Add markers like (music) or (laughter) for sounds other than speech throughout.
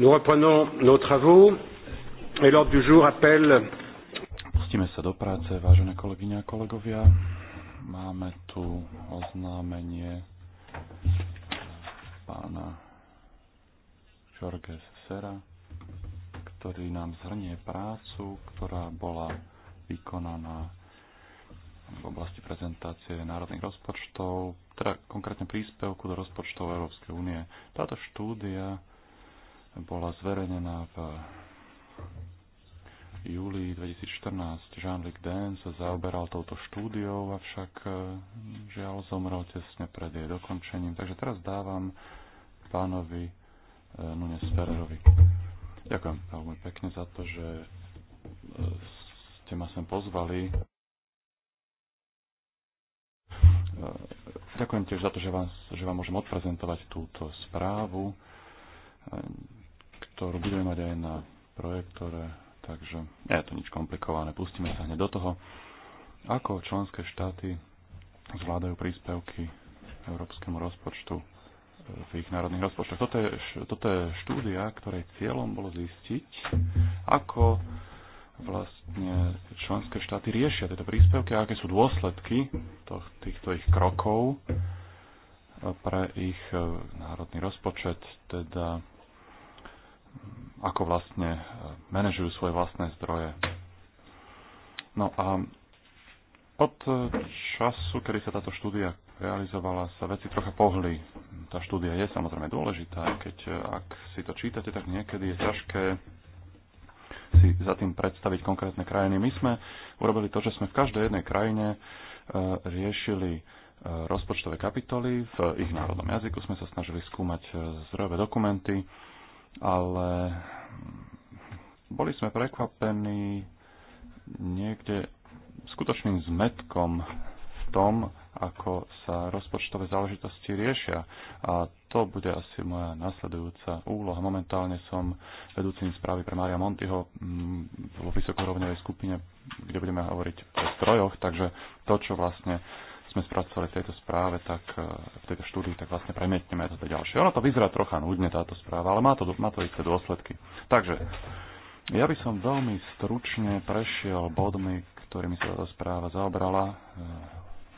Nous reprenons nos travaux et l'ordre du jour appelle. Pustíme sa do práce, vážené kolegyne a kolegovia. Máme tu oznámenie pána Jorge Sera, ktorý nám zhrnie prácu, ktorá bola vykonaná v oblasti prezentácie národných rozpočtov, teda konkrétne príspevku do rozpočtov Európskej únie. Táto štúdia bola zverejnená v júli 2014 Jean-Luc Den sa zaoberal touto štúdiou, avšak e, žiaľ zomrel tesne pred jej dokončením. Takže teraz dávam pánovi e, Nunes Ferrerovi. Ďakujem veľmi pekne za to, že e, ste ma sem pozvali. Ďakujem tiež za to, že vám, že vám môžem odprezentovať túto správu ktorú budeme mať aj na projektore, takže je to nič komplikované. Pustíme sa hneď do toho, ako členské štáty zvládajú príspevky európskemu rozpočtu v ich národných rozpočtoch. Toto je, toto je štúdia, ktorej cieľom bolo zistiť, ako vlastne členské štáty riešia tieto príspevky a aké sú dôsledky toh, týchto ich krokov pre ich eh, národný rozpočet. Teda ako vlastne e, manažujú svoje vlastné zdroje. No a od e, času, kedy sa táto štúdia realizovala, sa veci trocha pohli. Tá štúdia je samozrejme dôležitá, keď e, ak si to čítate, tak niekedy je ťažké si za tým predstaviť konkrétne krajiny. My sme urobili to, že sme v každej jednej krajine riešili rozpočtové kapitoly, v ich národnom jazyku sme sa snažili skúmať zdrojové dokumenty ale boli sme prekvapení niekde skutočným zmetkom v tom, ako sa rozpočtové záležitosti riešia. A to bude asi moja nasledujúca úloha. Momentálne som vedúcim správy pre Mária Montyho mm, vo vysokorovňovej skupine, kde budeme hovoriť o strojoch, takže to, čo vlastne sme spracovali v tejto správe, tak e, v tejto štúdii, tak vlastne premietneme to do ďalšie. Ono to vyzerá trocha nudne táto správa, ale má to, má to isté dôsledky. Takže ja by som veľmi stručne prešiel bodmi, ktorými sa táto správa zaobrala. E,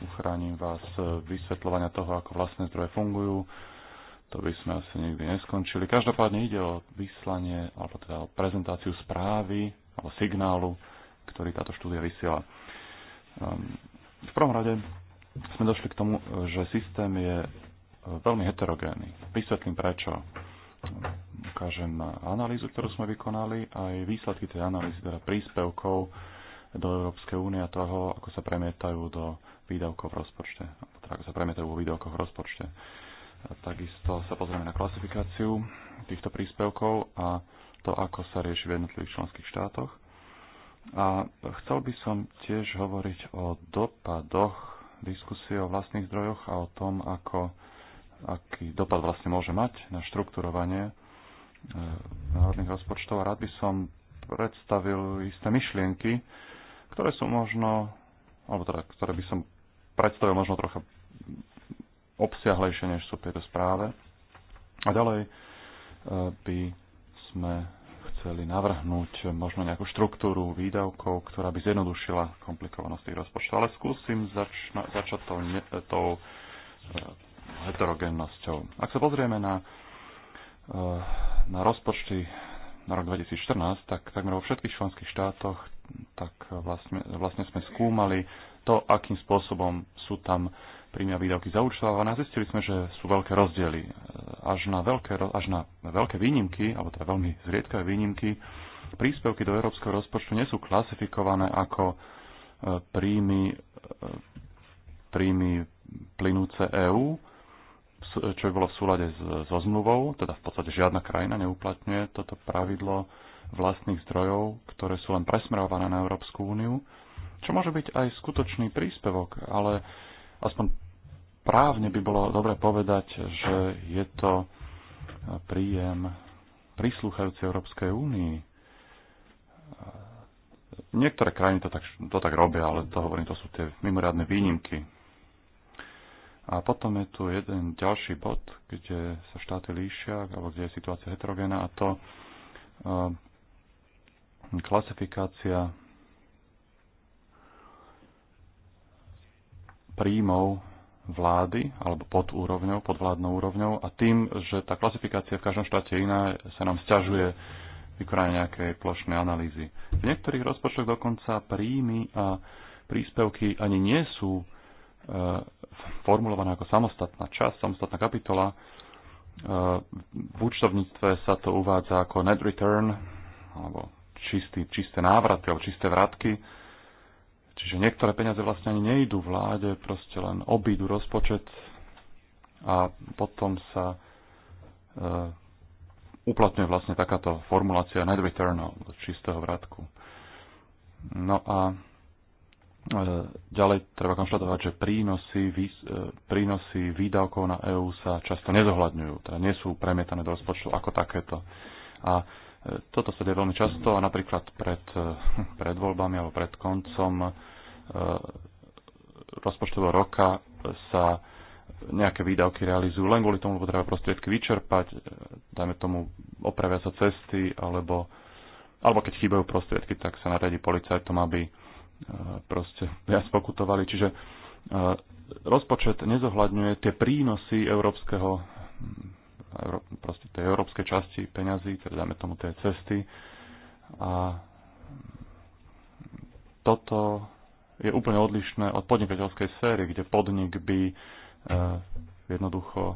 uchránim vás vysvetľovania toho, ako vlastné zdroje fungujú. To by sme asi nikdy neskončili. Každopádne ide o vyslanie, alebo teda o prezentáciu správy, alebo signálu, ktorý táto štúdia vysiela. Ehm, v prvom rade sme došli k tomu, že systém je e, veľmi heterogénny. Vysvetlím prečo. Ukážem analýzu, ktorú sme vykonali, aj výsledky tej analýzy, teda príspevkov do Európskej únie a toho, ako sa premietajú do výdavkov v rozpočte, teda ako sa premietajú vo výdavkoch v rozpočte. Takisto sa pozrieme na klasifikáciu týchto príspevkov a to, ako sa rieši v jednotlivých členských štátoch. A chcel by som tiež hovoriť o dopadoch diskusie o vlastných zdrojoch a o tom, ako, aký dopad vlastne môže mať na štrukturovanie e, národných rozpočtov. A rád by som predstavil isté myšlienky, ktoré sú možno, alebo teda, ktoré by som predstavil možno trocha obsiahlejšie, než sú tieto správe. A ďalej e, by sme chceli navrhnúť možno nejakú štruktúru výdavkov, ktorá by zjednodušila komplikovanosť tých rozpočtov. Ale skúsim začna, začať tou, tou eh, heterogennosťou. Ak sa pozrieme na, eh, na rozpočty na rok 2014, tak takmer vo všetkých členských štátoch tak vlastne, vlastne sme skúmali to, akým spôsobom sú tam príjmy a výdavky zaúčtovávané a zistili sme, že sú veľké rozdiely. E, až na veľké, až na veľké výnimky, alebo teda veľmi zriedkavé výnimky, príspevky do európskeho rozpočtu nie sú klasifikované ako e, príjmy, e, príjmy plynúce EÚ, čo by bolo v súlade so zmluvou, teda v podstate žiadna krajina neuplatňuje toto pravidlo vlastných zdrojov, ktoré sú len presmerované na Európsku úniu, čo môže byť aj skutočný príspevok, ale aspoň právne by bolo dobre povedať, že je to príjem prislúchajúci Európskej únii. Niektoré krajiny to tak, to tak robia, ale to hovorím, to sú tie mimoriadne výnimky. A potom je tu jeden ďalší bod, kde sa štáty líšia, alebo kde je situácia heterogénna, a to e, klasifikácia príjmov vlády alebo pod úrovňou, pod vládnou úrovňou a tým, že tá klasifikácia v každom štáte iná, sa nám sťažuje vykonanie nejakej plošnej analýzy. V niektorých rozpočtoch dokonca príjmy a príspevky ani nie sú e, formulované ako samostatná časť, samostatná kapitola. E, v účtovníctve sa to uvádza ako net return alebo čistý, čisté návraty alebo čisté vratky Čiže niektoré peniaze vlastne ani nejdú vláde, proste len obídu rozpočet a potom sa e, uplatňuje vlastne takáto formulácia net return od čistého vratku. No a e, ďalej treba konštatovať, že prínosy, e, prínosy výdavkov na EÚ sa často nezohľadňujú, teda nie sú premietané do rozpočtu ako takéto. A toto sa deje veľmi často a napríklad pred, (laughs) pred voľbami alebo pred koncom e, rozpočtového roka sa nejaké výdavky realizujú len kvôli tomu, lebo treba prostriedky vyčerpať, e, dajme tomu opravia sa cesty, alebo, alebo keď chýbajú prostriedky, tak sa naradí policajtom, aby e, proste (laughs) viac pokutovali. Čiže rozpočet nezohľadňuje tie prínosy európskeho proste tej európskej časti peňazí, teda dáme tomu tej cesty. A toto je úplne odlišné od podnikateľskej sféry, kde podnik by e, jednoducho e,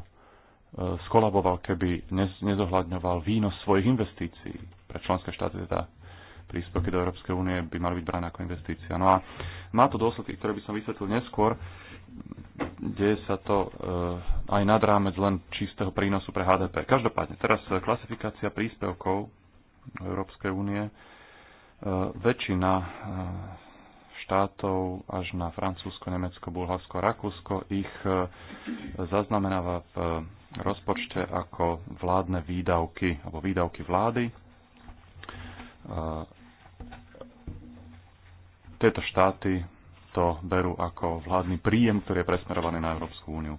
skolaboval, keby nezohľadňoval výnos svojich investícií. Pre členské štáty teda príspevky do Európskej únie by mali byť brané ako investícia. No a má to dôsledky, ktoré by som vysvetlil neskôr deje sa to eh, aj nad rámec len čistého prínosu pre HDP. Každopádne, teraz eh, klasifikácia príspevkov Európskej únie. Eh, väčšina štátov až na Francúzsko, Nemecko, Bulharsko, Rakúsko ich zaznamenáva v rozpočte ako vládne výdavky alebo výdavky vlády. Tieto štáty to berú ako vládny príjem, ktorý je presmerovaný na Európsku úniu.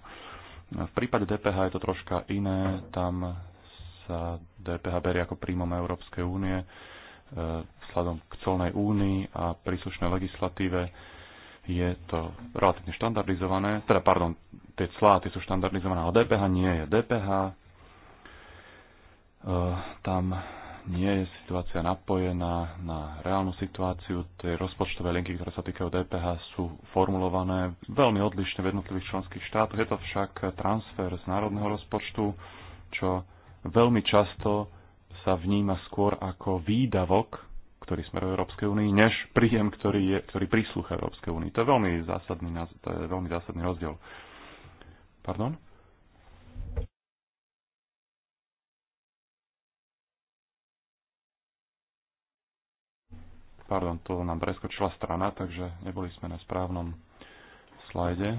V prípade DPH je to troška iné. Tam sa DPH berie ako príjmom Európskej únie e, vzhľadom k colnej únii a príslušnej legislatíve je to relatívne štandardizované, teda pardon, tie clá tie sú štandardizované, ale DPH nie je. DPH e, tam nie je situácia napojená na reálnu situáciu. Tie rozpočtové linky, ktoré sa týkajú DPH, sú formulované veľmi odlišne v jednotlivých členských štátoch. Je to však transfer z národného rozpočtu, čo veľmi často sa vníma skôr ako výdavok, ktorý smeruje Európskej únii, než príjem, ktorý, je, ktorý príslucha Európskej únii. To je veľmi zásadný, to je veľmi zásadný rozdiel. Pardon? Pardon, tu nám preskočila strana, takže neboli sme na správnom slajde.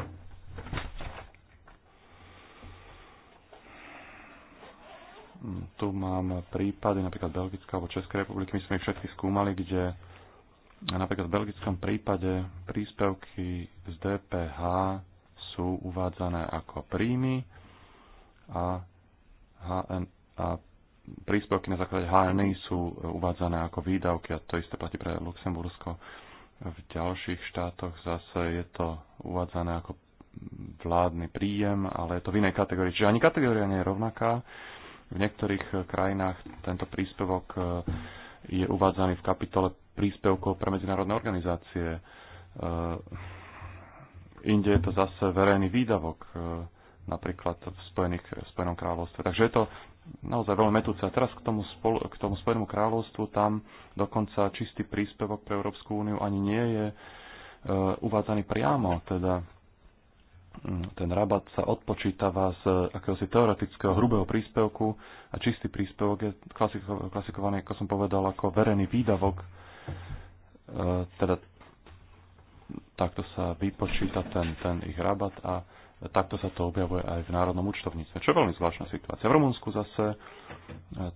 Tu mám prípady napríklad Belgická alebo Českej republiky. My sme ich všetky skúmali, kde napríklad v belgickom prípade príspevky z DPH sú uvádzané ako príjmy a HN a príspevky na základe HNI sú uvádzané ako výdavky a to isté platí pre Luxembursko. V ďalších štátoch zase je to uvádzané ako vládny príjem, ale je to v inej kategórii. Čiže ani kategória nie je rovnaká. V niektorých krajinách tento príspevok e, je uvádzaný v kapitole príspevkov pre medzinárodné organizácie. E, inde je to zase verejný výdavok e, napríklad v, Spojených, v Spojenom kráľovstve. Takže je to naozaj veľmi metúce. A teraz k tomu, spol- k tomu Spojenému kráľovstvu, tam dokonca čistý príspevok pre Európsku úniu ani nie je e, uvádzaný priamo, teda mm, ten rabat sa odpočítava z akéhosi teoretického hrubého príspevku a čistý príspevok je klasiko, klasikovaný, ako som povedal, ako verejný výdavok. E, teda takto sa vypočíta ten, ten ich rabat a takto sa to objavuje aj v národnom účtovníctve, čo je veľmi zvláštna situácia. V Rumunsku zase e,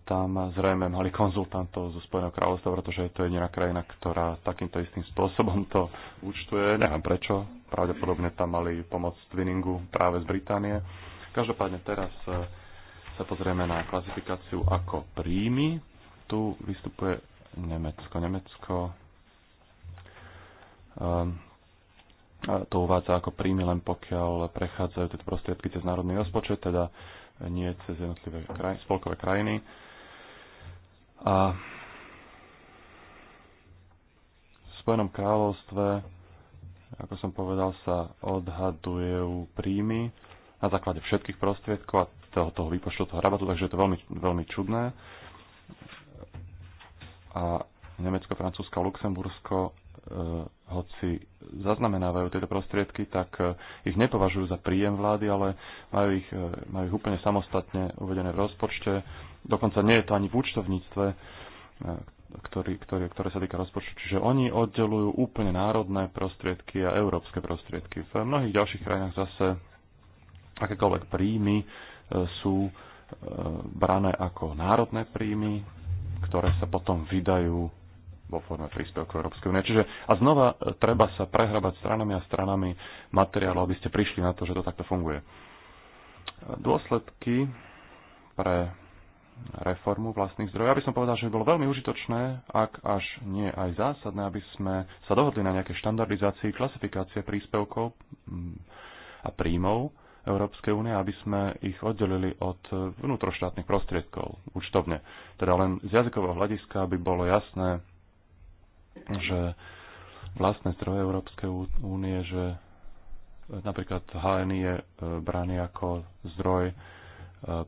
tam zrejme mali konzultantov zo Spojeného kráľovstva, pretože je to jediná krajina, ktorá takýmto istým spôsobom to účtuje. Neviem prečo, pravdepodobne tam mali pomoc twinningu práve z Británie. Každopádne teraz e, sa pozrieme na klasifikáciu ako príjmy. Tu vystupuje Nemecko. Nemecko um, to uvádza ako príjmy len pokiaľ prechádzajú tieto prostriedky cez národný rozpočet, teda nie cez jednotlivé kraj, spolkové krajiny. A v Spojenom kráľovstve, ako som povedal, sa odhadujú príjmy na základe všetkých prostriedkov a toho, toho výpočtu toho rabatu, takže je to veľmi, veľmi čudné. A Nemecko, Francúzsko, Luxembursko Eh, hoci zaznamenávajú tieto prostriedky, tak eh, ich nepovažujú za príjem vlády, ale majú ich, eh, majú ich úplne samostatne uvedené v rozpočte. Dokonca nie je to ani v účtovníctve, ktorý, ktorý, ktoré sa týka rozpočtu. Čiže oni oddelujú úplne národné prostriedky a európske prostriedky. V mnohých ďalších krajinách zase akékoľvek príjmy sú brané ako národné príjmy, ktoré sa potom vydajú vo forme príspevku Európskej únie. Čiže a znova e, treba sa prehrabať stranami a stranami materiálu, aby ste prišli na to, že to takto funguje. E, dôsledky pre reformu vlastných zdrojov. Ja by som povedal, že by bolo veľmi užitočné, ak až nie aj zásadné, aby sme sa dohodli na nejaké štandardizácii, klasifikácie príspevkov a príjmov Európskej únie, aby sme ich oddelili od vnútroštátnych prostriedkov účtovne. Teda len z jazykového hľadiska by bolo jasné, že vlastné zdroje Európskej únie, že napríklad HNI je e, braný ako zdroj e,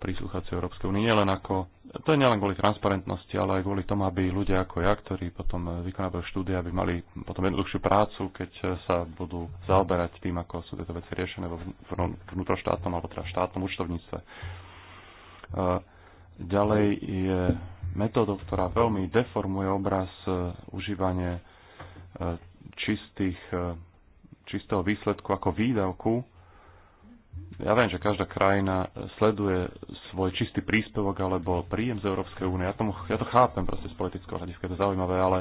príslucháci Európskej únie, nielen ako, to je nielen kvôli transparentnosti, ale aj kvôli tomu, aby ľudia ako ja, ktorí potom e, vykonávajú štúdia, aby mali potom jednoduchšiu prácu, keď sa budú zaoberať tým, ako sú tieto veci riešené vo vnútroštátnom alebo teda štátnom účtovníctve. Ďalej je metódou, ktorá veľmi deformuje obraz e, užívanie e, čistých, e, čistého výsledku ako výdavku. Ja viem, že každá krajina sleduje svoj čistý príspevok alebo príjem z Európskej únie. Ja, tomu, ja to chápem proste z politického hľadiska, je to zaujímavé, ale,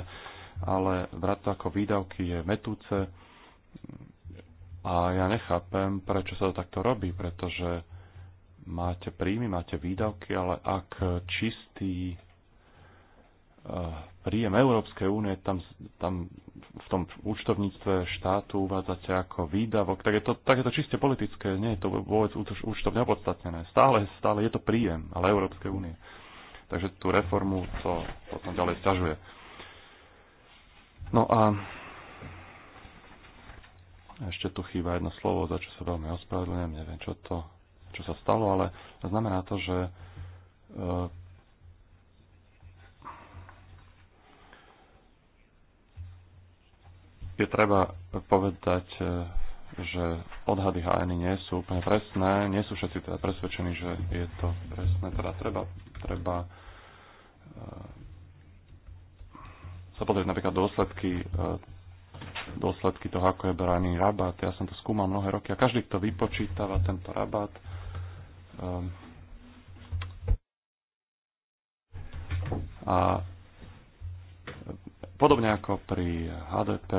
ale brať to ako výdavky je metúce a ja nechápem, prečo sa to takto robí, pretože máte príjmy, máte výdavky, ale ak čistý príjem Európskej únie, tam, tam v tom účtovníctve štátu uvádzate ako výdavok, tak je to, tak je to čiste politické, nie je to vôbec účtovne opodstatnené. Stále, stále je to príjem, ale Európskej únie. Takže tú reformu to potom ďalej sťažuje. No a ešte tu chýba jedno slovo, za čo sa veľmi ospravedlňujem, neviem, čo to, čo sa stalo, ale znamená to, že e, je treba povedať, e, že odhady HN nie sú úplne presné, nie sú všetci teda presvedčení, že je to presné, teda treba, treba e, sa pozrieť napríklad dôsledky e, dôsledky toho, ako je braný rabát. Ja som to skúmal mnohé roky a každý, kto vypočítava tento rabát, a Podobne ako pri HDP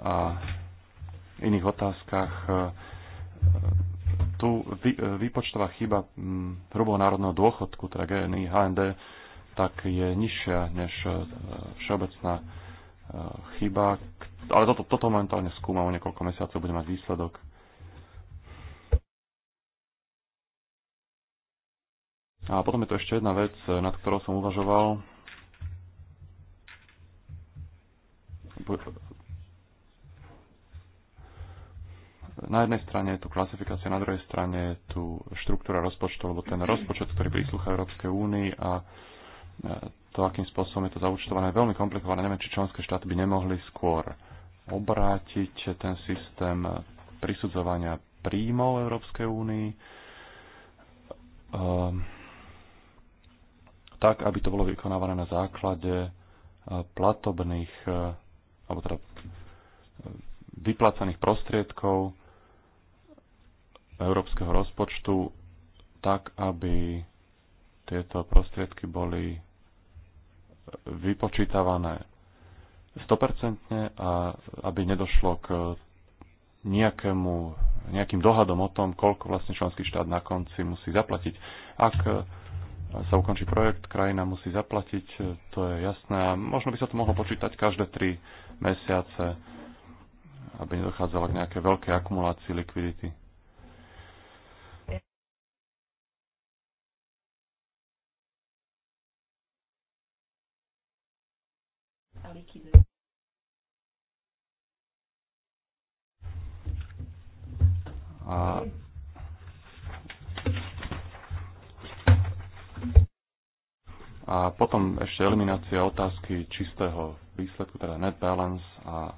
a iných otázkach, e, tu e, výpočtová chyba hrubého národného dôchodku, teda GNI, HND, tak je nižšia než e, všeobecná chyba. Ale toto, toto momentálne skúmam, o niekoľko mesiacov bude mať výsledok. A potom je tu ešte jedna vec, nad ktorou som uvažoval. na jednej strane je tu klasifikácia, na druhej strane je tu štruktúra rozpočtu, lebo ten rozpočet, ktorý príslucha Európskej únii a e, to, akým spôsobom je to zaučtované, je veľmi komplikované. Neviem, či členské štáty by nemohli skôr obrátiť ten systém prisudzovania príjmov Európskej únii e, tak, aby to bolo vykonávané na základe e, platobných alebo teda e, vyplácaných prostriedkov európskeho rozpočtu tak, aby tieto prostriedky boli e, vypočítavané 100% a aby nedošlo k nejakému, nejakým dohadom o tom, koľko vlastne členský štát na konci musí zaplatiť. Ak sa ukončí projekt, krajina musí zaplatiť, to je jasné. A možno by sa to mohlo počítať každé 3 mesiace, aby nedochádzalo k nejakej veľkej akumulácii likvidity. A A potom ešte eliminácia otázky čistého výsledku, teda net balance a e,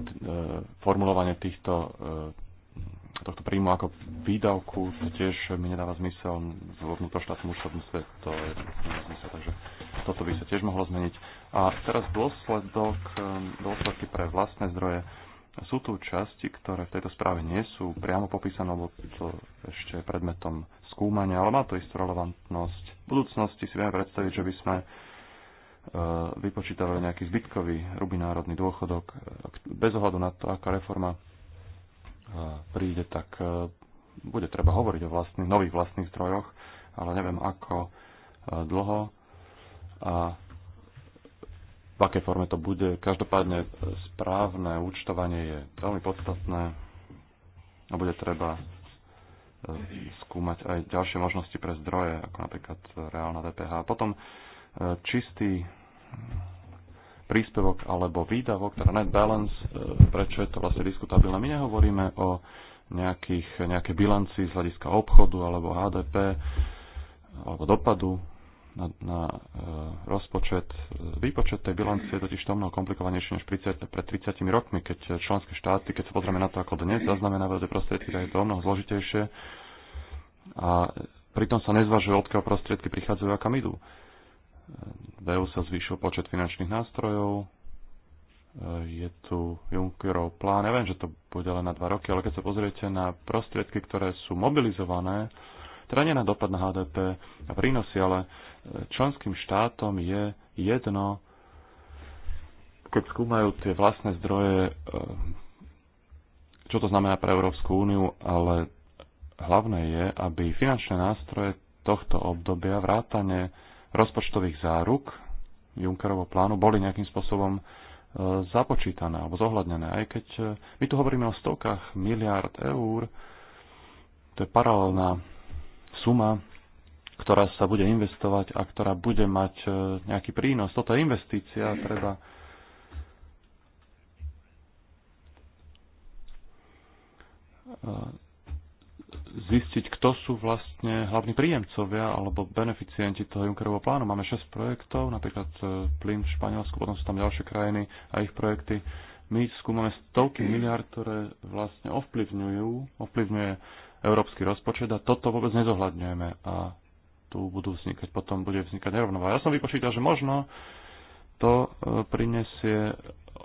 e, formulovanie týchto, e, tohto príjmu ako výdavku, to tiež mi nedáva zmysel v vnútroštátnom účtovníctve, to je zmysel, takže toto by sa tiež mohlo zmeniť. A teraz dôsledok, dôsledky pre vlastné zdroje sú tu časti, ktoré v tejto správe nie sú priamo popísané, lebo to ešte predmetom skúmania, ale má to istú relevantnosť. V budúcnosti si vieme predstaviť, že by sme e, vypočítavali nejaký zbytkový rubinárodný dôchodok. E, bez ohľadu na to, aká reforma e, príde, tak bude treba hovoriť o vlastných, nových vlastných zdrojoch, ale neviem ako dlho. A v akej forme to bude. Každopádne e, správne účtovanie je veľmi podstatné a bude treba e, skúmať aj ďalšie možnosti pre zdroje, ako napríklad reálna DPH. Potom e, čistý príspevok alebo výdavok, teda net balance, prečo je to vlastne diskutabilné. My nehovoríme o nejakých, nejaké bilanci z hľadiska obchodu alebo HDP alebo dopadu na, na uh, rozpočet. Výpočet tej bilancie je totiž to mnoho komplikovanejšie než 30, pred 30 rokmi, keď členské štáty, keď sa pozrieme na to, ako dnes zaznamenávajú tie prostriedky, tak je to o mnoho zložitejšie a pritom sa nezvažuje, odkiaľ prostriedky prichádzajú a kam idú. V EU sa zvýšil počet finančných nástrojov, e, je tu Junckerov plán. Ja viem, že to bude len na dva roky, ale keď sa pozriete na prostriedky, ktoré sú mobilizované, teda nie na dopad na HDP a prínosy, ale členským štátom je jedno, keď skúmajú tie vlastné zdroje, e, čo to znamená pre Európsku úniu, ale hlavné je, aby finančné nástroje tohto obdobia vrátane rozpočtových záruk Junckerovo plánu boli nejakým spôsobom e, započítané alebo zohľadnené. Aj keď e, my tu hovoríme o stovkách miliárd eur, to je paralelná suma ktorá sa bude investovať a ktorá bude mať e, nejaký prínos. Toto je investícia, treba e, zistiť, kto sú vlastne hlavní príjemcovia alebo beneficienti toho Junckerovho plánu. Máme 6 projektov, napríklad e, plyn v Španielsku, potom sú tam ďalšie krajiny a ich projekty. My skúmame stovky miliard, ktoré vlastne ovplyvňujú, ovplyvňuje európsky rozpočet a toto vôbec nezohľadňujeme. A tu budú vznikať, potom bude vznikať nerovnováha. Ja som vypočítal, že možno to e, prinesie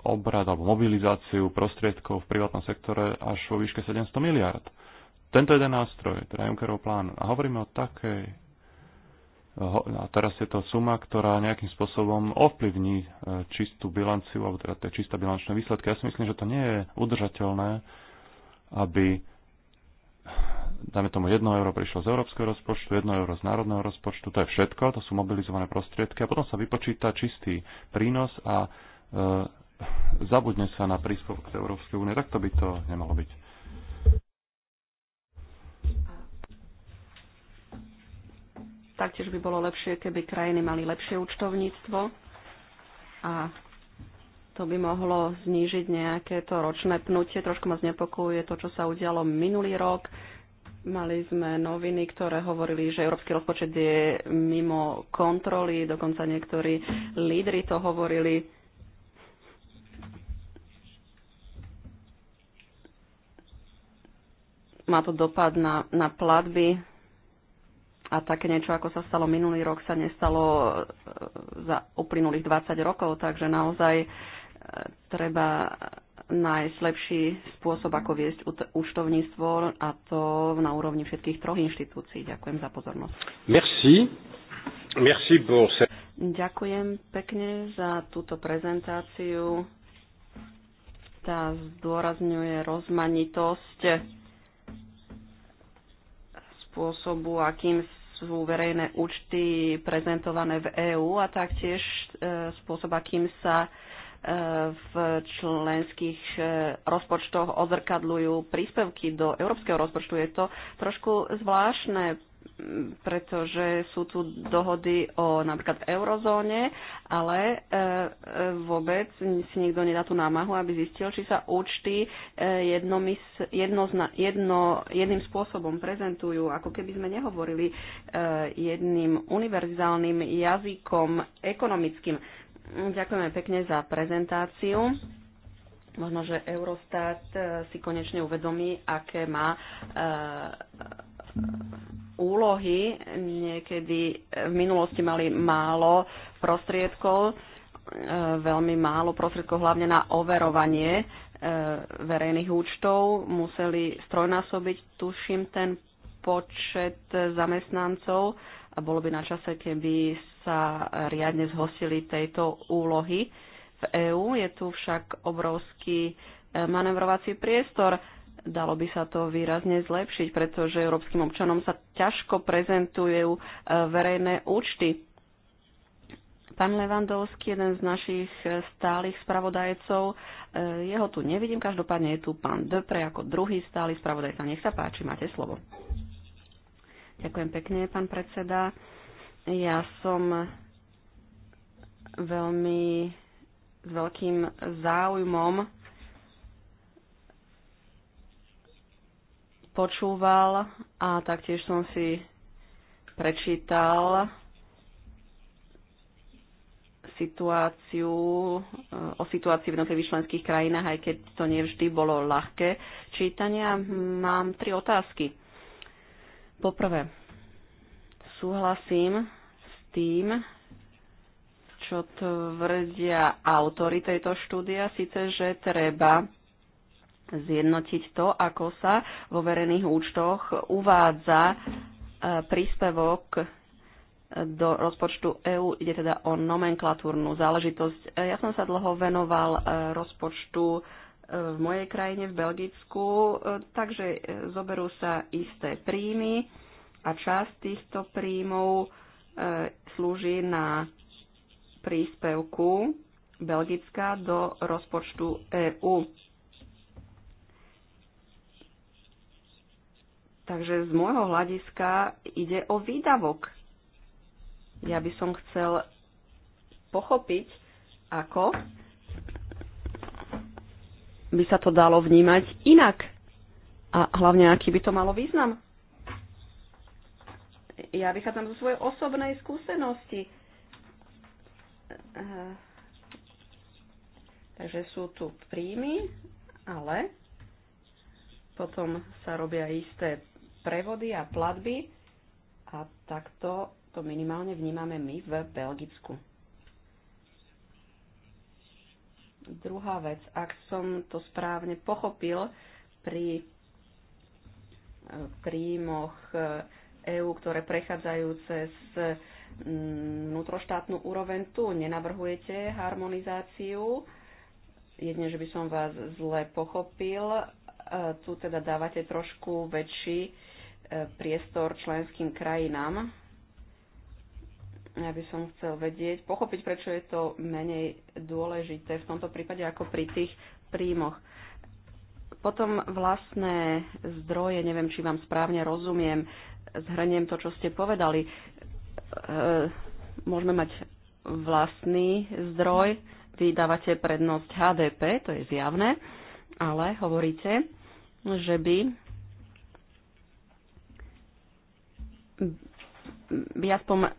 obrad alebo mobilizáciu prostriedkov v privátnom sektore až vo výške 700 miliard. Tento jeden nástroj, teda Junckerov plán, a hovoríme o takej, a teraz je to suma, ktorá nejakým spôsobom ovplyvní e, čistú bilanciu, alebo teda tie čisté bilančné výsledky. Ja si myslím, že to nie je udržateľné, aby Dáme tomu 1 euro prišlo z európskeho rozpočtu, 1 euro z národného rozpočtu, to je všetko, to sú mobilizované prostriedky a potom sa vypočíta čistý prínos a e, zabudne sa na príspevok z Európskej únie. to by to nemalo byť. Taktiež by bolo lepšie, keby krajiny mali lepšie účtovníctvo a to by mohlo znížiť nejaké to ročné pnutie. Trošku ma znepokojuje to, čo sa udialo minulý rok. Mali sme noviny, ktoré hovorili, že európsky rozpočet je mimo kontroly, dokonca niektorí lídry to hovorili. Má to dopad na, na platby a také niečo, ako sa stalo minulý rok, sa nestalo e, za uplynulých 20 rokov, takže naozaj uh, treba nájsť lepší spôsob, ako viesť účtovníctvo a to na úrovni všetkých troch inštitúcií. Ďakujem za pozornosť. Merci. Merci pour... Ďakujem pekne za túto prezentáciu. Tá zdôrazňuje rozmanitosť spôsobu, akým sú verejné účty prezentované v EÚ a taktiež e, spôsob, akým sa v členských e, rozpočtoch odzrkadľujú príspevky do európskeho rozpočtu. Je to trošku zvláštne, pretože sú tu dohody o napríklad v eurozóne, ale e, e, vôbec si nikto nedá tú námahu, aby zistil, či sa účty jednomys, jedno, jedno, jedným spôsobom prezentujú, ako keby sme nehovorili jedným univerzálnym jazykom ekonomickým. Ďakujeme pekne za prezentáciu. Možno, že Eurostat e, si konečne uvedomí, aké má e, e, úlohy. Niekedy v minulosti mali málo prostriedkov, veľmi málo prostriedkov hlavne na overovanie verejných účtov. Museli strojnásobiť, tuším, ten počet zamestnancov a bolo by na čase, keby sa riadne zhostili tejto úlohy. V EÚ je tu však obrovský e, manevrovací priestor. Dalo by sa to výrazne zlepšiť, pretože európskym občanom sa ťažko prezentujú e, verejné účty. Pán Levandovský, jeden z našich e, stálych spravodajcov, jeho tu nevidím, každopádne je tu pán Depre ako druhý stály spravodajca. Nech sa páči, máte slovo. Ďakujem pekne, pán predseda. Ja som veľmi s veľkým záujmom počúval a taktiež som si prečítal situáciu, o situácii v jednotlivých členských krajinách, aj keď to nevždy bolo ľahké čítania. Mám tri otázky. Poprvé, súhlasím tým, čo tvrdia autory tejto štúdia, síce, že treba zjednotiť to, ako sa vo verejných účtoch uvádza e, príspevok do rozpočtu EÚ. Ide teda o nomenklatúrnu záležitosť. E, ja som sa dlho venoval e, rozpočtu v mojej krajine, v Belgicku, takže zoberú sa isté príjmy a časť týchto príjmov slúži na príspevku Belgická do rozpočtu EÚ. Takže z môjho hľadiska ide o výdavok. Ja by som chcel pochopiť, ako by sa to dalo vnímať inak. A hlavne, aký by to malo význam ja vychádzam zo svojej osobnej skúsenosti. Takže sú tu príjmy, ale potom sa robia isté prevody a platby a takto to minimálne vnímame my v Belgicku. Druhá vec, ak som to správne pochopil, pri eh, príjmoch eh, EÚ, ktoré prechádzajú cez mm, vnútroštátnu úroveň, tu nenavrhujete harmonizáciu. Jedne, že by som vás zle pochopil, e, tu teda dávate trošku väčší e, priestor členským krajinám. Ja by som chcel vedieť, pochopiť, prečo je to menej dôležité v tomto prípade ako pri tých príjmoch. Potom vlastné zdroje, neviem, či vám správne rozumiem, zhrniem to, čo ste povedali. E, môžeme mať vlastný zdroj, vy dávate prednosť HDP, to je zjavné, ale hovoríte, že by by aspoň e,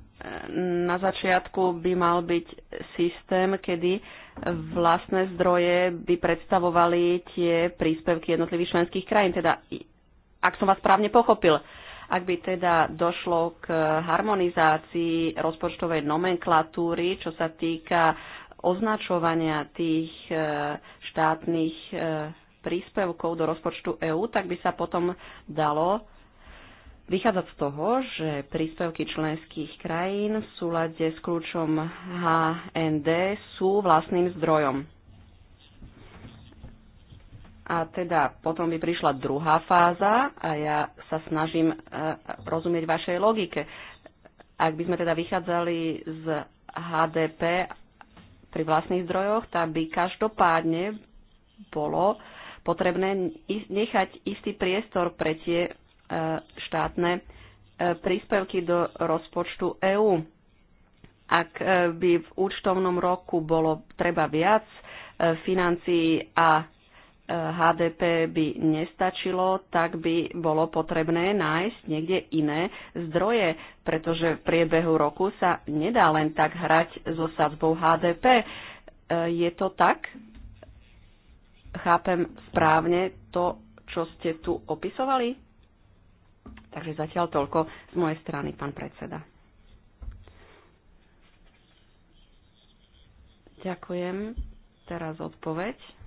na začiatku by mal byť systém, kedy vlastné zdroje by predstavovali tie príspevky jednotlivých členských krajín. Teda, ak som vás správne pochopil, ak by teda došlo k harmonizácii rozpočtovej nomenklatúry, čo sa týka označovania tých e, štátnych e, príspevkov do rozpočtu EÚ, tak by sa potom dalo vychádzať z toho, že príspevky členských krajín v súlade s kľúčom HND sú vlastným zdrojom a teda potom by prišla druhá fáza a ja sa snažím e, rozumieť vašej logike. Ak by sme teda vychádzali z HDP pri vlastných zdrojoch, tak by každopádne bolo potrebné nechať istý priestor pre tie e, štátne e, príspevky do rozpočtu EÚ. Ak by v účtovnom roku bolo treba viac financií a HDP by nestačilo, tak by bolo potrebné nájsť niekde iné zdroje, pretože v priebehu roku sa nedá len tak hrať so sadzbou HDP. E, je to tak? Chápem správne to, čo ste tu opisovali? Takže zatiaľ toľko z mojej strany, pán predseda. Ďakujem. Teraz odpoveď.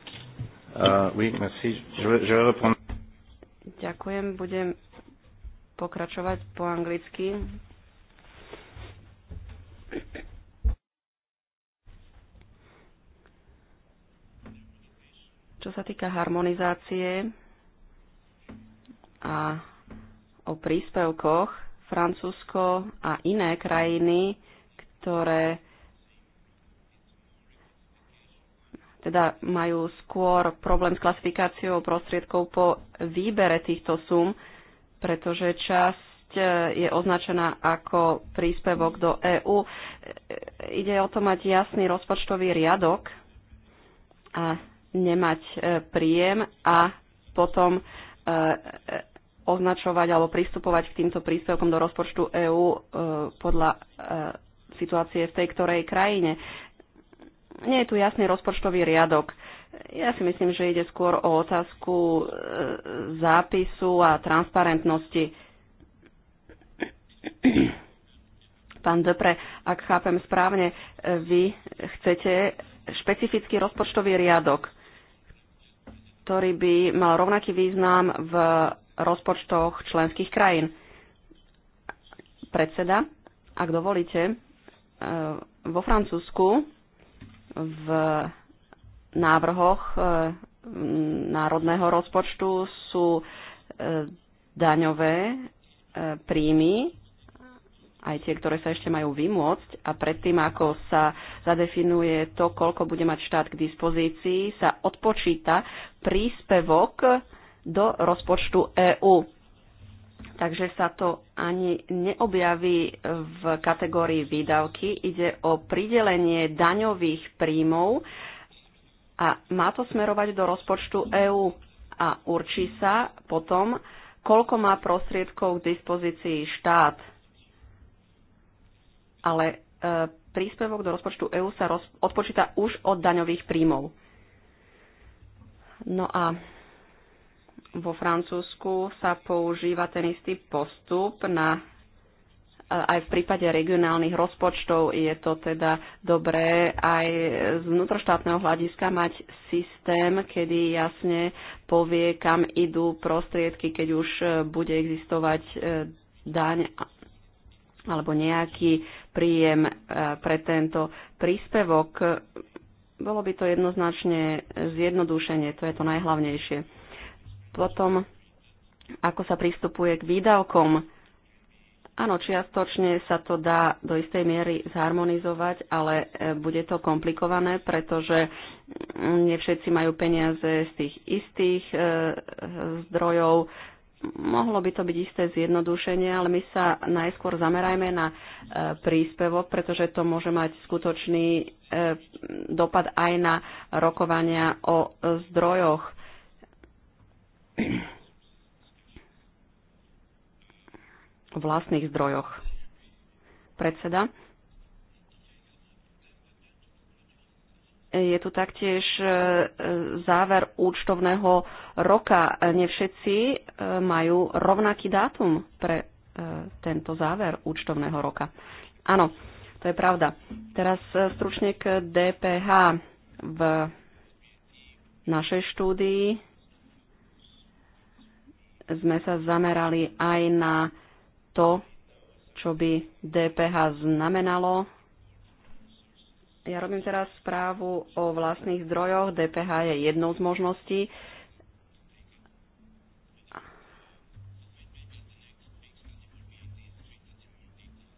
Uh, oui, merci. Je, je vais reprendre. Ďakujem, budem pokračovať po anglicky. Čo sa týka harmonizácie a o príspevkoch, Francúzsko a iné krajiny, ktoré teda majú skôr problém s klasifikáciou prostriedkov po výbere týchto sum, pretože časť e, je označená ako príspevok do EÚ. E, ide o to mať jasný rozpočtový riadok a nemať e, príjem a potom označovať alebo pristupovať k týmto príspevkom do rozpočtu EÚ podľa situácie v tej ktorej krajine nie je tu jasný rozpočtový riadok. Ja si myslím, že ide skôr o otázku e, zápisu a transparentnosti. Pán Depre, ak chápem správne, e, vy chcete špecifický rozpočtový riadok, ktorý by mal rovnaký význam v rozpočtoch členských krajín. Predseda, ak dovolíte, e, vo Francúzsku v návrhoch e, národného rozpočtu sú e, daňové e, príjmy, aj tie, ktoré sa ešte majú vymôcť a predtým, ako sa zadefinuje to, koľko bude mať štát k dispozícii, sa odpočíta príspevok do rozpočtu EÚ takže sa to ani neobjaví v kategórii výdavky. Ide o pridelenie daňových príjmov a má to smerovať do rozpočtu EÚ a určí sa potom, koľko má prostriedkov k dispozícii štát. Ale e, príspevok do rozpočtu EÚ sa roz, odpočíta už od daňových príjmov. No a vo Francúzsku sa používa ten istý postup na e, aj v prípade regionálnych rozpočtov je to teda dobré aj z vnútroštátneho hľadiska mať systém, kedy jasne povie, kam idú prostriedky, keď už e, bude existovať e, daň alebo nejaký príjem pre tento príspevok. Bolo by to jednoznačne zjednodušenie, to je to najhlavnejšie. Potom, ako sa pristupuje k výdavkom. Áno, čiastočne sa to dá do istej miery zharmonizovať, ale e, bude to komplikované, pretože mm, nie všetci majú peniaze z tých istých e, zdrojov, mohlo by to byť isté zjednodušenie, ale my sa najskôr zamerajme na e, príspevok, pretože to môže mať skutočný dopad aj na rokovania o zdrojoch vlastných zdrojoch. Predseda. Je tu taktiež e, záver účtovného roka. Nevšetci všetci e, majú rovnaký dátum pre e, tento záver účtovného roka. Áno, to je pravda. Teraz stručne k DPH. V našej štúdii sme sa zamerali aj na to, čo by DPH znamenalo. Ja robím teraz správu o vlastných zdrojoch. DPH je jednou z možností.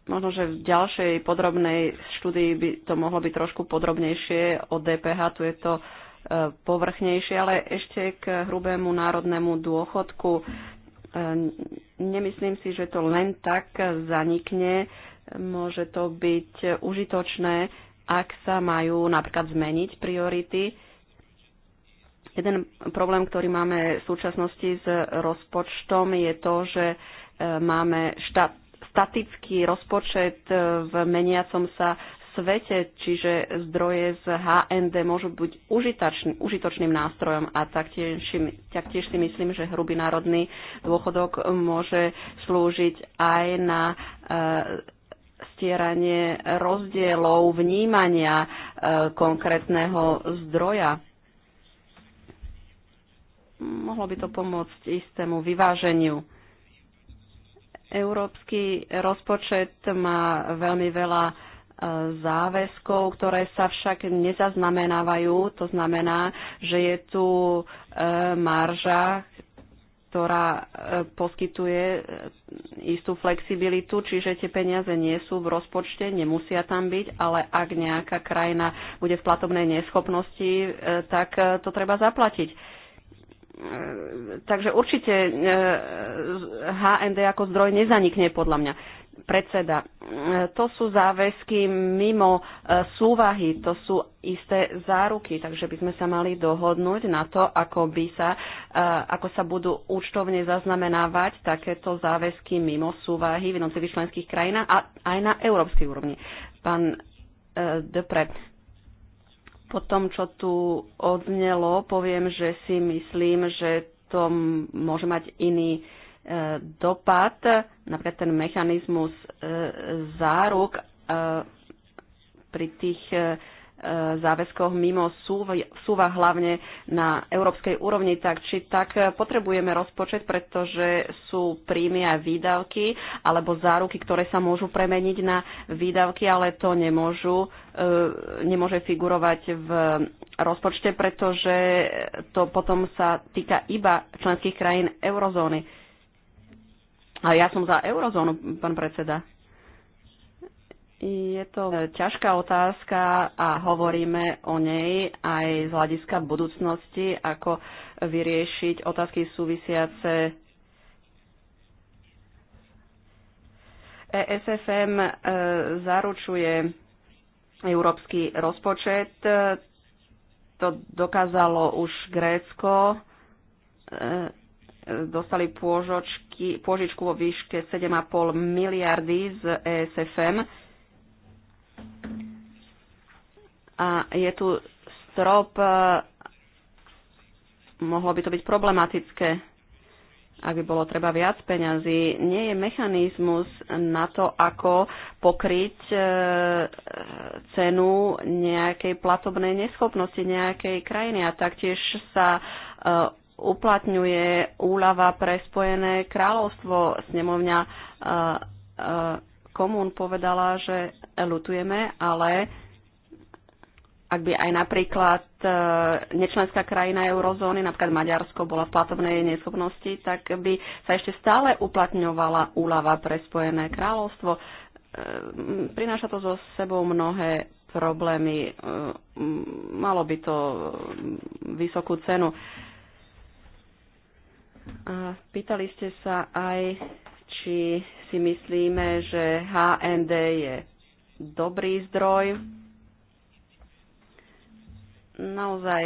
Možno, že v ďalšej podrobnej štúdii by to mohlo byť trošku podrobnejšie o DPH. Tu je to uh, povrchnejšie, ale ešte k hrubému národnému dôchodku. E, nemyslím si, že to len tak zanikne. Môže to byť užitočné, ak sa majú napríklad zmeniť priority. Jeden problém, ktorý máme v súčasnosti s rozpočtom, je to, že e, máme štát, statický rozpočet e, v meniacom sa svete, čiže zdroje z HND môžu byť užitačný, užitočným nástrojom a taktiež, taktiež si myslím, že hrubý národný dôchodok môže slúžiť aj na e, stieranie rozdielov vnímania e, konkrétneho zdroja. Mohlo by to pomôcť istému vyváženiu. Európsky rozpočet má veľmi veľa záväzkov, ktoré sa však nezaznamenávajú. To znamená, že je tu e, marža, ktorá e, poskytuje e, istú flexibilitu, čiže tie peniaze nie sú v rozpočte, nemusia tam byť, ale ak nejaká krajina bude v platobnej neschopnosti, tak to treba zaplatiť. Takže určite HND ako zdroj nezanikne podľa mňa predseda. E, to sú záväzky mimo e, súvahy, to sú isté záruky, takže by sme sa mali dohodnúť na to, ako, by sa, e, ako sa budú účtovne zaznamenávať takéto záväzky mimo súvahy v jednotlivých členských krajinách a aj na európskej úrovni. Pán Depre, po tom, čo tu odznelo, poviem, že si myslím, že to môže mať iný uh, dopad, napríklad ten mechanizmus e, záruk e, pri tých e, záväzkoch mimo súva hlavne na európskej úrovni, tak či tak potrebujeme rozpočet, pretože sú príjmy a výdavky alebo záruky, ktoré sa môžu premeniť na výdavky, ale to nemôžu, nemôže figurovať v rozpočte, pretože to potom sa týka iba členských krajín eurozóny. Ale ja som za eurozónu, pán predseda. Je to ťažká otázka a hovoríme o nej aj z hľadiska budúcnosti, ako vyriešiť otázky súvisiace ESFM e, zaručuje európsky rozpočet. E, to dokázalo už Grécko e, dostali pôžočky, pôžičku vo výške 7,5 miliardy z ESFM. A je tu strop, e, mohlo by to byť problematické, ak by bolo treba viac peňazí. Nie je mechanizmus na to, ako pokryť e, cenu nejakej platobnej neschopnosti nejakej krajiny. A taktiež sa e, uplatňuje úľava pre Spojené kráľovstvo. Snemovňa e, e, komún povedala, že lutujeme, ale ak by aj napríklad e, nečlenská krajina eurozóny, napríklad Maďarsko, bola v platobnej neschopnosti, tak by sa ešte stále uplatňovala úľava pre Spojené kráľovstvo. Prináša to so sebou mnohé problémy. Malo by to vysokú cenu pýtali ste sa aj, či si myslíme, že HND je dobrý zdroj. Naozaj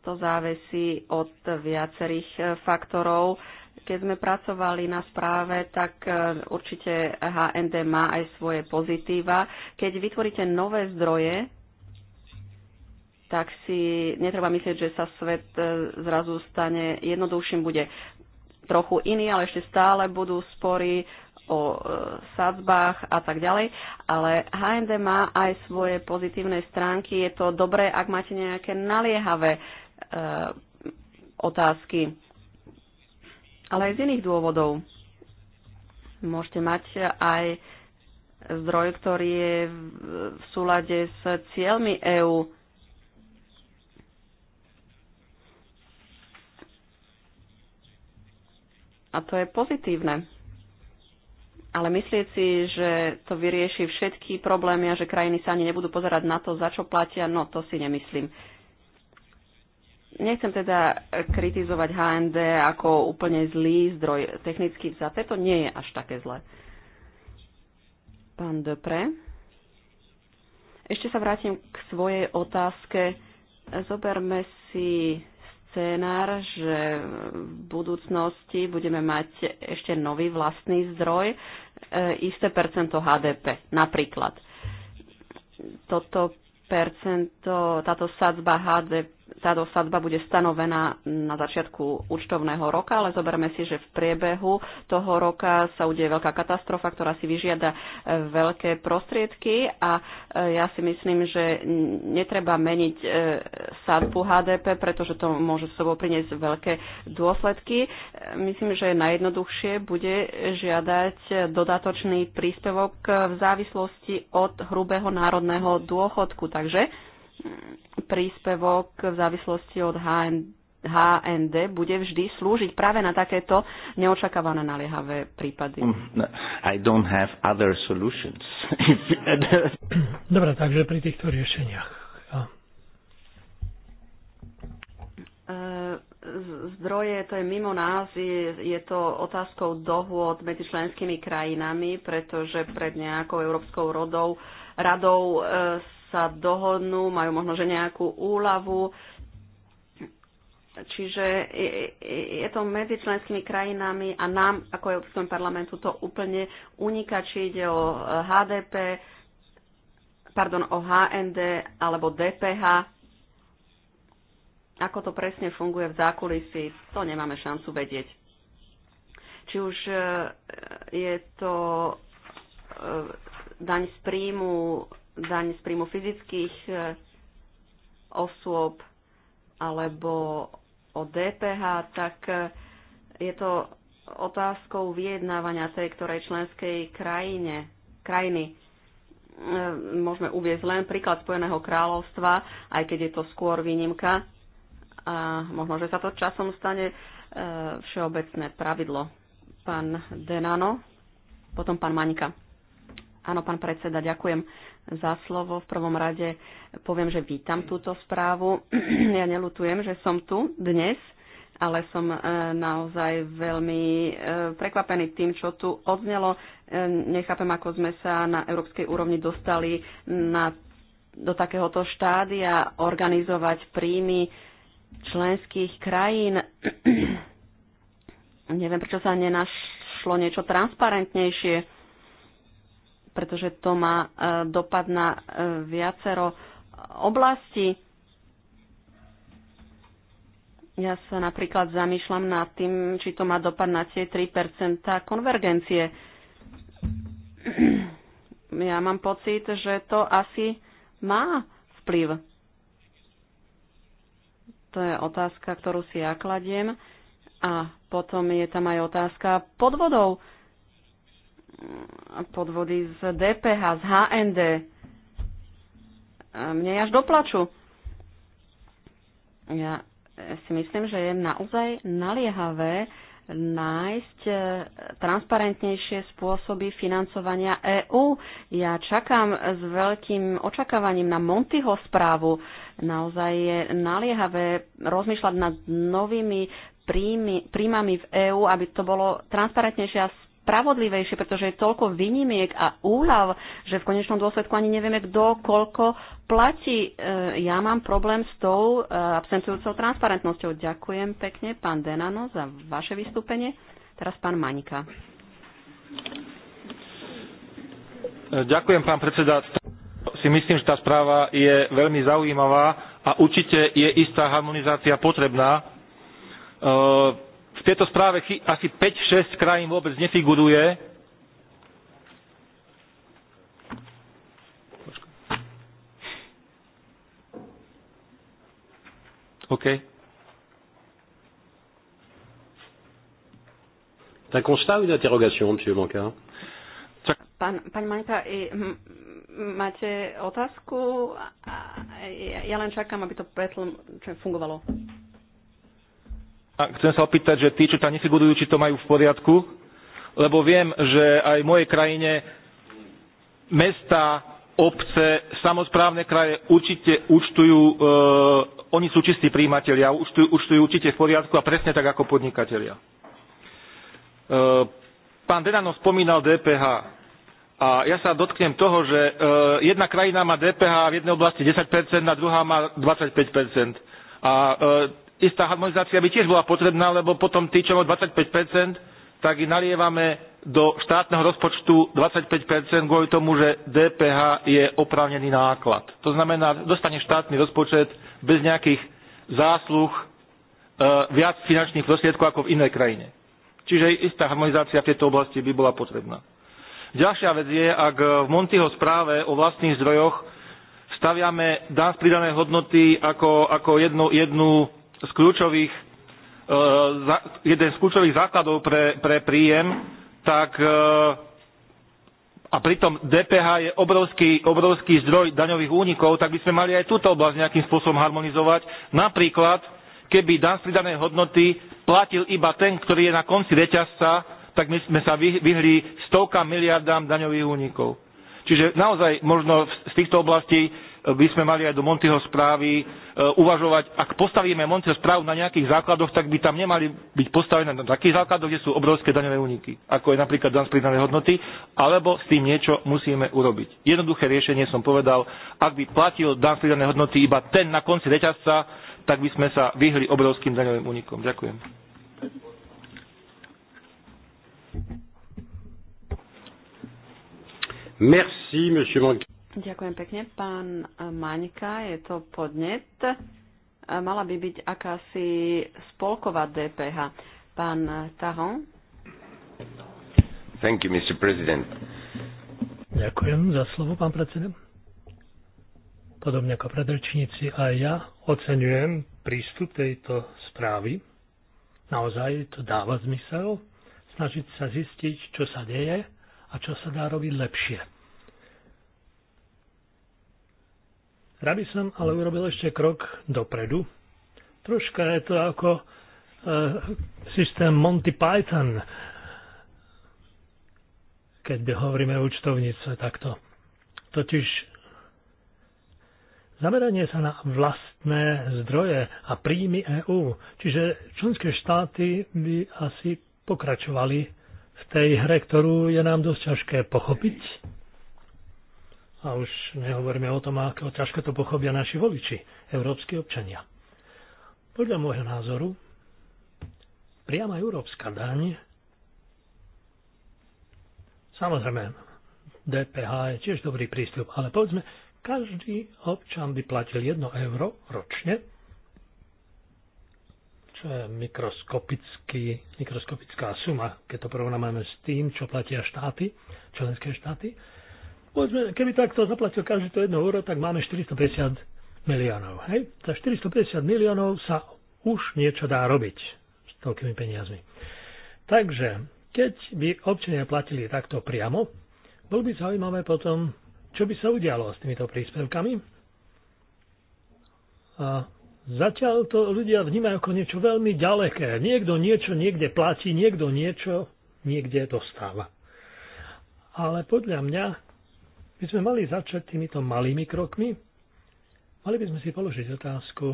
to závisí od viacerých e, faktorov. Keď sme pracovali na správe, tak e, určite HND má aj svoje pozitíva. Keď vytvoríte nové zdroje, tak si netreba myslieť, že sa svet e, zrazu stane jednoduchším, bude trochu iný, ale ešte stále budú spory o e, sadzbách a tak ďalej. Ale HND má aj svoje pozitívne stránky. Je to dobré, ak máte nejaké naliehavé e, otázky. Ale aj z iných dôvodov. Môžete mať aj zdroj, ktorý je v súlade s cieľmi EÚ A to je pozitívne. Ale myslieť si, že to vyrieši všetky problémy a že krajiny sa ani nebudú pozerať na to, za čo platia, no to si nemyslím. Nechcem teda kritizovať HND ako úplne zlý zdroj technicky vzaté, to nie je až také zlé. Pán Depre. Ešte sa vrátim k svojej otázke. Zoberme si scénar, že v budúcnosti budeme mať ešte nový vlastný zdroj, e, isté percento HDP napríklad. Toto percento, táto sadzba HDP, táto sadzba bude stanovená na začiatku účtovného roka, ale zoberme si, že v priebehu toho roka sa udeje veľká katastrofa, ktorá si vyžiada e, veľké prostriedky a e, ja si myslím, že netreba meniť sadbu HDP, pretože to môže s sebou priniesť veľké dôsledky. Myslím, že najjednoduchšie bude žiadať dodatočný príspevok v závislosti od hrubého národného dôchodku. Takže mm, príspevok v závislosti od HND HND bude vždy slúžiť práve na takéto neočakávané naliehavé prípady. Mm, no, I don't have other solutions. (laughs) Dobre, takže pri týchto riešeniach. zdroje, to je mimo nás, je, je to otázkou dohôd medzi členskými krajinami, pretože pred nejakou Európskou rodou, radou e, sa dohodnú, majú možno že nejakú úľavu. Čiže je, je to medzi členskými krajinami a nám ako Európskom parlamentu to úplne uniká, či ide o e, HDP, pardon, o HND alebo DPH ako to presne funguje v zákulisí, to nemáme šancu vedieť. Či už e, je to e, daň z príjmu, daň z príjmu fyzických e, osôb alebo o DPH, tak je to otázkou vyjednávania tej ktorej členskej krajine, krajiny. Môžeme uvieť len príklad Spojeného kráľovstva, aj keď je to skôr výnimka a možno, že sa to časom stane e, všeobecné pravidlo. Pán Denano, potom pán Manika. Áno, pán predseda, ďakujem za slovo. V prvom rade poviem, že vítam túto správu. (clears throat) ja nelutujem, že som tu dnes, ale som e, naozaj veľmi e, prekvapený tým, čo tu odznelo. Nechápem, ako sme sa na európskej úrovni dostali na, do takéhoto štádia organizovať príjmy členských krajín. (clears throat) Neviem, prečo sa nenašlo niečo transparentnejšie, pretože to má e, dopad na e, viacero oblastí. Ja sa napríklad zamýšľam nad tým, či to má dopad na tie 3% konvergencie. (clears throat) Ja mám pocit, že to asi má vplyv. To je otázka, ktorú si ja kladiem. A potom je tam aj otázka podvodov. Podvody z DPH, z HND. Mne až doplaču. Ja si myslím, že je naozaj naliehavé nájsť e, transparentnejšie spôsoby financovania EÚ. Ja čakám s veľkým očakávaním na Montyho správu. Naozaj je naliehavé rozmýšľať nad novými príjmy, príjmami v EÚ, aby to bolo transparentnejšie a spravodlivejšie, pretože je toľko výnimiek a úľav, že v konečnom dôsledku ani nevieme, kto koľko platí. E, ja mám problém s tou e, absentujúcou transparentnosťou. Ďakujem pekne, pán Denano, za vaše vystúpenie. Teraz pán Manika. E, ďakujem, pán predseda. Si myslím, že tá správa je veľmi zaujímavá a určite je istá harmonizácia potrebná v tejto správe asi 5-6 krajín vôbec nefiguruje. OK. Un constat ou une interrogation, M. Blanca Pán, pán Majta, máte otázku? Ja, ja len čakám, aby to fungovalo. A chcem sa opýtať, že tí, čo tam nefigurujú, či to majú v poriadku, lebo viem, že aj v mojej krajine mesta, obce, samozprávne kraje určite účtujú, e, oni sú čistí príjimatelia, účtujú, účtujú určite v poriadku a presne tak ako podnikatelia. E, pán Denano spomínal DPH. A ja sa dotknem toho, že e, jedna krajina má DPH v jednej oblasti 10%, a druhá má 25%. A e, istá harmonizácia by tiež bola potrebná, lebo potom tí, čo majú 25%, tak ich nalievame do štátneho rozpočtu 25% kvôli tomu, že DPH je oprávnený náklad. To znamená, dostane štátny rozpočet bez nejakých zásluh e, viac finančných prostriedkov ako v inej krajine. Čiže istá harmonizácia v tejto oblasti by bola potrebná. Ďalšia vec je, ak v Montyho správe o vlastných zdrojoch staviame daň z pridanej hodnoty ako, ako jednu, jednu z kľúčových, e, jeden z kľúčových základov pre, pre príjem, tak e, a pritom DPH je obrovský, obrovský zdroj daňových únikov, tak by sme mali aj túto oblasť nejakým spôsobom harmonizovať. Napríklad, keby dan z pridanej hodnoty platil iba ten, ktorý je na konci reťazca, tak my sme sa vyhli stovkám miliardám daňových únikov. Čiže naozaj možno z týchto oblastí by sme mali aj do Montyho správy e, uvažovať, ak postavíme Montyho správu na nejakých základoch, tak by tam nemali byť postavené na takých základoch, kde sú obrovské daňové úniky, ako je napríklad dan z pridané hodnoty, alebo s tým niečo musíme urobiť. Jednoduché riešenie som povedal, ak by platil dan z pridané hodnoty iba ten na konci reťazca, tak by sme sa vyhli obrovským daňovým únikom. Ďakujem. Merci, monsieur Manquet. Ďakujem pekne. Pán Maňka, je to podnet. Mala by byť akási spolková DPH. Pán Taron. Thank you, Mr. President. Ďakujem za slovo, pán predseda. Podobne ako predrečníci aj ja oceňujem prístup tejto správy. Naozaj to dáva zmysel snažiť sa zistiť, čo sa deje a čo sa dá robiť lepšie. Rád by som ale urobil ešte krok dopredu. Troška je to ako e, systém Monty Python, keď hovoríme o účtovnice takto. Totiž zameranie sa na vlastné zdroje a príjmy EÚ. Čiže členské štáty by asi pokračovali v tej hre, ktorú je nám dosť ťažké pochopiť a už nehovoríme o tom, ako ťažko to pochopia naši voliči, európsky občania. Podľa môjho názoru, priama európska daň, samozrejme, DPH je tiež dobrý prístup, ale povedzme, každý občan by platil 1 euro ročne, čo je mikroskopický, mikroskopická suma, keď to porovnáme s tým, čo platia štáty, členské štáty. Povedzme, keby takto zaplatil každý to 1 euro, tak máme 450 miliónov. Hej? Za 450 miliónov sa už niečo dá robiť s toľkými peniazmi. Takže, keď by občania platili takto priamo, bol by zaujímavé potom, čo by sa udialo s týmito príspevkami. A zatiaľ to ľudia vnímajú ako niečo veľmi ďaleké. Niekto niečo niekde platí, niekto niečo niekde dostáva. Ale podľa mňa by sme mali začať týmito malými krokmi. Mali by sme si položiť otázku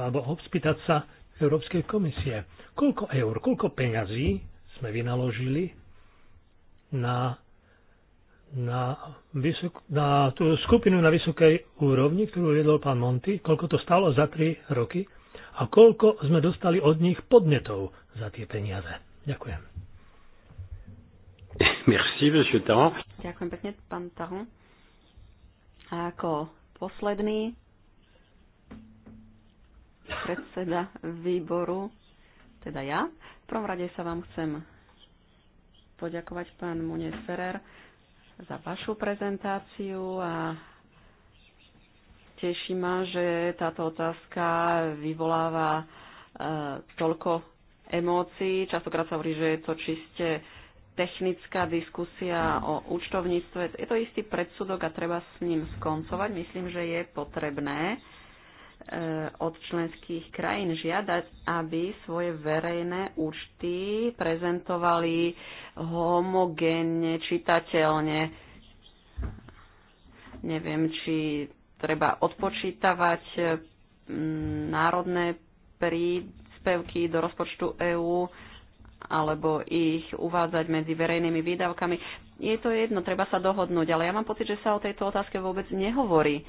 alebo obspýtať sa Európskej komisie, koľko eur, koľko peňazí sme vynaložili na, na, vysok, na tú skupinu na vysokej úrovni, ktorú viedol pán Monty, koľko to stalo za 3 roky a koľko sme dostali od nich podnetov za tie peniaze. Ďakujem. Merci, monsieur Tarant. Ďakujem pekne, pán Tarant. A ako posledný predseda výboru, teda ja, v prvom rade sa vám chcem poďakovať pán Munez Ferrer za vašu prezentáciu a teší ma, že táto otázka vyvoláva e, toľko emócií. Častokrát sa hovorí, že je to čiste technická diskusia o účtovníctve. Je to istý predsudok a treba s ním skoncovať. Myslím, že je potrebné e, od členských krajín žiadať, aby svoje verejné účty prezentovali homogénne, čitateľne. Neviem, či treba odpočítavať národné príspevky do rozpočtu EÚ alebo ich uvádzať medzi verejnými výdavkami. Je to jedno, treba sa dohodnúť, ale ja mám pocit, že sa o tejto otázke vôbec nehovorí.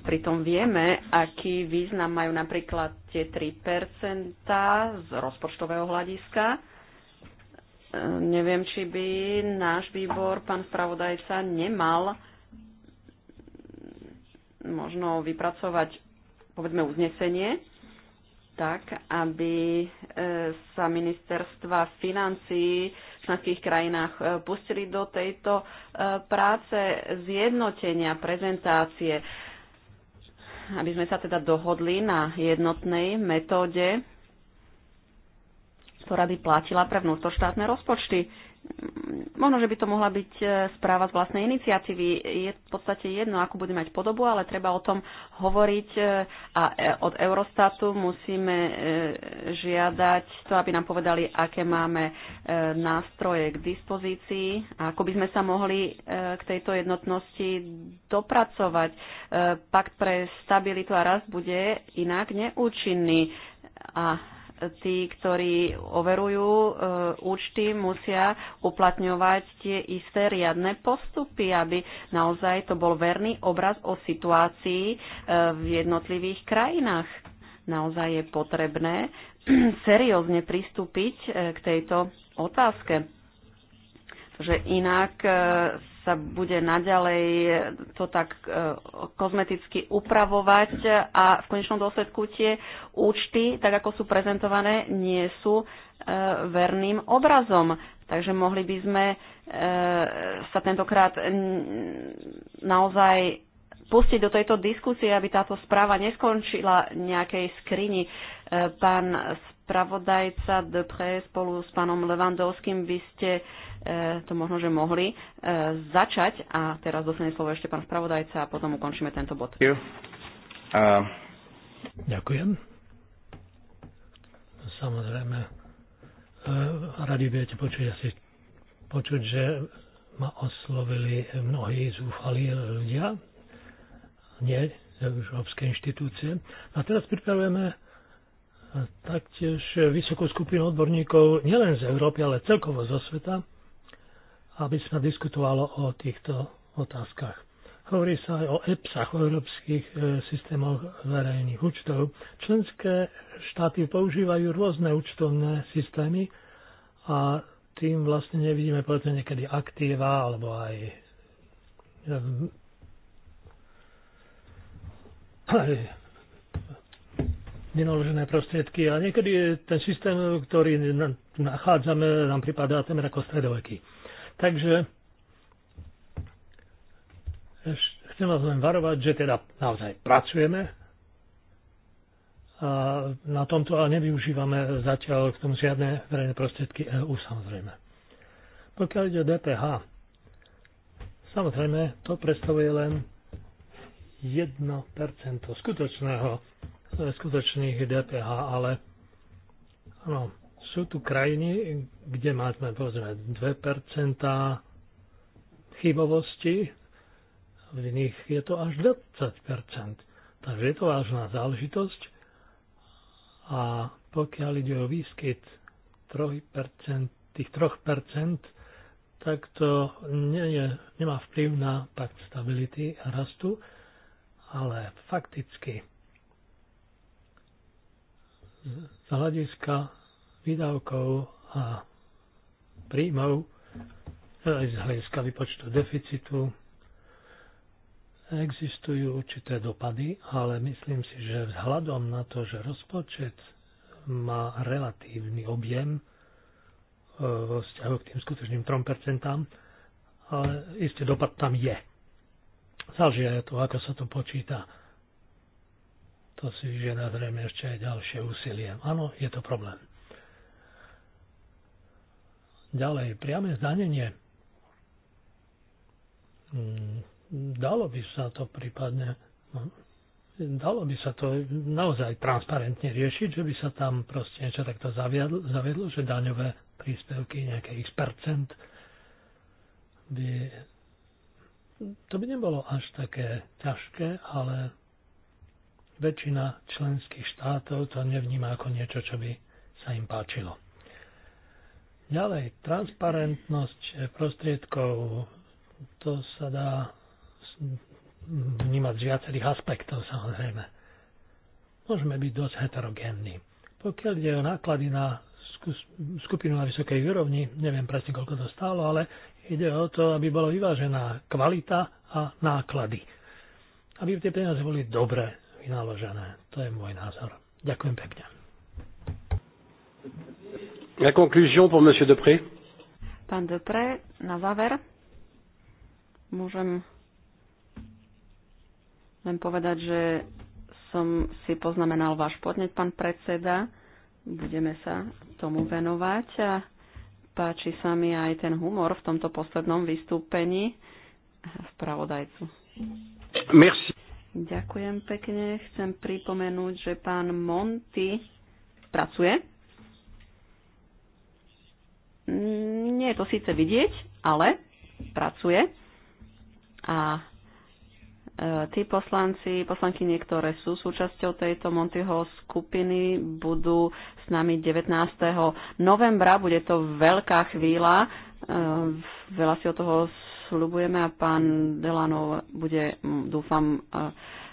Pritom vieme, aký význam majú napríklad tie 3% z rozpočtového hľadiska. Neviem, či by náš výbor, pán spravodajca, nemal možno vypracovať, povedzme, uznesenie, tak, aby e, sa ministerstva financí v členských krajinách e, pustili do tejto e, práce zjednotenia, prezentácie, aby sme sa teda dohodli na jednotnej metóde, ktorá by platila pre vnútroštátne rozpočty možno, že by to mohla byť e, správa z vlastnej iniciatívy. Je v podstate jedno, ako bude mať podobu, ale treba o tom hovoriť e, a e, od Eurostatu musíme žiadať to, aby nám povedali, aké máme nástroje k dispozícii a ako by sme sa mohli k tejto jednotnosti dopracovať. Pakt pre stabilitu a rast bude inak neúčinný a tí, ktorí overujú e, účty, musia uplatňovať tie isté riadne postupy, aby naozaj to bol verný obraz o situácii e, v jednotlivých krajinách. Naozaj je potrebné (clears throat) seriózne pristúpiť e, k tejto otázke. Že inak e, sa bude naďalej to tak e, kozmeticky upravovať a v konečnom dôsledku tie účty, tak ako sú prezentované, nie sú e, verným obrazom. Takže mohli by sme e, sa tentokrát naozaj pustiť do tejto diskusie, aby táto správa neskončila nejakej skrini. Pán spravodajca Depre spolu s pánom Levandovským by ste e, to možno, že mohli e, začať a teraz dostane slovo ešte pán spravodajca a potom ukončíme tento bod. Um, Ďakujem. Samozrejme, e, radi budete počuť asi počuť, že ma oslovili mnohí zúfalí ľudia, nie európske inštitúcie. A teraz pripravujeme taktiež vysokú skupinu odborníkov nielen z Európy, ale celkovo zo sveta, aby sa diskutovalo o týchto otázkach. Hovorí sa aj o EPSach, o európskych e, systémoch verejných účtov. Členské štáty používajú rôzne účtovné systémy a tým vlastne nevidíme povedzme niekedy aktíva alebo aj, e, aj vynaložené prostriedky a niekedy ten systém, ktorý nachádzame, nám pripadá temer ako stredoveký. Takže chcem vás len varovať, že teda naozaj pracujeme a na tomto ale nevyužívame zatiaľ k tomu žiadne verejné prostriedky EU samozrejme. Pokiaľ ide o DPH, samozrejme to predstavuje len 1% skutočného skutočných DPH, ale ano, sú tu krajiny, kde máme povedzme 2% chybovosti, v iných je to až 20%. Takže je to vážna záležitosť a pokiaľ ide o výskyt 3%, tých 3%, tak to nie je, nemá vplyv na pakt stability a rastu, ale fakticky z hľadiska výdavkov a príjmov, aj z hľadiska vypočtu deficitu, existujú určité dopady, ale myslím si, že vzhľadom na to, že rozpočet má relatívny objem e, vo vzťahu k tým skutočným 3%, ale istý dopad tam je. Záleží aj to, ako sa to počíta. To si vyžiada zrejme ešte aj ďalšie úsilie. Áno, je to problém. Ďalej, priame zdanenie. Mm, dalo by sa to prípadne, no, dalo by sa to naozaj transparentne riešiť, že by sa tam proste niečo takto zaviedlo, zaviedlo že daňové príspevky, nejaké x percent by to by nebolo až také ťažké, ale väčšina členských štátov to nevníma ako niečo, čo by sa im páčilo. Ďalej, transparentnosť prostriedkov, to sa dá vnímať z viacerých aspektov samozrejme. Môžeme byť dosť heterogénni. Pokiaľ ide o náklady na skupinu na vysokej úrovni, neviem presne koľko to stálo, ale ide o to, aby bola vyvážená kvalita a náklady. Aby tie peniaze boli dobre vynaložené. To je môj názor. Ďakujem pekne. La conclusion pour monsieur Depré. Pán Depré, na záver môžem len povedať, že som si poznamenal váš podneť, pán predseda. Budeme sa tomu venovať a páči sa mi aj ten humor v tomto poslednom vystúpení v pravodajcu. Merci. Ďakujem pekne. Chcem pripomenúť, že pán Monty pracuje. Nie je to síce vidieť, ale pracuje. A e, tí poslanci, poslanky niektoré sú súčasťou tejto Montyho skupiny, budú s nami 19. novembra, bude to veľká chvíľa, e, veľa si o toho slubujeme a pán Delano bude, dúfam, e,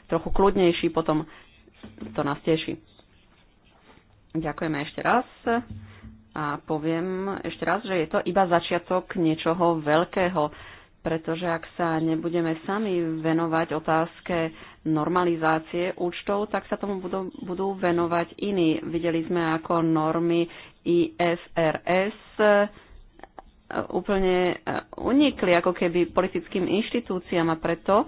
trochu kľudnejší, potom to nás teší. Ďakujeme ešte raz a poviem ešte raz, že je to iba začiatok niečoho veľkého, pretože ak sa nebudeme sami venovať otázke normalizácie účtov, tak sa tomu budú, budú venovať iní. Videli sme, ako normy IFRS úplne e, unikli ako keby politickým inštitúciám a preto e,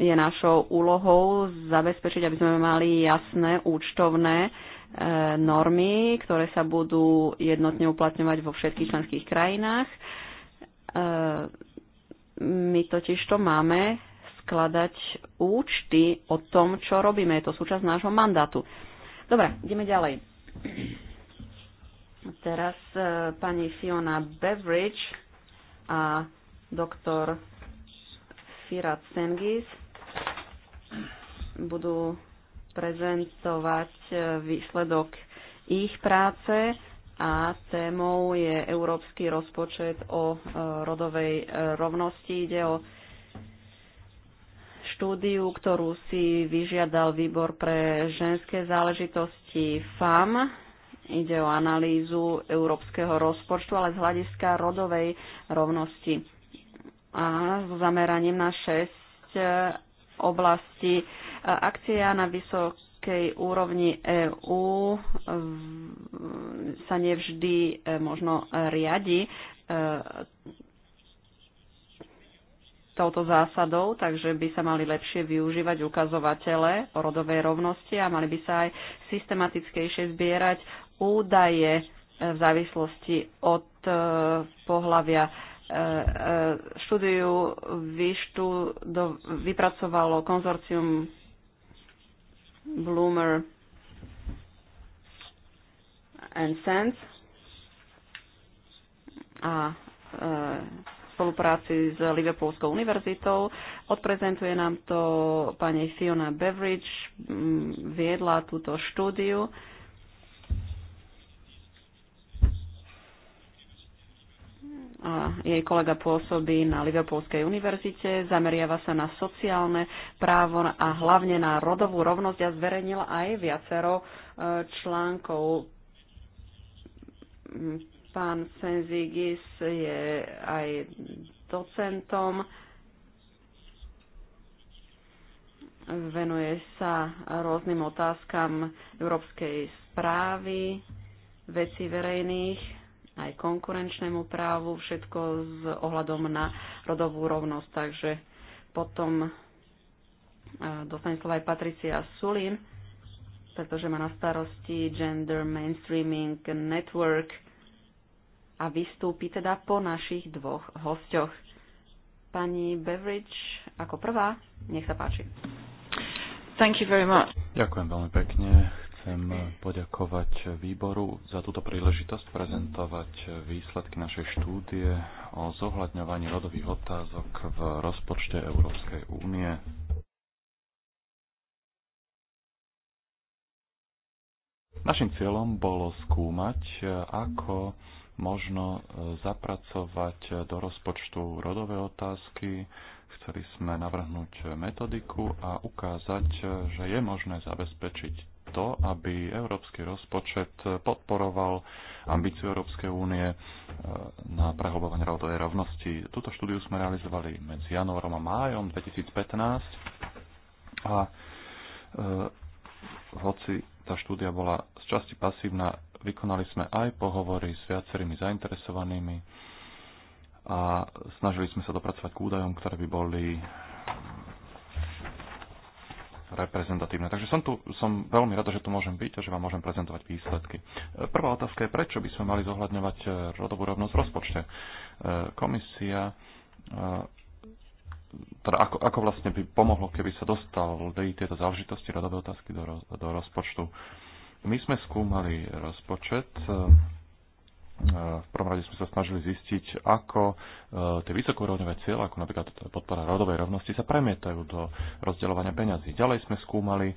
je našou úlohou zabezpečiť, aby sme mali jasné účtovné e, normy, ktoré sa budú jednotne uplatňovať vo všetkých členských krajinách. My totiž to máme skladať účty o tom, čo robíme. Je to súčasť nášho mandátu. Dobre, ideme ďalej. Teraz e, pani Fiona Beveridge a doktor Firat Sengis budú prezentovať e, výsledok ich práce a témou je Európsky rozpočet o e, rodovej e, rovnosti. Ide o štúdiu, ktorú si vyžiadal výbor pre ženské záležitosti FAM Ide o analýzu európskeho rozpočtu, ale z hľadiska rodovej rovnosti. A s zameraním na 6 e, oblasti. E, akcia na vysokej úrovni EÚ e, sa nevždy možno riadi touto zásadou, takže by sa mali lepšie využívať ukazovatele o rodovej rovnosti a mali by sa aj systematickejšie zbierať údaje e, v závislosti od e, pohlavia. E, štúdiu vypracovalo konzorcium Bloomer and Sense a spolupráci s Liverpoolskou univerzitou. Odprezentuje nám to pani Fiona Beveridge, viedla túto štúdiu. jej kolega pôsobí na Liverpoolskej univerzite, zameriava sa na sociálne právo a hlavne na rodovú rovnosť a zverejnila aj viacero e, článkov. Mm, pán Senzigis je aj docentom, venuje sa rôznym otázkam európskej správy, veci verejných aj konkurenčnému právu, všetko s ohľadom na rodovú rovnosť. Takže potom e, dostane slovo aj Patricia Sulin, pretože má na starosti Gender Mainstreaming Network a vystúpi teda po našich dvoch hostiach. Pani Beveridge ako prvá, nech sa páči. Thank you very much. Ďakujem veľmi pekne. Chcem poďakovať výboru za túto príležitosť prezentovať výsledky našej štúdie o zohľadňovaní rodových otázok v rozpočte Európskej únie. Našim cieľom bolo skúmať, ako možno e, zapracovať do rozpočtu rodové otázky. Chceli sme navrhnúť metodiku a ukázať, že je možné zabezpečiť to, aby európsky rozpočet podporoval ambíciu Európskej únie eh, na prehlbovanie rodovej rovnosti. Túto štúdiu sme realizovali medzi januárom a májom 2015 a e, hoci tá štúdia bola z časti pasívna, vykonali sme aj pohovory s viacerými zainteresovanými a snažili sme sa dopracovať k údajom, ktoré by boli reprezentatívne. Takže som tu, som veľmi rada, že tu môžem byť a že vám môžem prezentovať výsledky. E, prvá otázka je, prečo by sme mali zohľadňovať e, rodovú rovnosť v rozpočte. E, komisia teda ako, ako vlastne by pomohlo, keby sa dostali tieto záležitosti rodové otázky do, do rozpočtu. My sme skúmali rozpočet v prvom rade sme sa snažili zistiť, ako e, tie vysokourovňové cieľe, ako napríklad podpora rodovej rovnosti, sa premietajú do rozdeľovania peňazí. Ďalej sme skúmali e,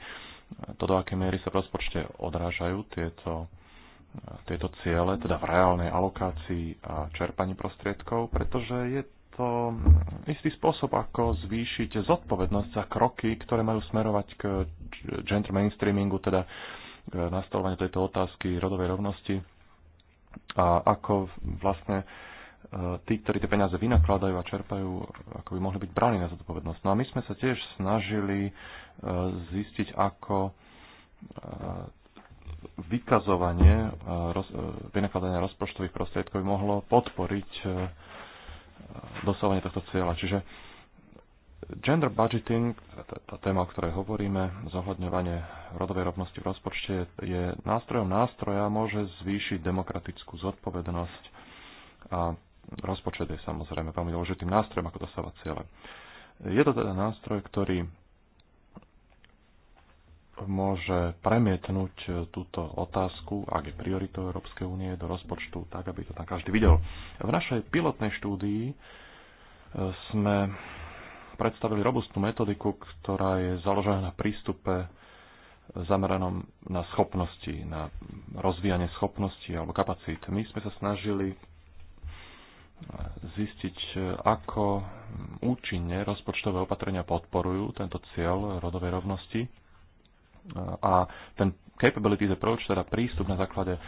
to, do akej miery sa v rozpočte odrážajú tieto, e, tieto ciele, teda v reálnej alokácii a čerpaní prostriedkov, pretože je to istý spôsob, ako zvýšiť zodpovednosť za kroky, ktoré majú smerovať k gender mainstreamingu, teda nastavovanie tejto otázky rodovej rovnosti a ako vlastne e, tí, ktorí tie peniaze vynakladajú a čerpajú, ako by mohli byť bráni na zodpovednosť. No a my sme sa tiež snažili e, zistiť, ako e, vykazovanie roz, vynakladania rozpočtových prostriedkov by mohlo podporiť dosahovanie tohto cieľa. Čiže Gender budgeting, tá téma, o ktorej hovoríme, zohľadňovanie rodovej rovnosti v rozpočte, je nástrojom nástroja, môže zvýšiť demokratickú zodpovednosť a rozpočet je samozrejme veľmi dôležitým nástrojom, ako dosávať ciele. Je to teda nástroj, ktorý môže premietnúť túto otázku, ak je prioritou Európskej únie, do rozpočtu, tak, aby to tam každý videl. V našej pilotnej štúdii e, sme predstavili robustnú metodiku, ktorá je založená na prístupe zameranom na schopnosti, na rozvíjanie schopností alebo kapacít. My sme sa snažili zistiť, ako účinne rozpočtové opatrenia podporujú tento cieľ rodovej rovnosti. A ten capabilities approach, teda prístup na základe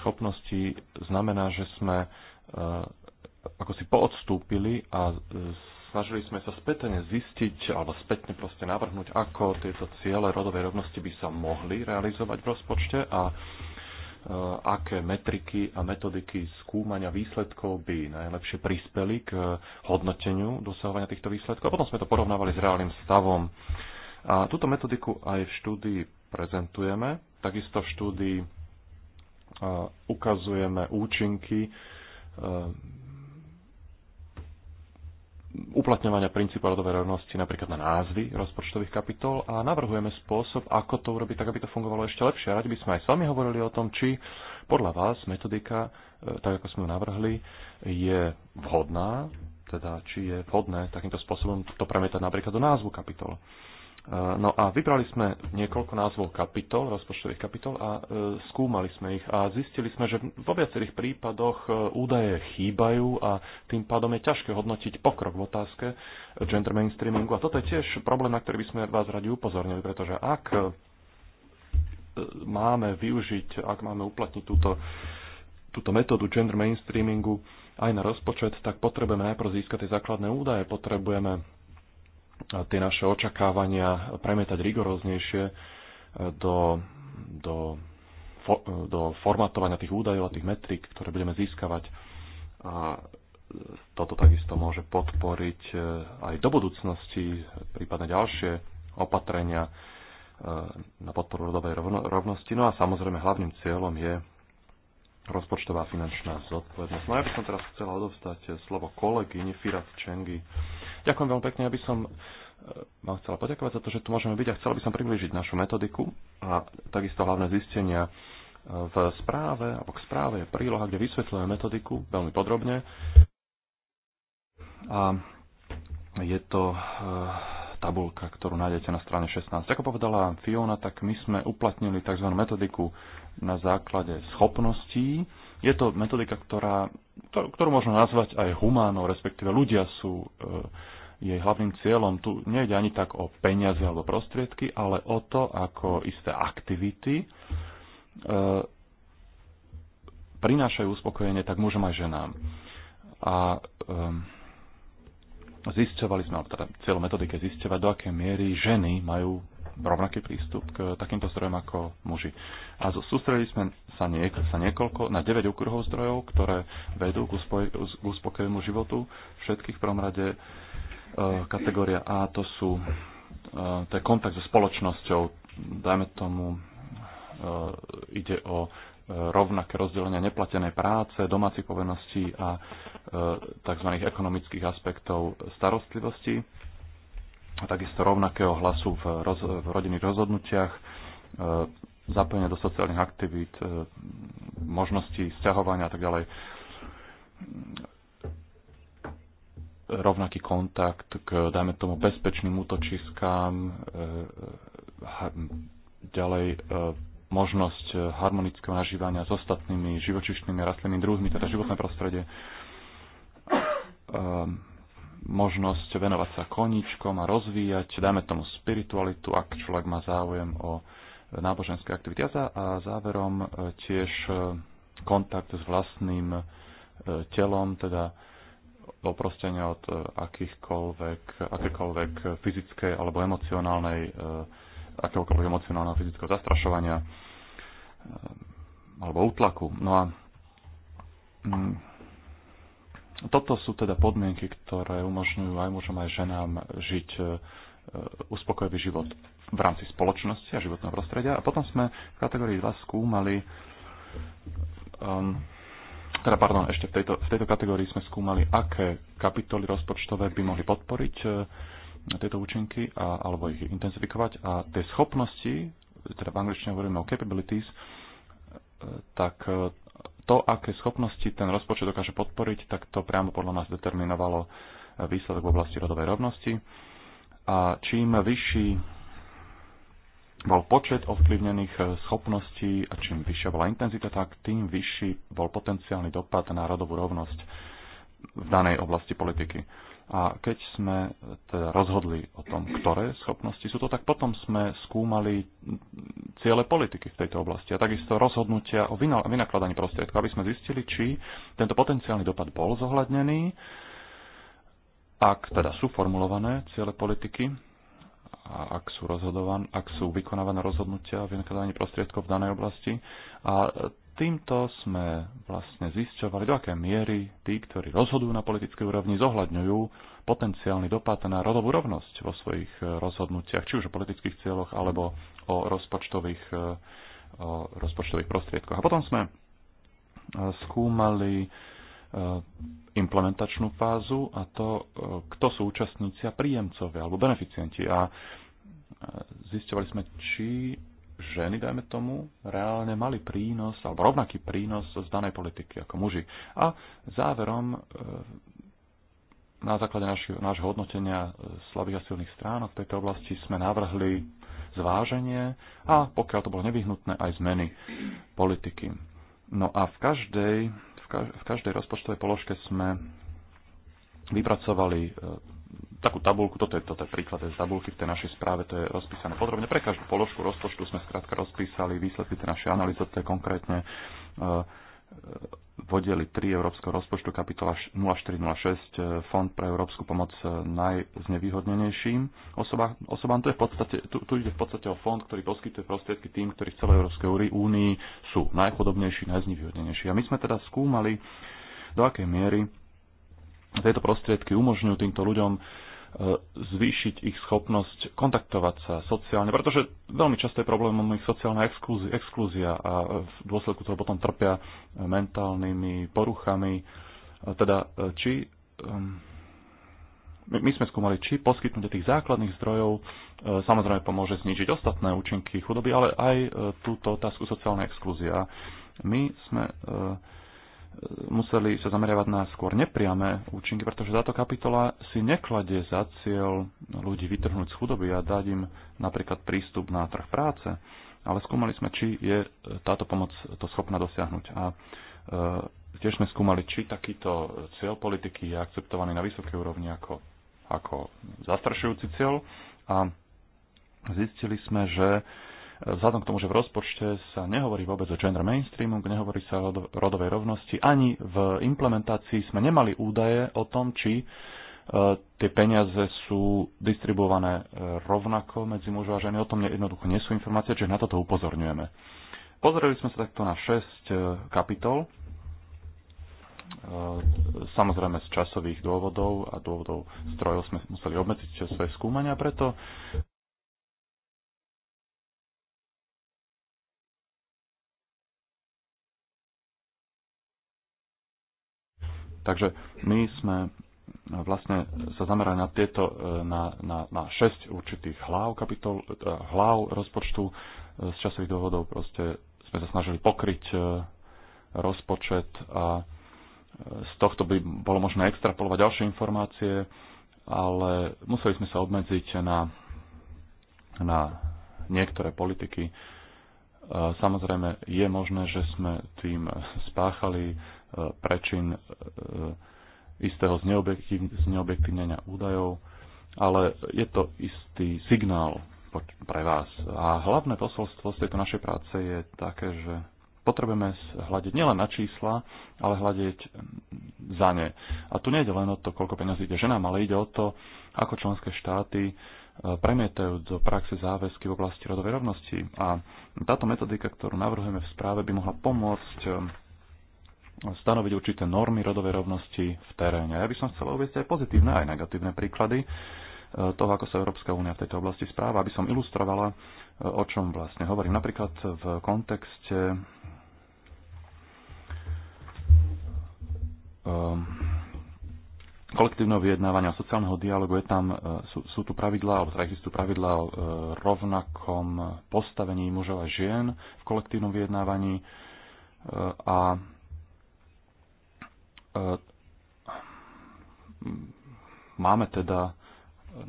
schopností, znamená, že sme eh, ako si poodstúpili a snažili sme sa spätne zistiť, alebo spätne proste navrhnúť, ako tieto ciele rodovej rovnosti by sa mohli realizovať v rozpočte a e, aké metriky a metodiky skúmania výsledkov by najlepšie prispeli k hodnoteniu dosahovania týchto výsledkov. A potom sme to porovnávali s reálnym stavom. A túto metodiku aj v štúdii prezentujeme. Takisto v štúdii e, ukazujeme účinky e, uplatňovania princípu rodovej rovnosti napríklad na názvy rozpočtových kapitol a navrhujeme spôsob, ako to urobiť tak, aby to fungovalo ešte lepšie. radi by sme aj s vami hovorili o tom, či podľa vás metodika, e, tak ako sme ju navrhli, je vhodná, teda či je vhodné takýmto spôsobom to premietať napríklad do názvu kapitol. No a vybrali sme niekoľko názvov kapitol, rozpočtových kapitol a e, skúmali sme ich a zistili sme, že vo viacerých prípadoch e, údaje chýbajú a tým pádom je ťažké hodnotiť pokrok v otázke e, gender mainstreamingu. A toto je tiež problém, na ktorý by sme vás radi upozornili, pretože ak máme využiť, ak máme uplatniť túto, túto metódu gender mainstreamingu aj na rozpočet, tak potrebujeme najprv získať tie základné údaje, potrebujeme tie naše očakávania premietať rigoróznejšie e, do, do, e, do formatovania tých údajov a tých metrik, ktoré budeme získavať. A toto takisto môže podporiť e, aj do budúcnosti prípadne ďalšie opatrenia na podporu rodovej rovnosti. No a samozrejme hlavným cieľom je rozpočtová finančná zodpovednosť. No ja by som teraz chcela odovstať slovo kolegyni Firat Čengi, Ďakujem veľmi pekne, aby som e, vám chcela poďakovať za to, že tu môžeme byť a chcela by som priblížiť našu metodiku a takisto hlavné zistenia e, v správe, alebo k správe je príloha, kde vysvetľujeme metodiku veľmi podrobne. A je to e, tabulka, ktorú nájdete na strane 16. Ako povedala Fiona, tak my sme uplatnili tzv. metodiku na základe schopností. Je to metodika, ktorá, ktorú možno nazvať aj humánou, respektíve ľudia sú jej hlavným cieľom tu nejde ani tak o peniaze alebo prostriedky, ale o to, ako isté aktivity e, prinášajú uspokojenie tak mužom aj ženám. A e, zisťovali sme, teda cieľom metodike zisťovať, do akej miery ženy majú rovnaký prístup k takýmto zdrojom ako muži. A sústredili sme sa, niek- sa niekoľko, na 9 okruhov zdrojov, ktoré vedú k, uspo- k uspokojnému životu všetkých v rade Eh, kategória A to sú eh, to je kontakt so spoločnosťou. Dajme tomu, eh, ide o rovnaké rozdelenie neplatenej práce, domácich povinností a tzv. ekonomických aspektov starostlivosti. A takisto rovnakého hlasu v, roz, v rodinných rozhodnutiach, zapojenie do sociálnych aktivít, možnosti sťahovania a tak ďalej rovnaký kontakt k, dajme tomu, bezpečným útočiskám, e, e, ďalej e, možnosť harmonického nažívania s ostatnými živočišnými rastlinnými druhmi, teda životné prostredie, možnosť venovať sa koníčkom a rozvíjať, dajme tomu spiritualitu, ak človek má záujem o náboženské aktivity. A záverom tiež kontakt s vlastným telom, teda oprostenia od e, akýchkoľvek, akékoľvek fyzickej alebo emocionálnej, e, akéhokoľvek emocionálneho fyzického zastrašovania e, alebo útlaku. No a mm, toto sú teda podmienky, ktoré umožňujú aj mužom, aj ženám žiť uspokojivý život v rámci spoločnosti a životného prostredia. A potom sme v kategórii 2 skúmali um, teda pardon, ešte v tejto, v tejto kategórii sme skúmali, aké kapitoly rozpočtové by mohli podporiť e, tieto účinky a, alebo ich intenzifikovať a tie schopnosti, teda v angličtine hovoríme o capabilities, e, tak e, to, aké schopnosti ten rozpočet dokáže podporiť, tak to priamo podľa nás determinovalo výsledok v oblasti rodovej rovnosti. A čím vyšší bol počet ovplyvnených e, schopností a čím vyššia bola intenzita, tak tým vyšší bol potenciálny dopad na rodovú rovnosť v danej oblasti politiky. A keď sme e, teda rozhodli o tom, ktoré schopnosti sú to, tak potom sme skúmali ciele politiky v tejto oblasti a takisto rozhodnutia o vynakladaní prostriedkov, aby sme zistili, či tento potenciálny dopad bol zohľadnený, ak teda sú formulované ciele politiky a ak sú, rozhodovan, ak sú vykonávané rozhodnutia v vynakladaní prostriedkov v danej oblasti. A týmto sme vlastne zisťovali, do aké miery tí, ktorí rozhodujú na politickej úrovni, zohľadňujú potenciálny dopad na rodovú rovnosť vo svojich e, rozhodnutiach, či už o politických cieľoch, alebo o rozpočtových, e, o rozpočtových prostriedkoch. A potom sme e, skúmali Eh, implementačnú fázu a to, eh, kto sú účastníci a príjemcovia alebo beneficienti. A eh, zistovali sme, či ženy, dajme tomu, reálne mali prínos alebo rovnaký prínos z danej politiky ako muži. A záverom na základe nášho, hodnotenia slabých a silných stránok v tejto oblasti sme navrhli zváženie a pokiaľ to bolo nevyhnutné aj zmeny politiky. No a v každej v každej rozpočtovej položke sme vypracovali e, takú tabulku, toto je, toto je príklad z tabulky v tej našej správe, to je rozpísané podrobne. Pre každú položku rozpočtu sme skrátka rozpísali výsledky tej našej analýzy, to je konkrétne e, v 3 Európskeho rozpočtu kapitola 0406 e, Fond pre európsku pomoc e, najznevýhodnenejším osoba, osobám. To je v podstate, tu, tu ide v podstate o fond, ktorý poskytuje prostriedky tým, ktorí v celej Európskej únii sú najchodobnejší, najznevýhodnenejší. A my sme teda skúmali, do akej miery tieto prostriedky umožňujú týmto ľuďom zvýšiť ich schopnosť kontaktovať sa sociálne, pretože veľmi často je problémom ich sociálna exklúzia, a v dôsledku toho potom trpia mentálnymi poruchami. Teda e, či my sme skúmali, či poskytnutie tých základných zdrojov e, samozrejme pomôže znižiť ostatné účinky chudoby, ale aj e, túto otázku sociálna exklúzia. My sme museli sa zameriavať na skôr nepriame účinky, pretože táto kapitola si nekladie za cieľ ľudí vytrhnúť z chudoby a dať im napríklad prístup na trh práce, ale skúmali sme, či je táto pomoc to schopná dosiahnuť. A e, tiež sme skúmali, či takýto cieľ politiky je akceptovaný na vysokej úrovni ako, ako zastrašujúci cieľ a zistili sme, že vzhľadom k tomu, že v rozpočte sa nehovorí vôbec o gender mainstreamu, nehovorí sa o rodovej rovnosti, ani v implementácii sme nemali údaje o tom, či e, tie peniaze sú distribuované e, rovnako medzi mužov a ženy. O tom jednoducho nie sú informácie, čiže na toto upozorňujeme. Pozreli sme sa takto na 6 e, kapitol, samozrejme z časových dôvodov a dôvodov strojov sme museli obmedziť svoje skúmania, preto Takže my sme vlastne sa zamerali na tieto, e, na, na, na 6 určitých hlav, kapitol, e, hlav rozpočtu. E, z časových dôvodov proste sme sa snažili pokryť rozpočet a z tohto by bolo možné extrapolovať ďalšie informácie, ale museli sme sa obmedziť na, na niektoré politiky. Samozrejme, je možné, že sme tým spáchali prečin e, istého zneobjektívnenia údajov, ale je to istý signál pre vás. A hlavné posolstvo z tejto našej práce je také, že potrebujeme hľadiť nielen na čísla, ale hľadiť za ne. A tu nejde len o to, koľko peňazí ide ženám, ale ide o to, ako členské štáty e, premietajú do praxe záväzky v oblasti rodovej rovnosti. A táto metodika, ktorú navrhujeme v správe, by mohla pomôcť e, stanoviť určité normy rodovej rovnosti v teréne. Ja by som chcel uvieť aj pozitívne, aj negatívne príklady e, toho, ako sa Európska únia v tejto oblasti správa, aby som ilustrovala, e, o čom vlastne hovorím. Napríklad v kontexte e, kolektívneho vyjednávania a sociálneho dialogu je tam, sú, sú tu pravidlá, alebo teda existujú pravidlá o rovnakom postavení mužov a žien v kolektívnom vyjednávaní a Eh, máme teda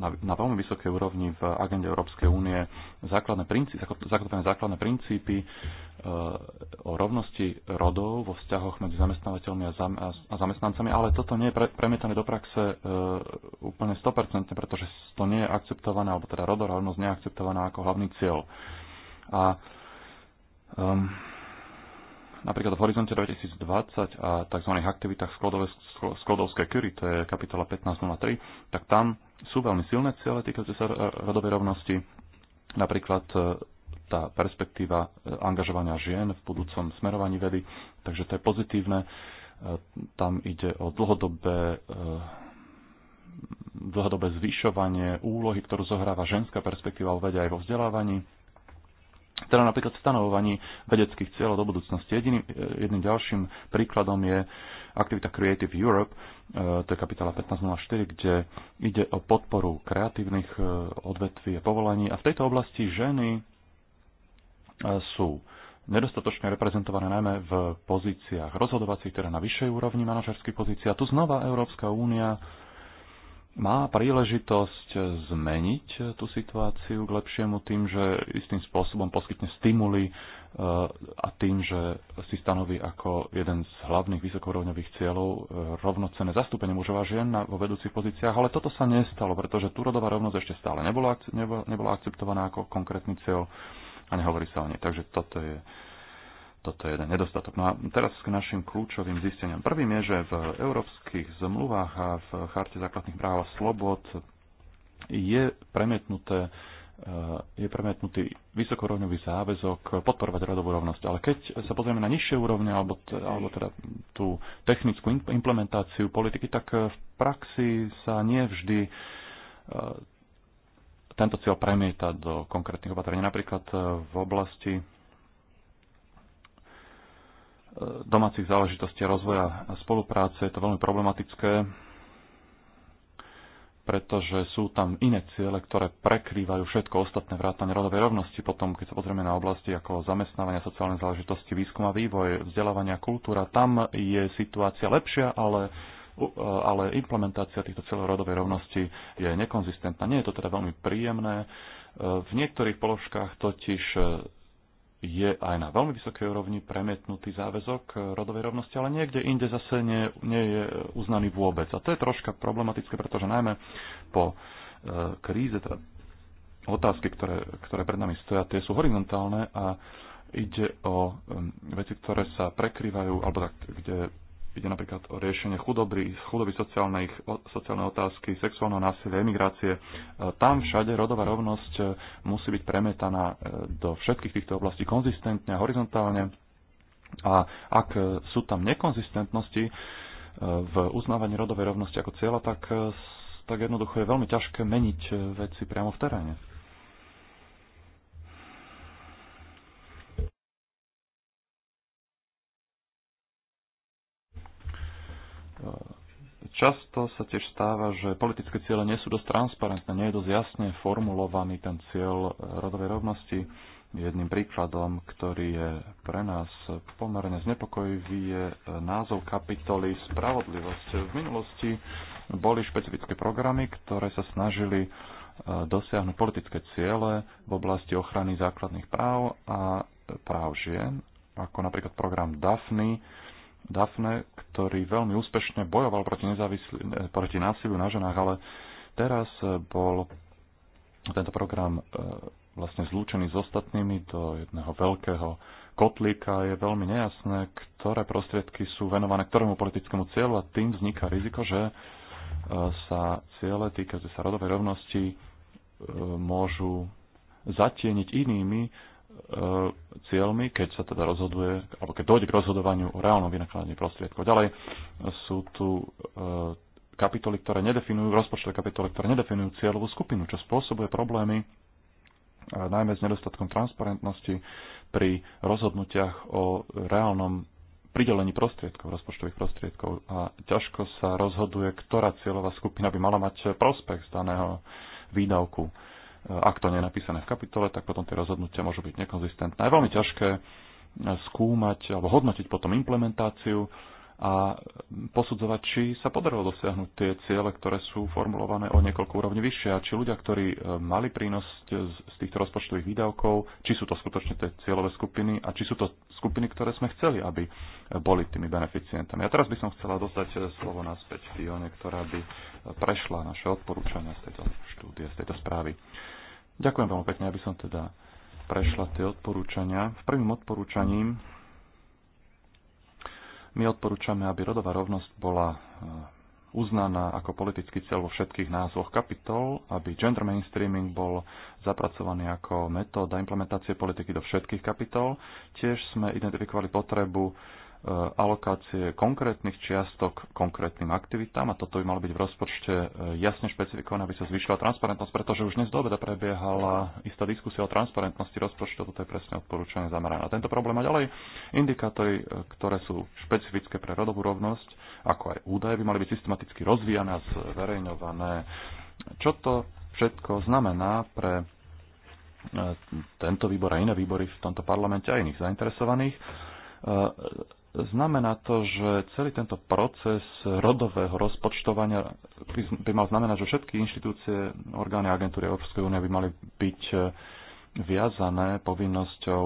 na, na veľmi vysokej úrovni v agende Európskej únie základné princípy, zakotvené základné princípy eh, o rovnosti rodov vo vzťahoch medzi zamestnávateľmi a, zam, a zamestnancami, ale toto nie je pre, premietané do praxe eh, úplne 100%, pretože to nie je akceptované, alebo teda rodorovnosť nie je akceptovaná ako hlavný cieľ. A um, napríklad v Horizonte 2020 a tzv. aktivitách Sklodovské Curie, to je kapitola 1503, tak tam sú veľmi silné ciele týkajúce sa rodovej rovnosti. Napríklad e, tá perspektíva e, angažovania žien v budúcom smerovaní vedy, takže to je pozitívne. E, tam ide o dlhodobé dlhodobé zvyšovanie úlohy, ktorú zohráva ženská perspektíva o vede aj vo vzdelávaní teda napríklad v stanovovaní vedeckých cieľov do budúcnosti. Jediným, e, jedným ďalším príkladom je aktivita Creative Europe, e, to je kapitola 1504, kde ide o podporu kreatívnych e, odvetví a povolaní. A v tejto oblasti ženy sú nedostatočne reprezentované najmä v pozíciách rozhodovacích, teda na vyššej úrovni manažerských pozícií. A tu znova Európska únia má príležitosť zmeniť tú situáciu k lepšiemu tým, že istým spôsobom poskytne stimuly e, a tým, že si stanoví ako jeden z hlavných vysokorovňových cieľov e, rovnocené zastúpenie mužov a žien vo vedúcich pozíciách, ale toto sa nestalo, pretože tu rodová rovnosť ešte stále nebola, nebola akceptovaná ako konkrétny cieľ a nehovorí sa o nej. Takže toto je toto je jeden nedostatok. No a teraz k našim kľúčovým zisteniam. Prvým je, že v európskych zmluvách a v charte základných práv a slobod je premietnuté e, je premietnutý vysokorovňový záväzok podporovať radovú rovnosť. Ale keď sa pozrieme na nižšie úrovne alebo, alebo teda tú technickú implementáciu politiky, tak v praxi sa nie vždy e, tento cieľ premieta do konkrétnych opatrení. Napríklad v oblasti E, domácich záležitostí a rozvoja a spolupráce. Je to veľmi problematické, pretože sú tam iné ciele, ktoré prekrývajú všetko ostatné vrátane rodovej rovnosti. Potom, keď sa pozrieme na oblasti ako zamestnávania, sociálne záležitosti, výskum a vývoj, vzdelávania, kultúra, tam je situácia lepšia, ale e, ale implementácia týchto cieľov rodovej rovnosti je nekonzistentná. Nie je to teda veľmi príjemné. E, v niektorých položkách totiž je aj na veľmi vysokej úrovni premietnutý záväzok eh, rodovej rovnosti, ale niekde inde zase nie, nie je eh, uznaný vôbec. A to je troška problematické, pretože najmä po eh, kríze, teda otázky, ktoré, ktoré pred nami stoja, tie sú horizontálne a ide o veci, ktoré sa prekrývajú, alebo tak, kde Ide napríklad o riešenie chudoby, chudoby sociálnej, otázky, sexuálneho násilia, emigrácie. E, tam všade rodová rovnosť e, musí byť premietaná e, do všetkých týchto oblastí konzistentne a horizontálne. A ak sú tam nekonzistentnosti v uznávaní rodovej rovnosti ako cieľa, tak, tak jednoducho je veľmi ťažké meniť veci priamo v teréne. Často sa tiež stáva, že politické ciele nie sú dosť transparentné, nie je dosť jasne formulovaný ten cieľ rodovej rovnosti. Jedným príkladom, ktorý je pre nás pomerne znepokojivý, je názov kapitoly Spravodlivosť. V minulosti boli špecifické programy, ktoré sa snažili e, dosiahnuť politické ciele v oblasti ochrany základných práv a práv žien, ako napríklad program DAFNY, Dafne, ktorý veľmi úspešne bojoval proti, eh, proti násiliu na ženách, ale teraz eh, bol tento program eh, vlastne zlúčený s ostatnými do jedného veľkého kotlíka. Je veľmi nejasné, ktoré prostriedky sú venované ktorému politickému cieľu a tým vzniká riziko, že sa ciele týkajúce sa rodovej rovnosti môžu zatieniť inými E, cieľmi, keď sa teda rozhoduje, alebo keď dojde k rozhodovaniu o reálnom vynakladaní prostriedkov. Ďalej sú tu e, kapitoly, ktoré nedefinujú, rozpočtové kapitoly, ktoré nedefinujú cieľovú skupinu, čo spôsobuje problémy e, najmä s nedostatkom transparentnosti pri rozhodnutiach o reálnom pridelení prostriedkov, rozpočtových prostriedkov a ťažko sa rozhoduje, ktorá cieľová skupina by mala mať prospech z daného výdavku ak to nie je napísané v kapitole, tak potom tie rozhodnutia môžu byť nekonzistentné. Je veľmi ťažké skúmať alebo hodnotiť potom implementáciu a posudzovať, či sa podarilo dosiahnuť tie ciele, ktoré sú formulované o niekoľko úrovni vyššie a či ľudia, ktorí e, mali prínos z týchto rozpočtových výdavkov, či sú to skutočne tie cieľové skupiny a či sú to skupiny, ktoré sme chceli, aby boli tými beneficientami. A teraz by som chcela dostať e, slovo naspäť Fione, ktorá by e, prešla naše odporúčania z tejto štúdie, z tejto správy. Ďakujem veľmi pekne, aby som teda prešla tie odporúčania. V prvým odporúčaním my odporúčame, aby rodová rovnosť bola e, uznaná ako politický cieľ vo všetkých názvoch kapitol, aby gender mainstreaming bol zapracovaný ako metóda implementácie politiky do všetkých kapitol. Tiež sme identifikovali potrebu Eh, alokácie konkrétnych čiastok konkrétnym aktivitám a toto by malo byť v rozpočte eh, jasne špecifikované, aby sa zvyšila transparentnosť, pretože už dnes do obeda prebiehala istá diskusia o transparentnosti rozpočtu, toto je presne odporúčané zamerané na tento problém a ďalej indikátory, eh, ktoré sú špecifické pre rodovú rovnosť, ako aj údaje, by mali byť systematicky rozvíjane a zverejňované. Čo to všetko znamená pre tento výbor a iné výbory v tomto parlamente a iných zainteresovaných? Znamená to, že celý tento proces rodového rozpočtovania by mal znamenať, že všetky inštitúcie, orgány agentúry Európskej únie by mali byť e, viazané povinnosťou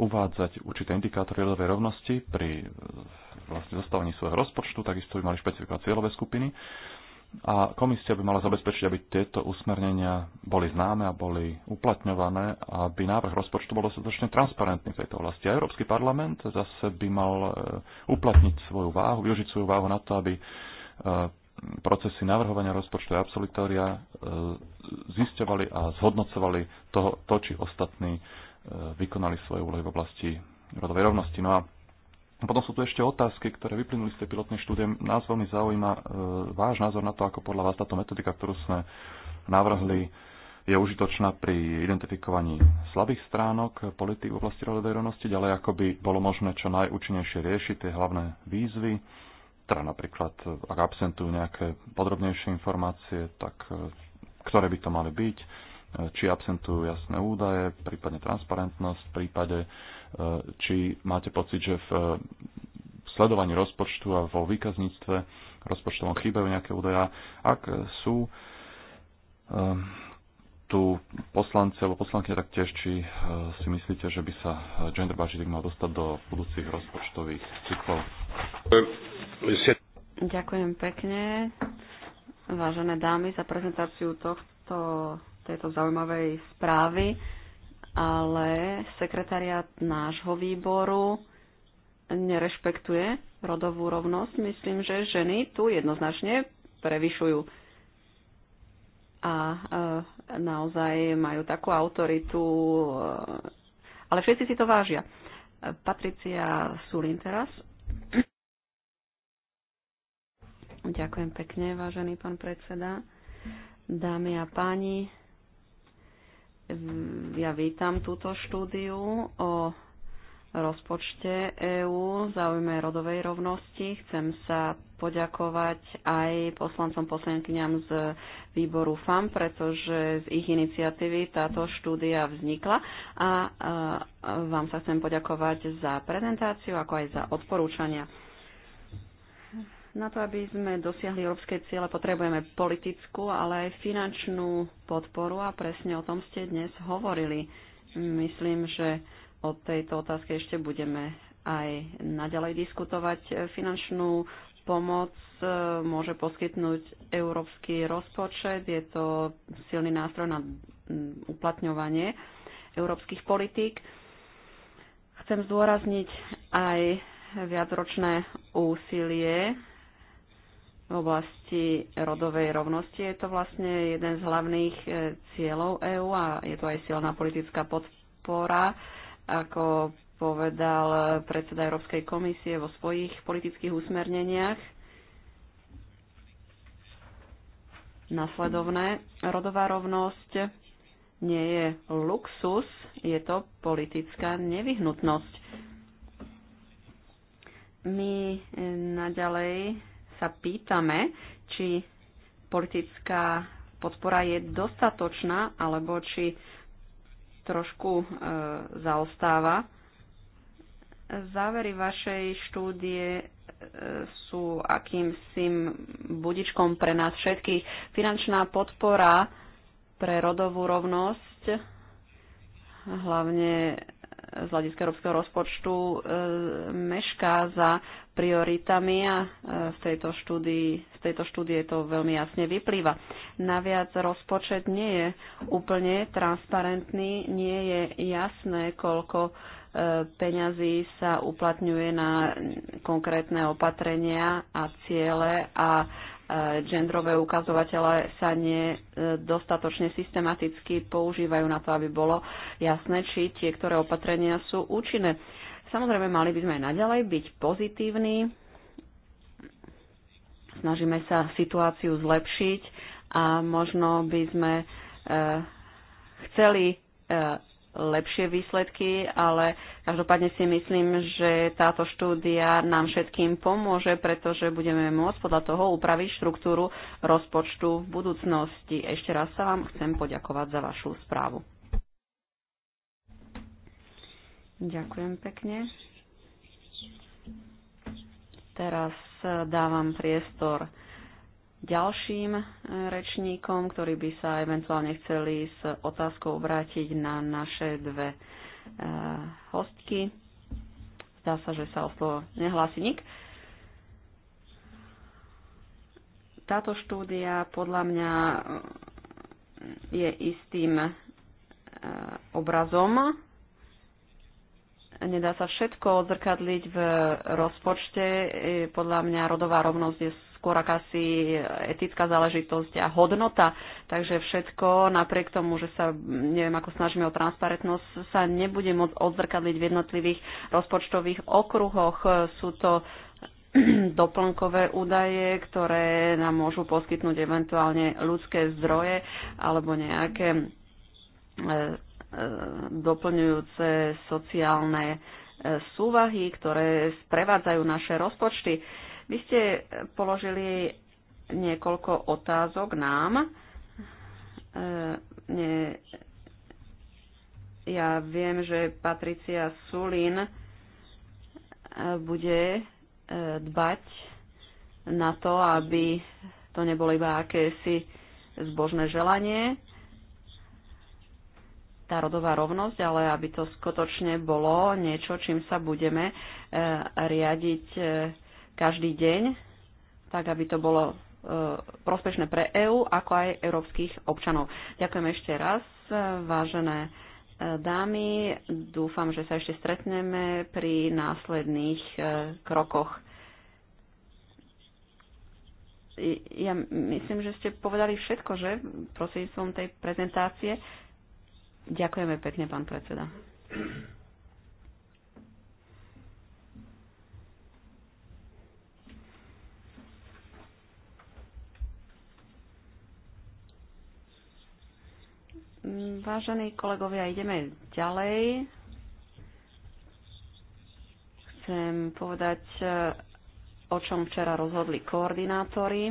uvádzať určité indikátory rodovej rovnosti pri e, vlastne zostavení svojho rozpočtu, takisto by mali špecifikovať cieľové skupiny a komisia by mala zabezpečiť, aby tieto usmernenia boli známe a boli uplatňované, aby návrh rozpočtu bol dostatočne transparentný v tejto oblasti. A Európsky parlament zase by mal e, uplatniť svoju váhu, využiť svoju váhu na to, aby e, procesy navrhovania rozpočtu a absolutória e, zisťovali a zhodnocovali to, to, či ostatní vykonali svoje úlohy v oblasti rodovej rovnosti. No a potom sú tu ešte otázky, ktoré vyplynuli z tej pilotnej štúdie. Nás veľmi zaujíma e, váš názor na to, ako podľa vás táto metodika, ktorú sme navrhli, je užitočná pri identifikovaní slabých stránok politik v oblasti rodovej rovnosti, ďalej ako by bolo možné čo najúčinnejšie riešiť tie hlavné výzvy, teda napríklad, ak absentujú nejaké podrobnejšie informácie, tak e, ktoré by to mali byť, e, či absentujú jasné údaje, prípadne transparentnosť v prípade Eh, či máte pocit, že v eh, sledovaní rozpočtu a vo výkazníctve rozpočtovom chýbajú nejaké údaje. Ak sú eh, tu poslanci alebo poslanky taktiež, či si myslíte, že by sa gender budgeting mal dostať do budúcich rozpočtových cyklov? Ďakujem pekne, vážené dámy, za prezentáciu tohto, tejto zaujímavej správy ale sekretariat nášho výboru nerešpektuje rodovú rovnosť. Myslím, že ženy tu jednoznačne prevyšujú a e, naozaj majú takú autoritu, e, ale všetci si to vážia. Patricia Sulin teraz. Ďakujem pekne, vážený pán predseda. Dámy a páni, Mm, ja vítam túto štúdiu o rozpočte EÚ v záujme rodovej rovnosti. Chcem sa poďakovať aj poslancom poslankyňam z výboru FAM, pretože z ich iniciatívy táto štúdia vznikla a vám sa chcem poďakovať za prezentáciu, ako aj za odporúčania. Na to, aby sme dosiahli európske ciele, potrebujeme politickú, ale aj finančnú podporu a presne o tom ste dnes hovorili. Myslím, že o tejto otázke ešte budeme aj naďalej diskutovať. Finančnú pomoc e, môže poskytnúť európsky rozpočet. Je to silný nástroj na uplatňovanie európskych politík. Chcem zdôrazniť aj viacročné úsilie v oblasti rodovej rovnosti. Je to vlastne jeden z hlavných e, cieľov EÚ a je to aj silná politická podpora, ako povedal predseda Európskej komisie vo svojich politických usmerneniach. Nasledovné. Rodová rovnosť nie je luxus, je to politická nevyhnutnosť. My e, naďalej sa pýtame, či politická podpora je dostatočná, alebo či trošku e, zaostáva. Závery vašej štúdie e, sú akýmsi budičkom pre nás všetkých. Finančná podpora pre rodovú rovnosť, hlavne z hľadiska európskeho rozpočtu, e, mešká za prioritami a z e, tejto, štúdii, z tejto štúdie to veľmi jasne vyplýva. Naviac rozpočet nie je úplne transparentný, nie je jasné, koľko e, peňazí sa uplatňuje na konkrétne opatrenia a ciele a e, genderové ukazovatele sa nedostatočne systematicky používajú na to, aby bolo jasné, či tie, ktoré opatrenia sú účinné. Samozrejme, mali by sme aj naďalej byť pozitívni. Snažíme sa situáciu zlepšiť a možno by sme e, chceli e, lepšie výsledky, ale každopádne si myslím, že táto štúdia nám všetkým pomôže, pretože budeme môcť podľa toho upraviť štruktúru rozpočtu v budúcnosti. Ešte raz sa vám chcem poďakovať za vašu správu. Ďakujem pekne. Teraz e, dávam priestor ďalším e, rečníkom, ktorí by sa eventuálne chceli s otázkou vrátiť na naše dve e, hostky. Zdá sa, že sa o slovo nehlási nik. Táto štúdia podľa mňa je istým obrazom Nedá sa všetko odzrkadliť v rozpočte. Podľa mňa rodová rovnosť je skôr akási etická záležitosť a hodnota. Takže všetko, napriek tomu, že sa, neviem, ako snažíme o transparentnosť, sa nebude môcť odzrkadliť v jednotlivých rozpočtových okruhoch. Sú to (clears throat) doplnkové údaje, ktoré nám môžu poskytnúť eventuálne ľudské zdroje alebo nejaké e, doplňujúce sociálne e, súvahy, ktoré sprevádzajú naše rozpočty. Vy ste položili niekoľko otázok nám. E, ne, ja viem, že Patricia Sulin e, bude dbať na to, aby to nebolo iba akési zbožné želanie, tá rodová rovnosť, ale aby to skutočne bolo niečo, čím sa budeme e, riadiť e, každý deň, tak aby to bolo e, prospešné pre EÚ, ako aj európskych občanov. Ďakujem ešte raz, vážené dámy. Dúfam, že sa ešte stretneme pri následných krokoch. Ja myslím, že ste povedali všetko, že? Prostredníctvom tej prezentácie. Ďakujeme pekne, pán predseda. Vážení kolegovia, ideme ďalej. Chcem povedať, eh, o čom včera rozhodli koordinátori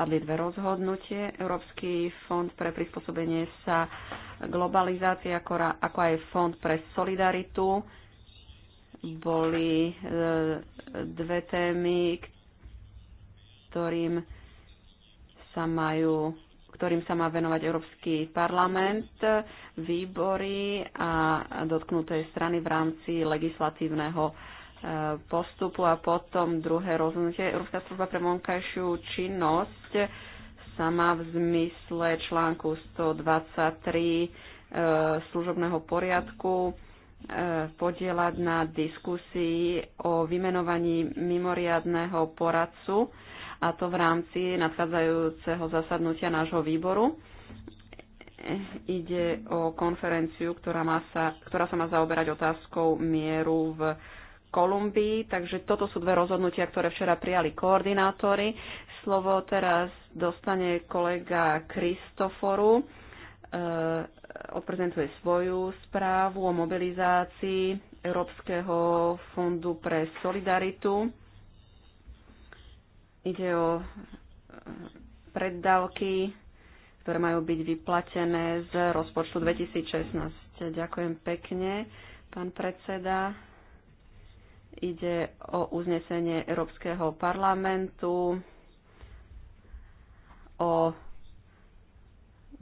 padli dve rozhodnutie. Európsky fond pre prispôsobenie sa globalizácie, ako, ako aj fond pre solidaritu, boli e, dve témy, ktorým sa majú ktorým sa má venovať Európsky parlament, výbory a dotknuté strany v rámci legislatívneho postupu a potom druhé rozhodnutie. Európska služba pre vonkajšiu činnosť sama v zmysle článku 123 e, služobného poriadku e, podielať na diskusii o vymenovaní mimoriadného poradcu a to v rámci nadchádzajúceho zasadnutia nášho výboru. Ide o konferenciu, ktorá, má sa, ktorá sa má zaoberať otázkou mieru v Kolumbii, takže toto sú dve rozhodnutia, ktoré včera prijali koordinátori. Slovo teraz dostane kolega Kristoforu. E, odprezentuje svoju správu o mobilizácii Európskeho fondu pre solidaritu. Ide o e, preddavky, ktoré majú byť vyplatené z rozpočtu 2016. Ďakujem pekne, pán predseda Ide o uznesenie Európskeho parlamentu o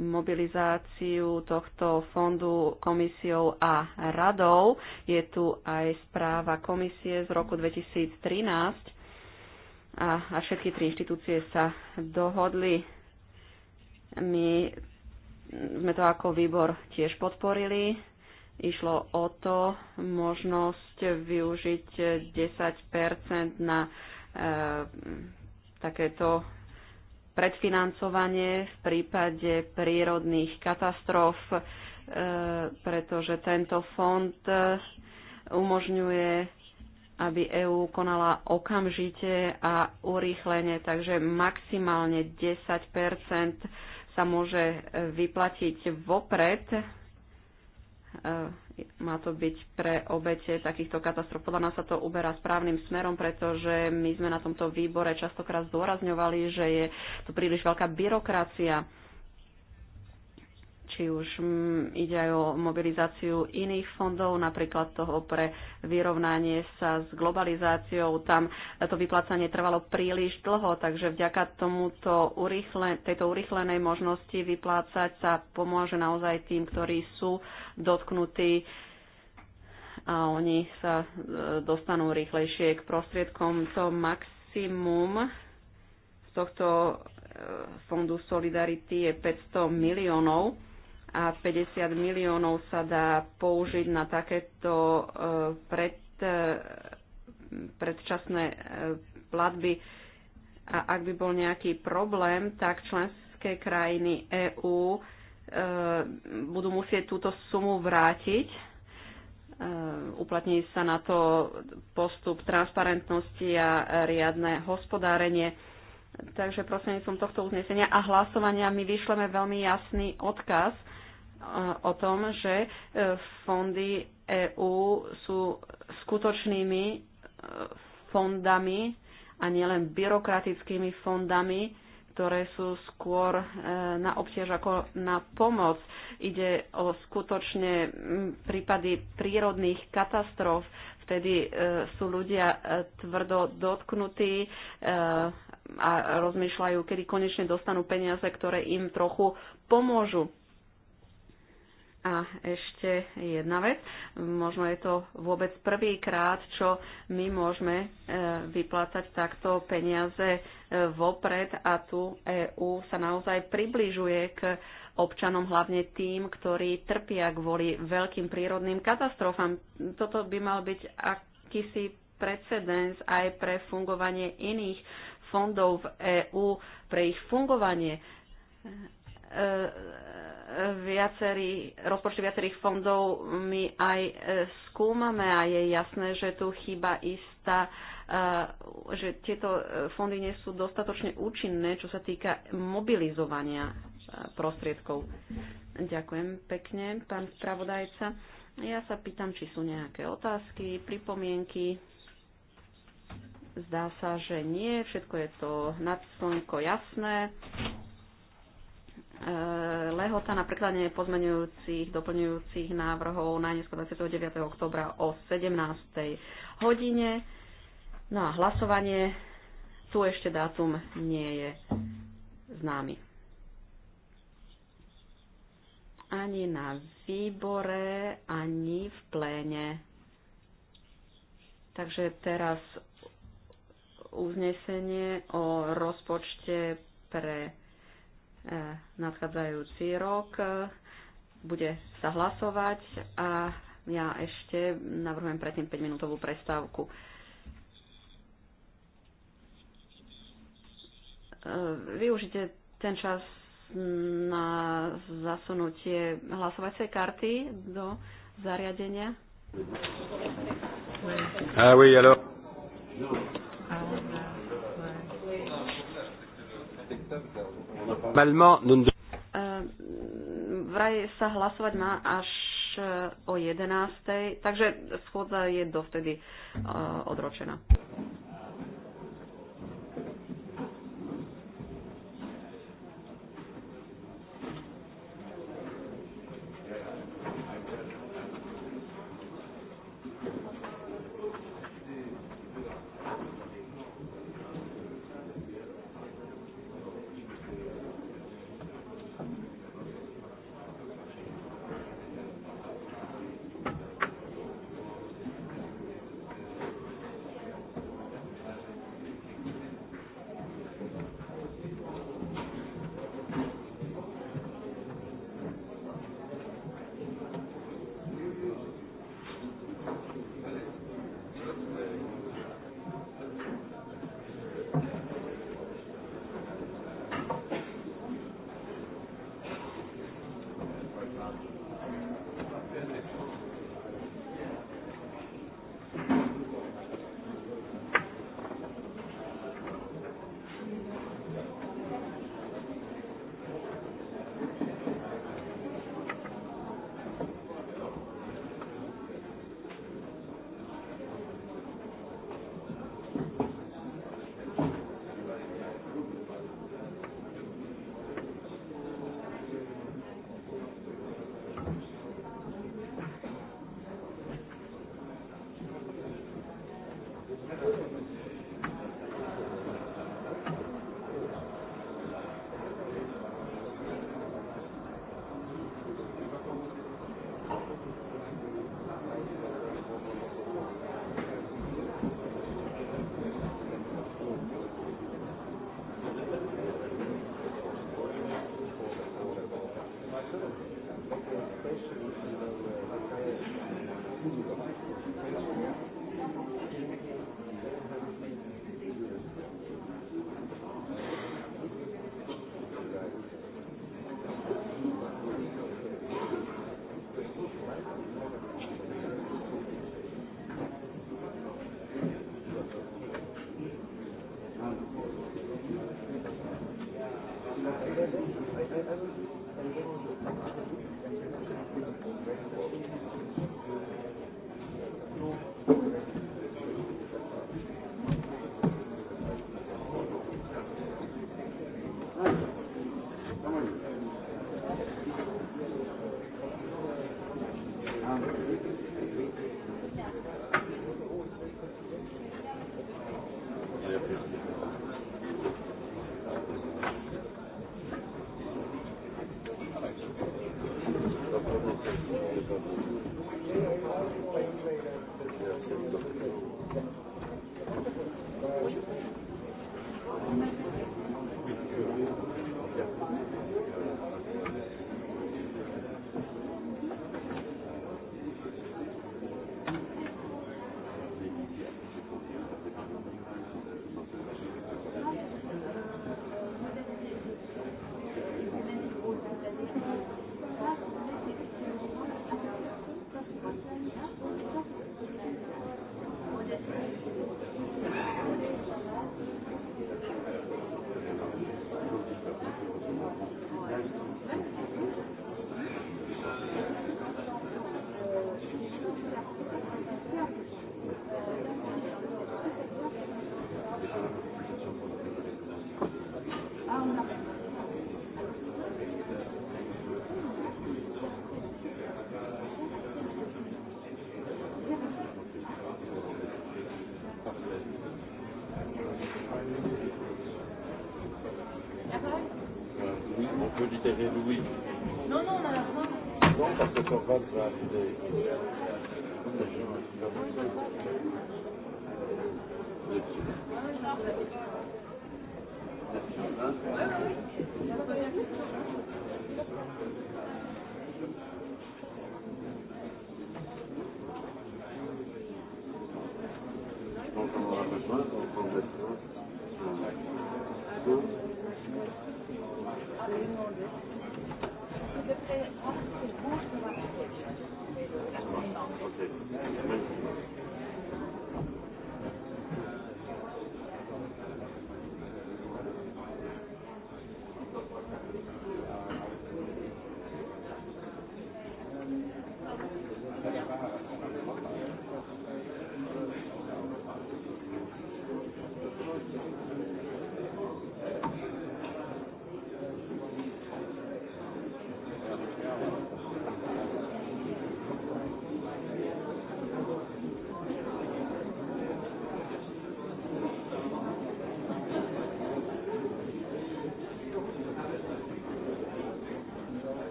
mobilizáciu tohto fondu komisiou a radou. Je tu aj správa komisie z roku 2013 a, a všetky tri inštitúcie sa dohodli. My sme to ako výbor tiež podporili Išlo o to možnosť využiť 10 na e, takéto predfinancovanie v prípade prírodných katastrof, e, pretože tento fond e, umožňuje, aby EÚ konala okamžite a urýchlene, takže maximálne 10 sa môže vyplatiť vopred E, má to byť pre obete takýchto katastrof. Podľa nás sa to uberá správnym smerom, pretože my sme na tomto výbore častokrát zdôrazňovali, že je to príliš veľká byrokracia či už mm, ide aj o mobilizáciu iných fondov, napríklad toho pre vyrovnanie sa s globalizáciou. Tam to vyplácanie trvalo príliš dlho, takže vďaka tomuto urychle, tejto urýchlenej možnosti vyplácať sa pomôže naozaj tým, ktorí sú dotknutí a oni sa e, dostanú rýchlejšie k prostriedkom. To maximum z tohto e, fondu Solidarity je 500 miliónov a 50 miliónov sa dá použiť na takéto e, pred, e, predčasné e, platby. A ak by bol nejaký problém, tak členské krajiny EÚ budú musieť túto sumu vrátiť. Uplatní sa na to postup transparentnosti a riadne hospodárenie. Takže prosím som tohto uznesenia a hlasovania my vyšleme veľmi jasný odkaz, o tom, že e, fondy EÚ sú skutočnými e, fondami a nielen byrokratickými fondami, ktoré sú skôr e, na obtiež ako na pomoc. Ide o skutočne prípady prírodných katastrof. Vtedy sú ľudia tvrdo dotknutí a rozmýšľajú, kedy konečne dostanú peniaze, ktoré im trochu pomôžu. A ešte jedna vec, možno je to vôbec prvýkrát, čo my môžeme e, vyplácať takto peniaze e, vopred a tu EÚ sa naozaj približuje k občanom, hlavne tým, ktorí trpia kvôli veľkým prírodným katastrofám. Toto by mal byť akýsi precedens aj pre fungovanie iných fondov v EÚ, pre ich fungovanie e, viacerí, rozpočty viacerých fondov my aj e, skúmame a je jasné, že tu chyba istá, e, že tieto e, fondy nie sú dostatočne účinné, čo sa týka mobilizovania prostriedkov. Ďakujem pekne, pán spravodajca. Ja sa pýtam, či sú nejaké otázky, pripomienky. Zdá sa, že nie, všetko je to nad slnko jasné. E, lehota na prekladanie pozmenujúcich, doplňujúcich návrhov na 29. oktobra o 17. hodine. No a hlasovanie, tu ešte dátum nie je známy. Ani na výbore, ani v pléne. Takže teraz uznesenie o rozpočte pre E, nadchádzajúci rok. E, bude sa hlasovať a ja ešte navrhujem predtým 5-minútovú prestávku. E, využite ten čas na zasunutie hlasovacej karty do zariadenia. Ah oui, alors. Ah, ah, ouais. Normalement, nous ne eh, vraj sa hlasovať má až eh, o 11. Takže schôdza je dovtedy eh, odročená.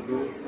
dozadu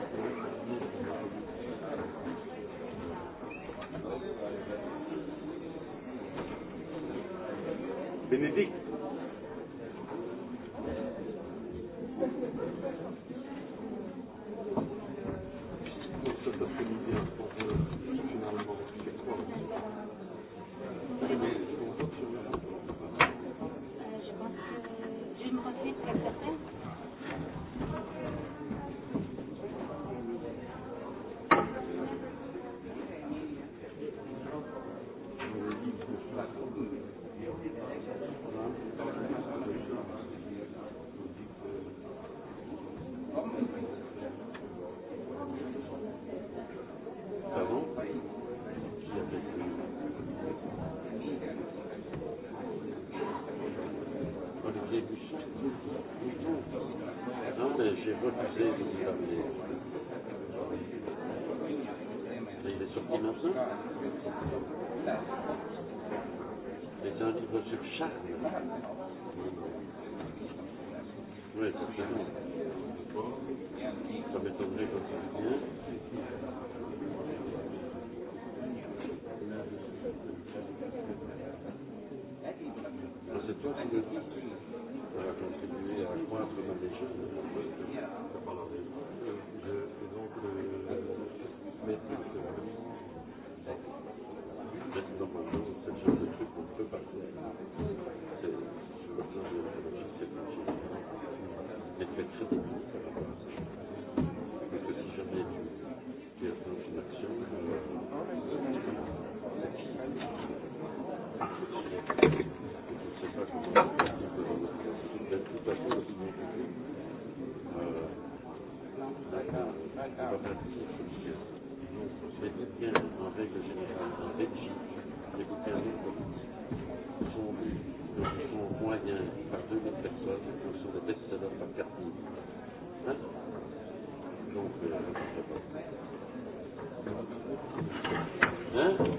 Huh?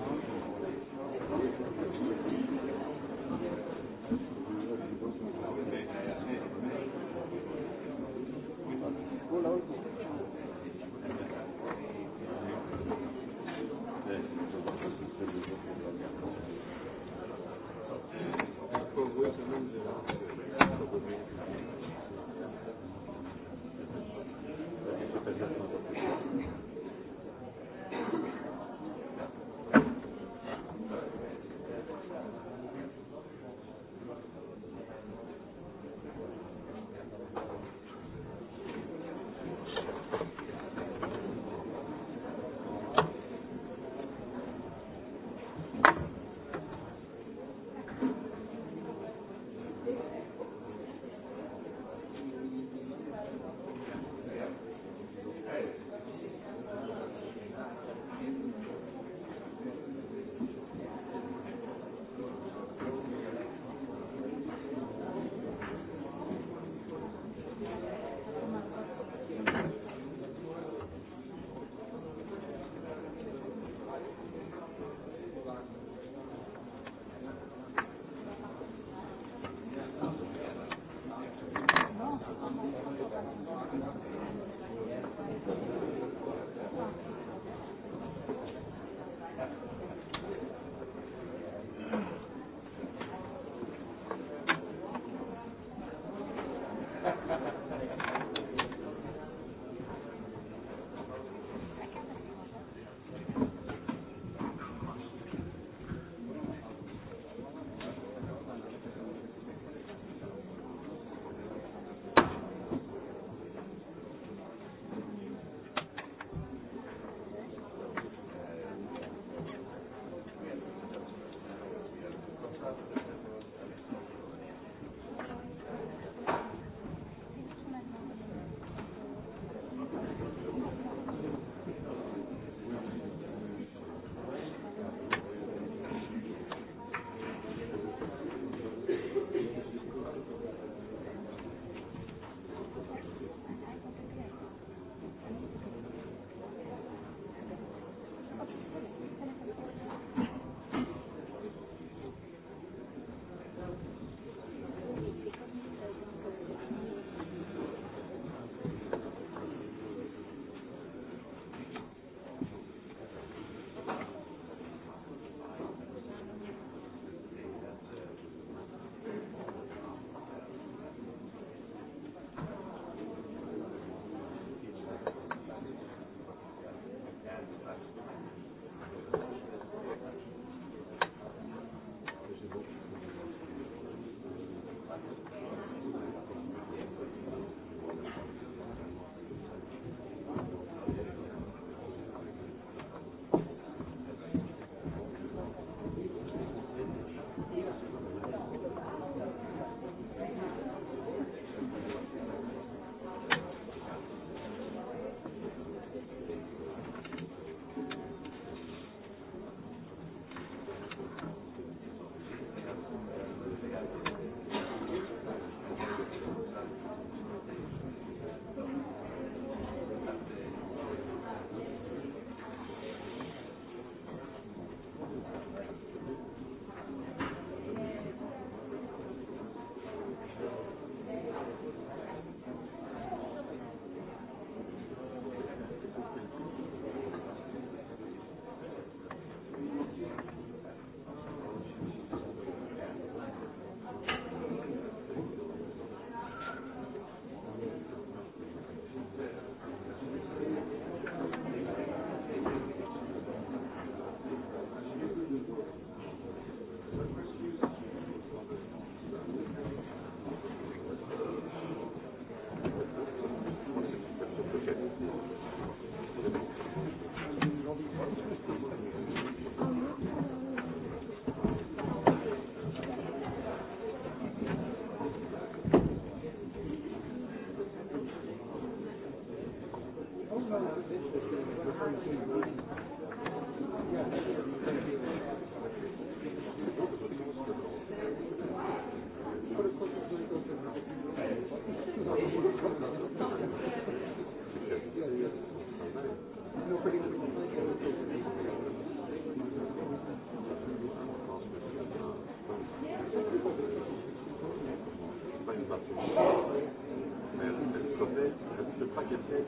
je sais que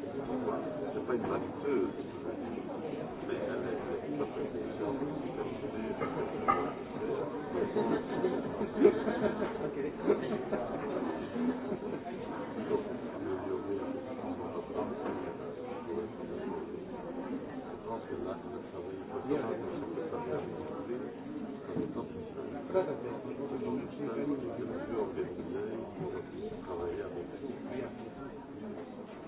c'est pas une batteuse. Mais elle est très intelligente. Je pense que là,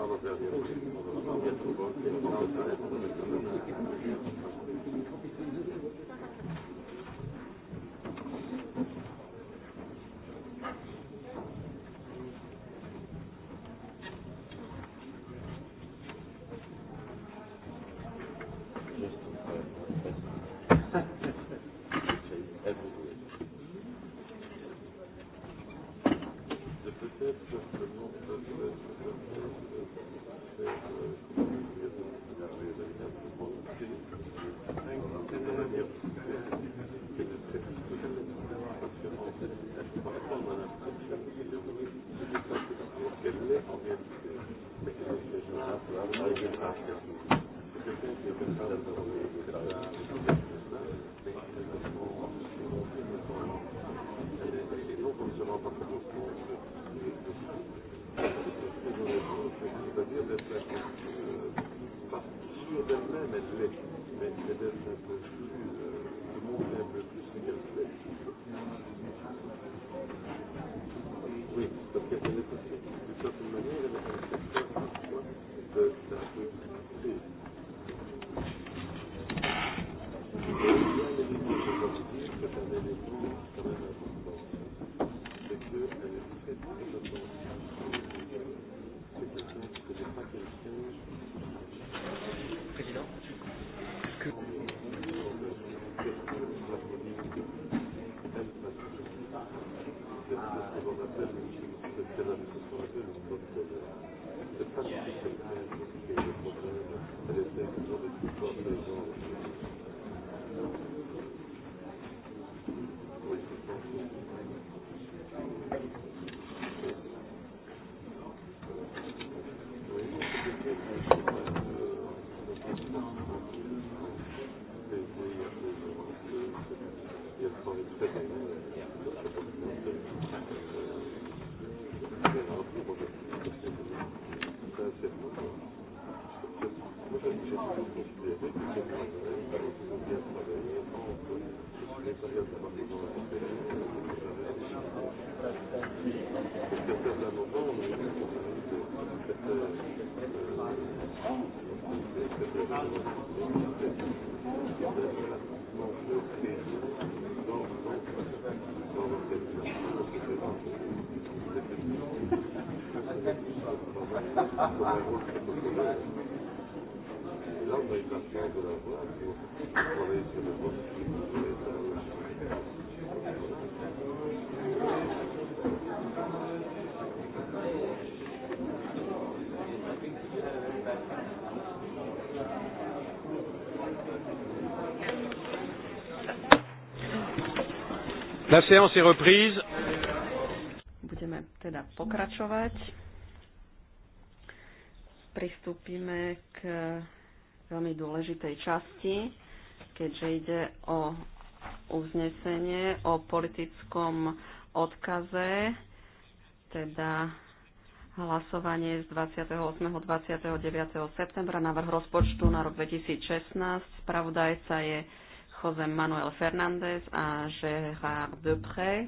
Vamos a ver. Vamos a ver. La séance est reprise. Budeme teda pokračovať. Pristúpime k veľmi dôležitej časti keďže ide o uznesenie o politickom odkaze, teda hlasovanie z 28. 29. septembra, vrh rozpočtu na rok 2016. Spravodajca je Jose Manuel Fernández a Gérard Dupré.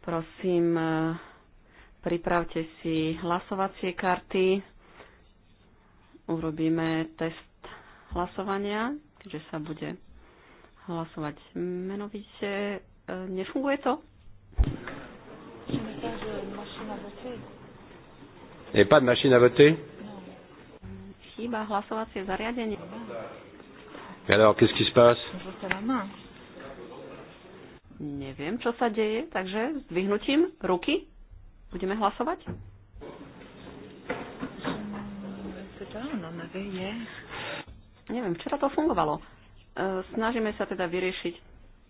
Prosím, pripravte si hlasovacie karty. Urobíme test hlasovania, keďže sa bude hlasovať menovite. E, nefunguje to? Je pán mašina machine Chýba hlasovacie zariadenie. Et alors, qu'est-ce qui se passe Neviem, čo sa deje, takže s vyhnutím ruky budeme hlasovať. Je ne pas, on en avait hier neviem, včera to fungovalo. E, snažíme sa teda vyriešiť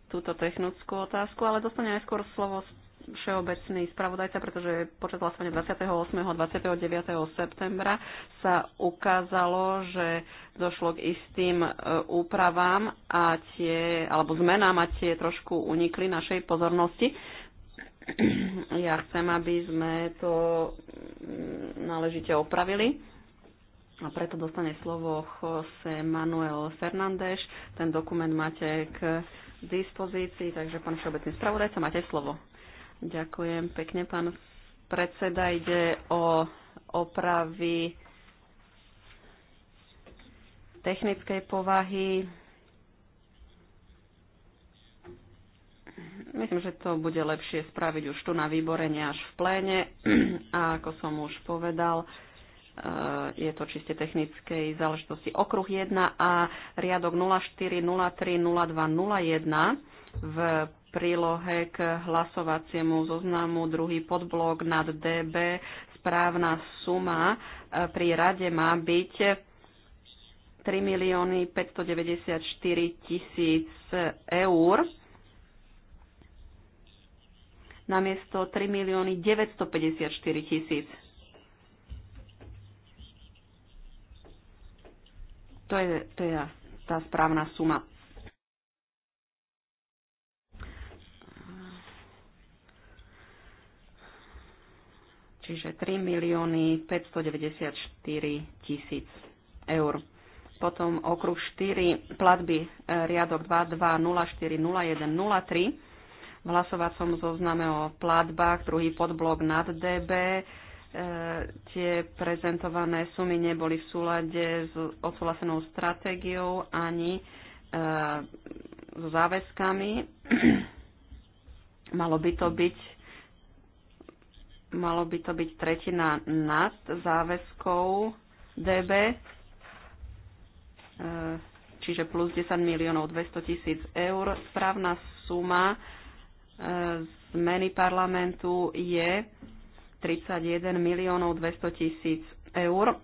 túto technickú otázku, ale dostane aj skôr slovo všeobecný spravodajca, pretože počas hlasovania 28. a 29. septembra sa ukázalo, že došlo k istým e, úpravám a tie, alebo zmenám a tie trošku unikli našej pozornosti. Ja chcem, aby sme to mm, náležite opravili a preto dostane slovo Jose Manuel Fernández. Ten dokument máte k dispozícii, takže pán všeobecný spravodajca, máte slovo. Ďakujem pekne, pán predseda. Ide o opravy technickej povahy. Myslím, že to bude lepšie spraviť už tu na výbore, nie až v pléne. (clears throat) A ako som už povedal, Eh, je to čiste technickej záležitosti. Okruh 1a, riadok 04, v prílohe k hlasovaciemu zoznamu, druhý podblok nad DB, správna suma eh, pri rade má byť 3 milióny 594 tisíc eur namiesto 3 milióny 954 tisíc To je, to je tá správna suma. Čiže 3 milióny 594 tisíc eur. Potom okruh 4 platby e, riadok 22040103 v hlasovacom zozname o platbách, druhý podblok nad DB tie prezentované sumy neboli v súlade s odsúhlasenou stratégiou ani e, so záväzkami. (clears throat) Malo by to byť malo by to byť tretina nad záväzkov DB, e, čiže plus 10 miliónov 200 tisíc eur. Správna suma e, zmeny parlamentu je 31 miliónov 200 tisíc eur (clears throat)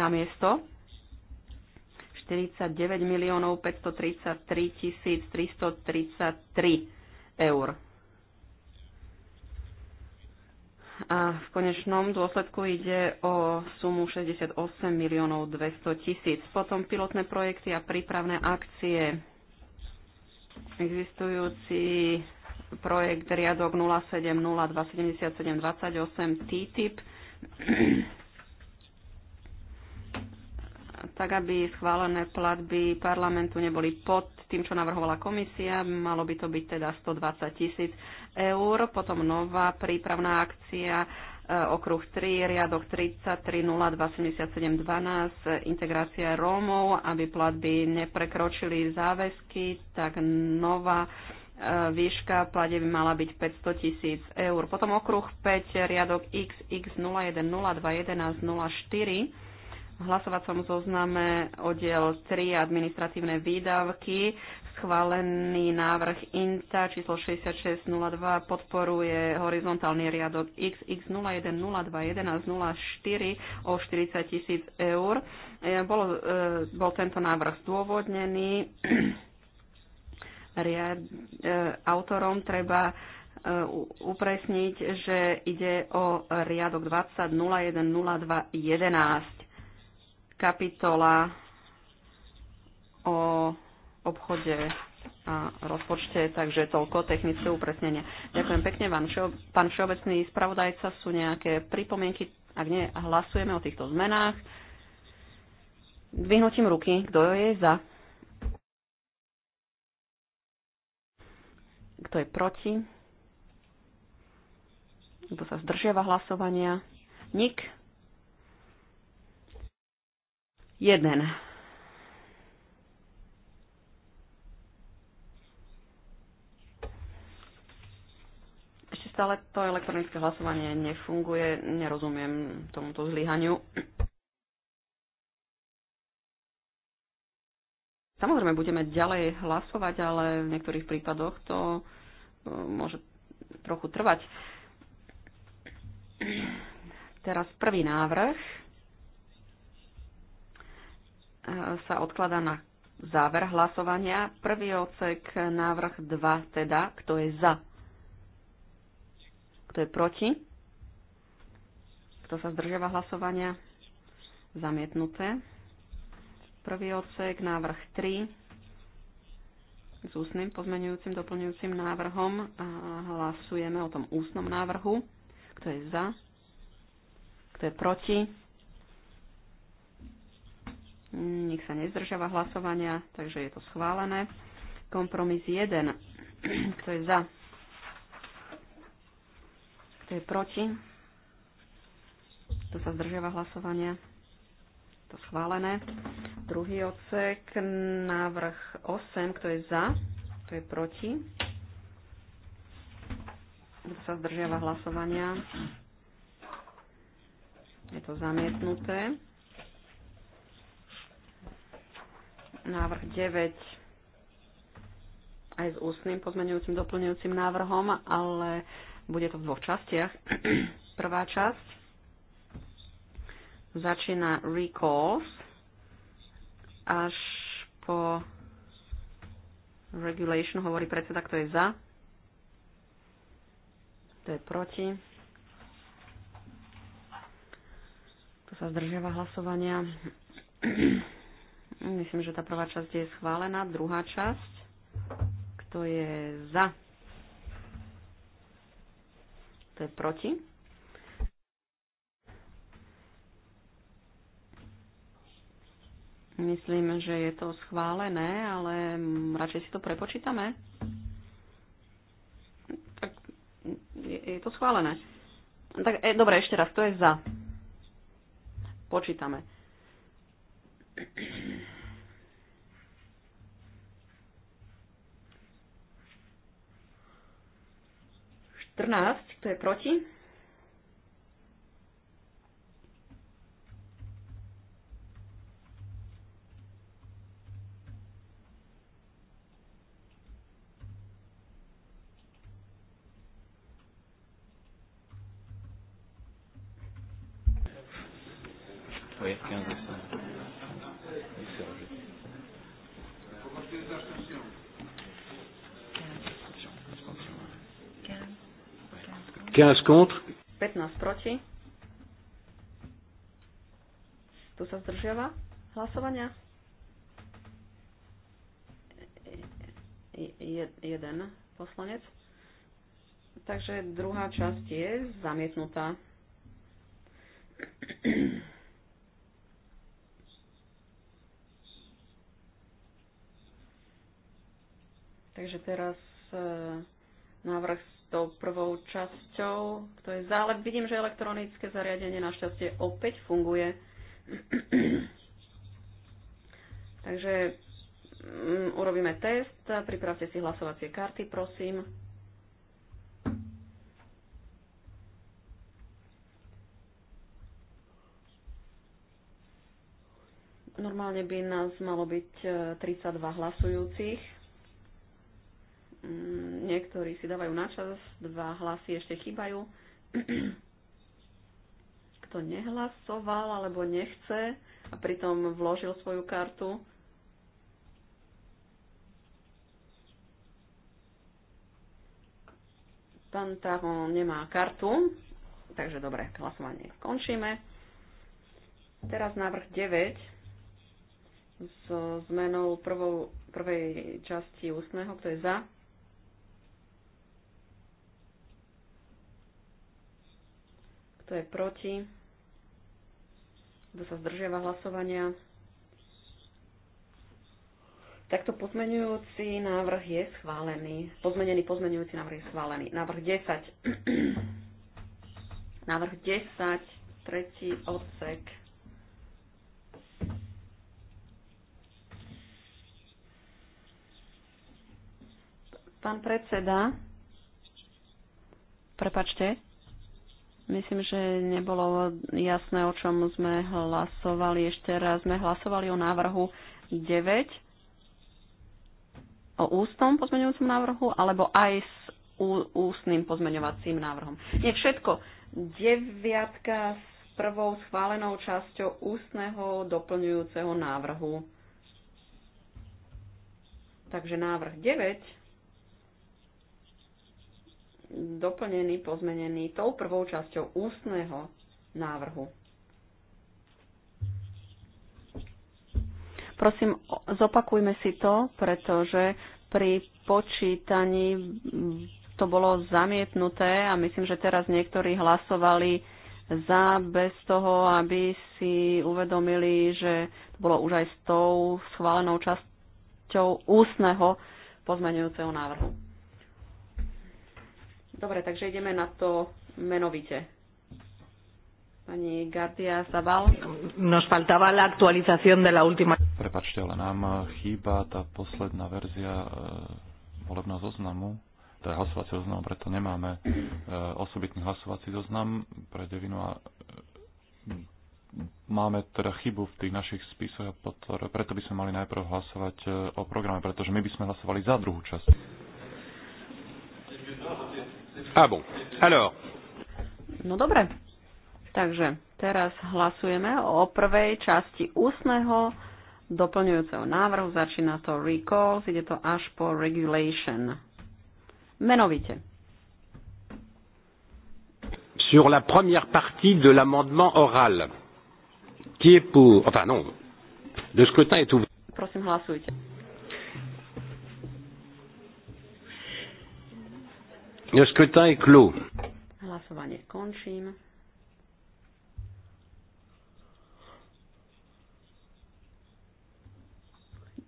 na miesto 49 miliónov 533 tisíc 333 eur. A v konečnom dôsledku ide o sumu 68 miliónov 200 tisíc. Potom pilotné projekty a prípravné akcie. Existujúci projekt riadok 07027728 TTIP, tak aby schválené platby parlamentu neboli pod tým, čo navrhovala komisia, malo by to byť teda 120 tisíc eur, potom nová prípravná akcia e, okruh 3, riadok 33027712, integrácia Rómov, aby platby neprekročili záväzky, tak nová Eh, výška plade by mala byť 500 tisíc eur. Potom okruh 5, riadok XX01021104 v hlasovacom zozname oddiel 3 administratívne výdavky. Schválený návrh INTA číslo 6602 podporuje horizontálny riadok XX01021104 o 40 tisíc eur. Eh, bol, eh, bol tento návrh zdôvodnený riad, e, autorom treba e, upresniť, že ide o riadok 20.01.02.11, kapitola o obchode a rozpočte, takže toľko technické upresnenie. Ďakujem pekne vám, všeo, pán všeobecný spravodajca. Sú nejaké pripomienky? Ak nie, hlasujeme o týchto zmenách. Dvihnutím ruky. Kto je za? Kto je proti? Kto sa zdržiava hlasovania? Nik? Jeden. Ešte stále to elektronické hlasovanie nefunguje. Nerozumiem tomuto zlyhaniu. Samozrejme, budeme ďalej hlasovať, ale v niektorých prípadoch to e, môže trochu trvať. Teraz prvý návrh e, sa odkladá na záver hlasovania. Prvý ocek, návrh 2, teda, kto je za, kto je proti, kto sa zdržiava hlasovania, zamietnuté. Prvý odsek, návrh 3 s ústnym pozmenujúcim doplňujúcim návrhom a hlasujeme o tom ústnom návrhu. Kto je za? Kto je proti? Nik sa nezdržava hlasovania, takže je to schválené. Kompromis 1. Kto je za? Kto je proti? Kto sa zdržava hlasovania? to schválené. Druhý odsek, návrh 8, kto je za, kto je proti. Kto sa zdržiava hlasovania? Je to zamietnuté. Návrh 9 aj s ústnym pozmeňujúcim doplňujúcim návrhom, ale bude to v dvoch častiach. (clears throat) Prvá časť začína recalls až po regulation, hovorí predseda, kto je za, kto je proti, Tu sa zdržiava hlasovania. (clears throat) Myslím, že tá prvá časť je schválená. Druhá časť, kto je za, kto je proti. Myslím, že je to schválené, ale radšej si to prepočítame. Tak je to schválené. Tak e, dobre, ešte raz, to je za. Počítame. Štrnáct, kto je proti? Oui, 15 décembre. Quinze contre. 15 proti. Tu sa zdržiava hlasovania. Je, jeden poslanec. Takže druhá časť je zamietnutá. Takže teraz e, návrh s tou prvou časťou, kto je za, ale vidím, že elektronické zariadenie našťastie opäť funguje. (clears throat) Takže mm, urobíme test, pripravte si hlasovacie karty, prosím. Normálne by nás malo byť e, 32 hlasujúcich. Mm, niektorí si dávajú na čas, dva hlasy ešte chýbajú. (clears throat) Kto nehlasoval alebo nechce a pritom vložil svoju kartu, Pán Taron nemá kartu, takže dobre, hlasovanie končíme. Teraz návrh 9 so zmenou prvou, prvej časti ústneho, kto je za, Kto je proti? Kto sa zdržiava hlasovania? Takto pozmenujúci návrh je schválený. Pozmenený pozmenujúci návrh je schválený. Návrh 10. (clears throat) návrh 10, tretí odsek. Pán predseda, prepačte, Myslím, že nebolo jasné, o čom sme hlasovali. Ešte raz sme hlasovali o návrhu 9, o ústnom pozmeňovacom návrhu, alebo aj s ústnym pozmeňovacím návrhom. Nie všetko. Deviatka s prvou schválenou časťou ústneho doplňujúceho návrhu. Takže návrh 9 doplnený, pozmenený tou prvou časťou ústneho návrhu. Prosím, zopakujme si to, pretože pri počítaní to bolo zamietnuté a myslím, že teraz niektorí hlasovali za bez toho, aby si uvedomili, že to bolo už aj s tou schválenou časťou ústneho pozmenujúceho návrhu. Dobre, takže ideme na to menovite. Pani Gardia Sabal. Nos faltaba la actualización de la última... Prepačte, ale nám chýba tá posledná verzia eh, volebného zoznamu, teda hlasovací zoznam, preto nemáme eh, osobitný hlasovací zoznam pre devinu a eh, máme teda chybu v tých našich spisoch a preto by sme mali najprv hlasovať o programe, pretože my by sme hlasovali za druhú časť. Ah bon. Alors. No dobre. Takže teraz hlasujeme o prvej časti ústneho doplňujúceho návrhu. Začína to recall, ide to až po regulation. Menovite. Sur la première partie de l'amendement oral, qui est pour... Enfin non, le scrutin est ouvert. Prosím, hlasujte. Le scrutin est clos. Hlasovanie končím.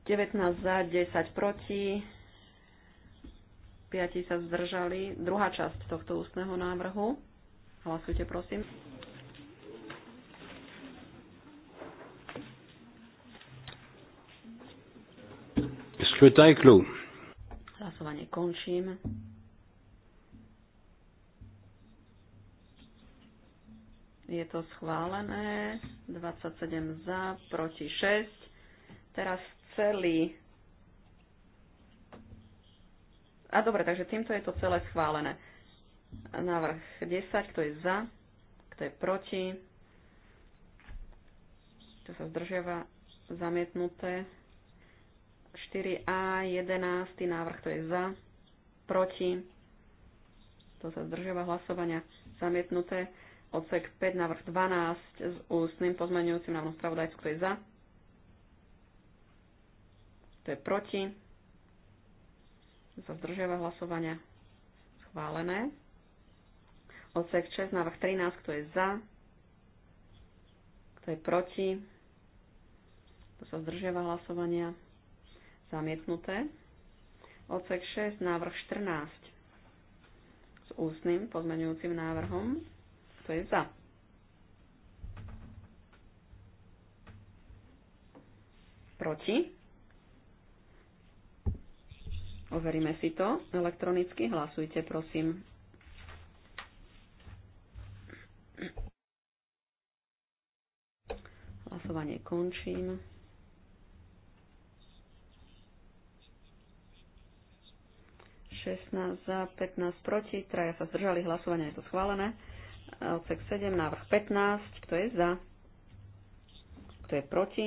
Devätnásť za, 10 proti, 5 sa zdržali. Druhá časť tohto ústneho návrhu. Hlasujte, prosím. Scrutin clos. Hlasovanie končím. Je to schválené. 27 za, proti 6. Teraz celý. A dobre, takže týmto je to celé schválené. Návrh 10, kto je za, kto je proti, kto sa zdržiava, zamietnuté. 4a, 11, návrh, kto je za, proti, kto sa zdržiava hlasovania, zamietnuté odsek 5, návrh 12 s ústnym pozmeňujúcim návrhom spravodajcu, kto je za, kto je proti, sa zdržiava hlasovania, schválené. Odsek 6, návrh 13, kto je za, kto je proti, kto sa zdržiava hlasovania, zamietnuté. Odsek 6, návrh 14 s ústnym pozmeňujúcim návrhom kto Proti? Overíme si to elektronicky. Hlasujte, prosím. Hlasovanie končím. Šestnáct za, 15 proti, traja sa zdržali, hlasovanie je to schválené odsek 7, návrh 15, kto je za, kto je proti,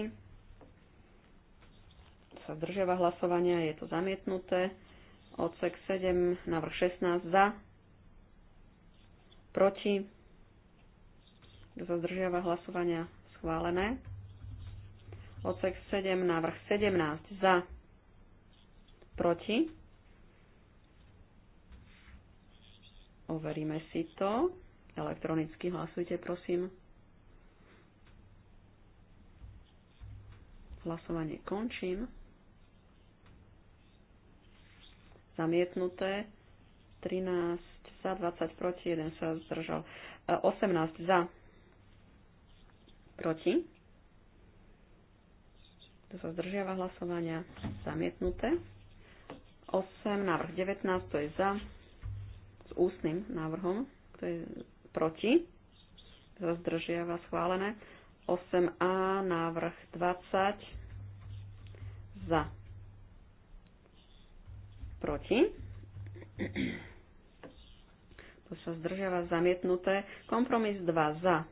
sa zdržiava hlasovania, je to zamietnuté. Odsek 7, návrh 16, za, proti, Sa zdržiava hlasovania, schválené. Odsek 7, návrh 17, za, proti, overíme si to. Elektronicky hlasujte, prosím. Hlasovanie končím. Zamietnuté. 13 za, 20 proti, 1 sa zdržal. 18 e, za, proti. Kto sa zdržiava hlasovania? Zamietnuté. 8, návrh 19, to je za. S ústnym návrhom, to je proti, kto zdržiava schválené, 8a, návrh 20, za, proti, tu sa zdržiava zamietnuté, kompromis 2, za,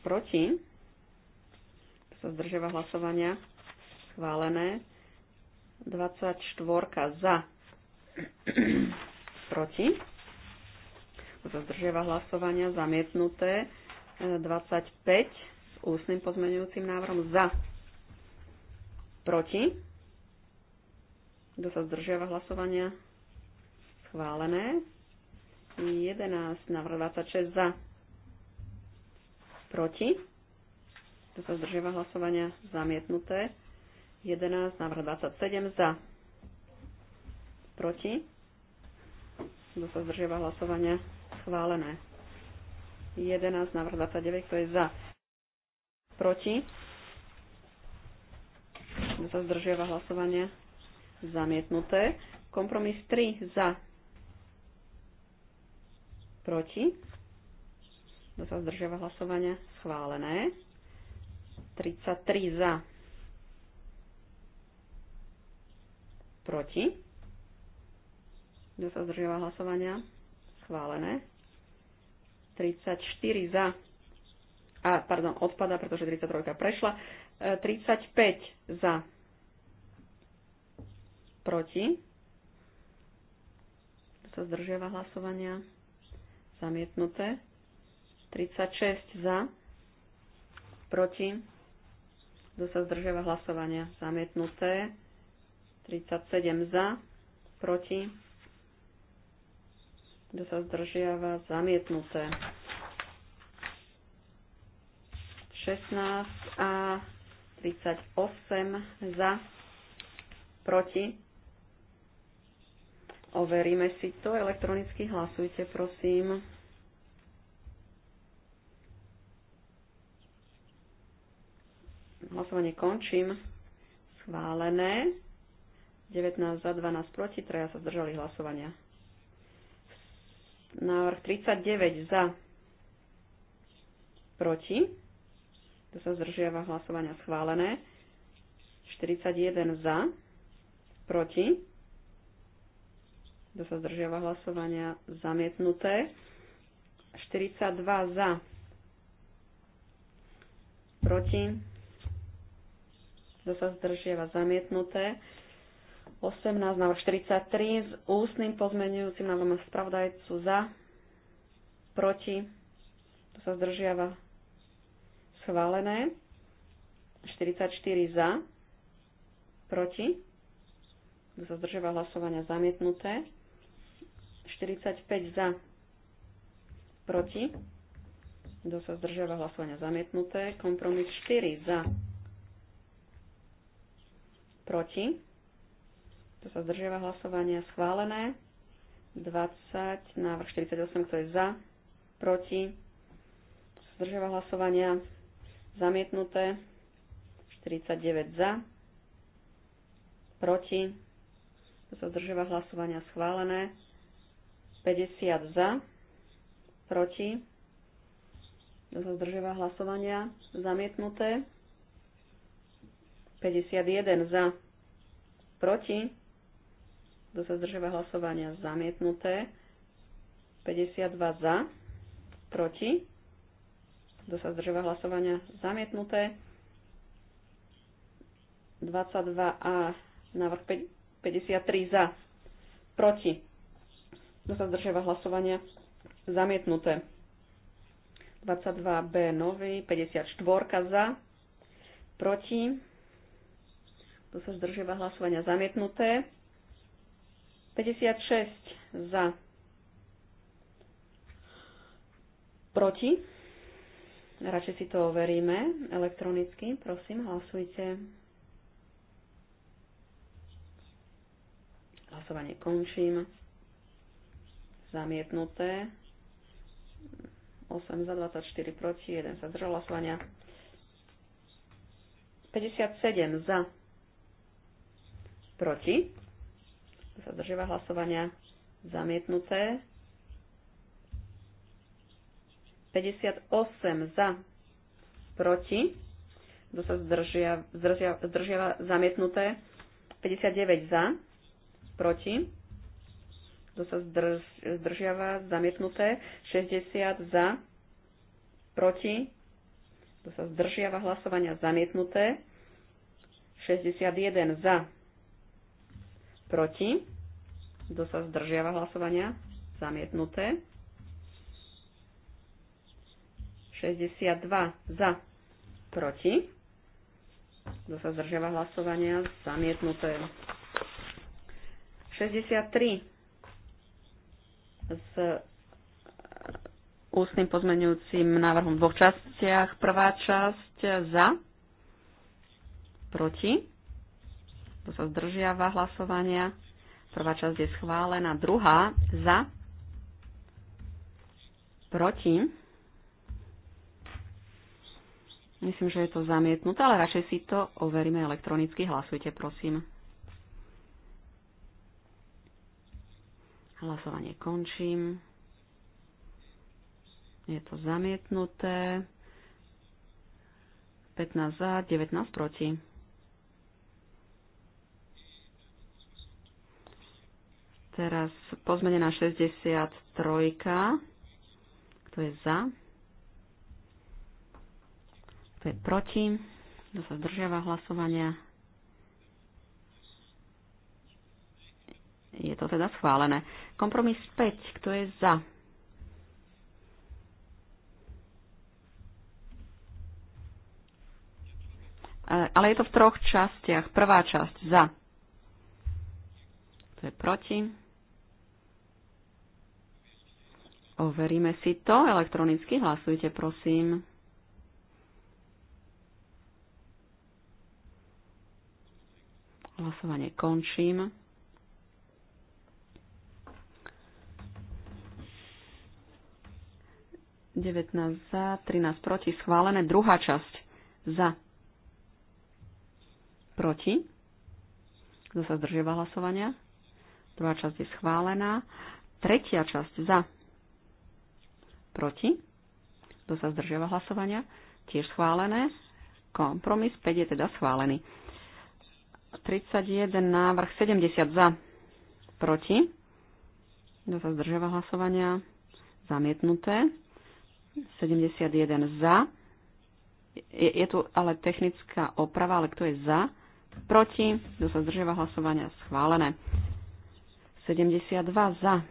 proti, tu sa zdržiava hlasovania, schválené, 24 za proti. zdržiava hlasovania, zamietnuté. 25 e, s ústnym pozmeňujúcim návrhom za, proti. Kto sa zdržiava hlasovania, schválené. 11, návrh 26 za, proti. Kto sa zdržiava hlasovania, zamietnuté. 11, návrh 27 za, proti. Kto sa zdržiava hlasovania? Schválené. 11, návrh 29, kto je za? Proti? Kto sa zdržiava hlasovania? Zamietnuté. Kompromis 3, za? Proti? Kto sa zdržiava hlasovania? Schválené. 33 za. Proti. Kto sa zdržiava hlasovania? Schválené. 34 za. A, pardon, odpada, pretože 33 prešla. 35 e, za. Proti. Kto sa zdržiava hlasovania? Zamietnuté. 36 za. Proti. Kto sa zdržiava hlasovania? Zamietnuté. 37 za. Proti kto sa zdržiava, zamietnuté. 16 a 38 za, proti. Overíme si to. Elektronicky hlasujte, prosím. Hlasovanie končím. Schválené. 19 za, 12 proti, traja sa zdržali hlasovania. Návrh 39 za, proti. To sa zdržiava hlasovania schválené. 41 za, proti. To sa zdržiava hlasovania zamietnuté. 42 za, proti. To sa zdržiava zamietnuté. 18, návrh 43 s ústnym pozmenujúcim návrhom spravodajcu za, proti, to sa zdržiava schválené, 44 za, proti, to sa zdržiava hlasovania zamietnuté, 45 za, proti, kto sa zdržiava hlasovania zamietnuté, kompromis 4 za, proti, kto sa zdržiava hlasovania? Schválené. 20, návrh 48, kto je za, proti, kto sa zdržiava hlasovania, zamietnuté, 49 za, proti, kto sa zdržiava hlasovania, schválené, 50 za, proti, kto sa zdržiava hlasovania, zamietnuté, 51 za, proti, kto sa zdržiava hlasovania? Zamietnuté. 52 za. Proti. Kto sa zdržiava hlasovania? Zamietnuté. 22 a návrh 53 za. Proti. Kto sa zdržiava hlasovania? Zamietnuté. 22B nový, 54 za. Proti. Tu sa zdržiava hlasovania zamietnuté. 56 za. Proti. Radšej si to overíme elektronicky. Prosím, hlasujte. Hlasovanie končím. Zamietnuté. 8 za 24 proti, 1 sa zdržal hlasovania. 57 za proti sa zdržiava hlasovania zamietnuté. 58 za, proti, kto sa zdržia, zdržiava zamietnuté. 59 za, proti, kto sa zdrž, zdržiava zamietnuté. 60 za, proti, kto sa zdržiava hlasovania zamietnuté. 61 za, Proti? Kto sa zdržiava hlasovania? Zamietnuté. 62 za. Proti? Kto sa zdržiava hlasovania? Zamietnuté. 63 s e, ústnym pozmenujúcim návrhom v dvoch častiach. Prvá časť za, proti, kto sa zdržiava hlasovania. Prvá časť je schválená, druhá za, proti. Myslím, že je to zamietnuté, ale radšej si to overíme elektronicky. Hlasujte, prosím. Hlasovanie končím. Je to zamietnuté. 15 za, 19 proti. Teraz pozmenená 63. Kto je za? Kto je proti? Kto sa zdržiava hlasovania? Je to teda schválené. Kompromis 5. Kto je za? E, ale je to v troch častiach. Prvá časť za. Kto je proti. Overíme si to elektronicky. Hlasujte, prosím. Hlasovanie končím. Devätnásť za, trinásť proti. Schválené druhá časť. Za. Proti. Kto sa hlasovania? Druhá časť je schválená. Tretia časť za. Proti? Kto sa zdržiava hlasovania? Tiež schválené. Kompromis 5 je teda schválený. 31 návrh 70 za. Proti? Kto sa zdržiava hlasovania? Zamietnuté. 71 za. Je, je tu ale technická oprava, ale kto je za? Proti? Kto sa zdržiava hlasovania? Schválené. 72 za.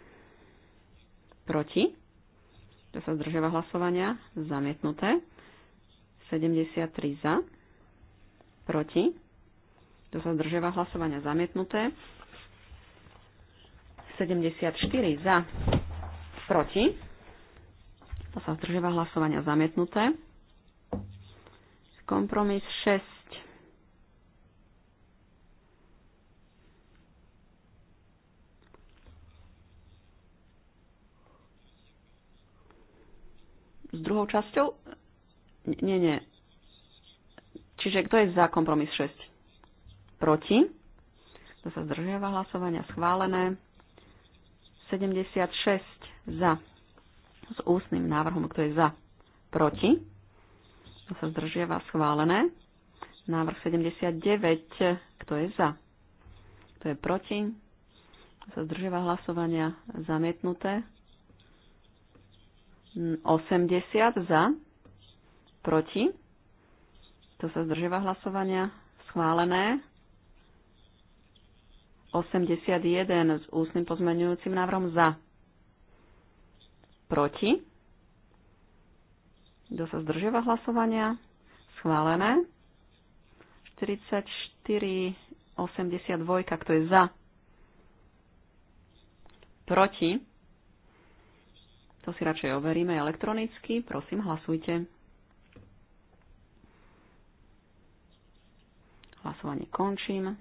Proti? Kto sa zdržiava hlasovania? Zamietnuté. 73 za. Proti. Kto sa zdržiava hlasovania? Zamietnuté. 74 za. Proti. Kto sa zdržiava hlasovania? Zamietnuté. Kompromis 6 s druhou časťou? Nie, nie. Čiže kto je za kompromis 6? Proti. to sa zdržiava hlasovania? Schválené. 76 za. S ústnym návrhom, kto je za? Proti. to sa zdržiava? Schválené. Návrh 79, kto je za? Kto je proti? to sa zdržiava hlasovania? Zamietnuté. 80 za, proti. To sa zdržiava hlasovania. Schválené. 81 s ústnym pozmenujúcim návrhom za. Proti. Kto sa zdržiava hlasovania? Schválené. 44, 82, kto je za? Proti. To si radšej overíme elektronicky. Prosím, hlasujte. Hlasovanie končím.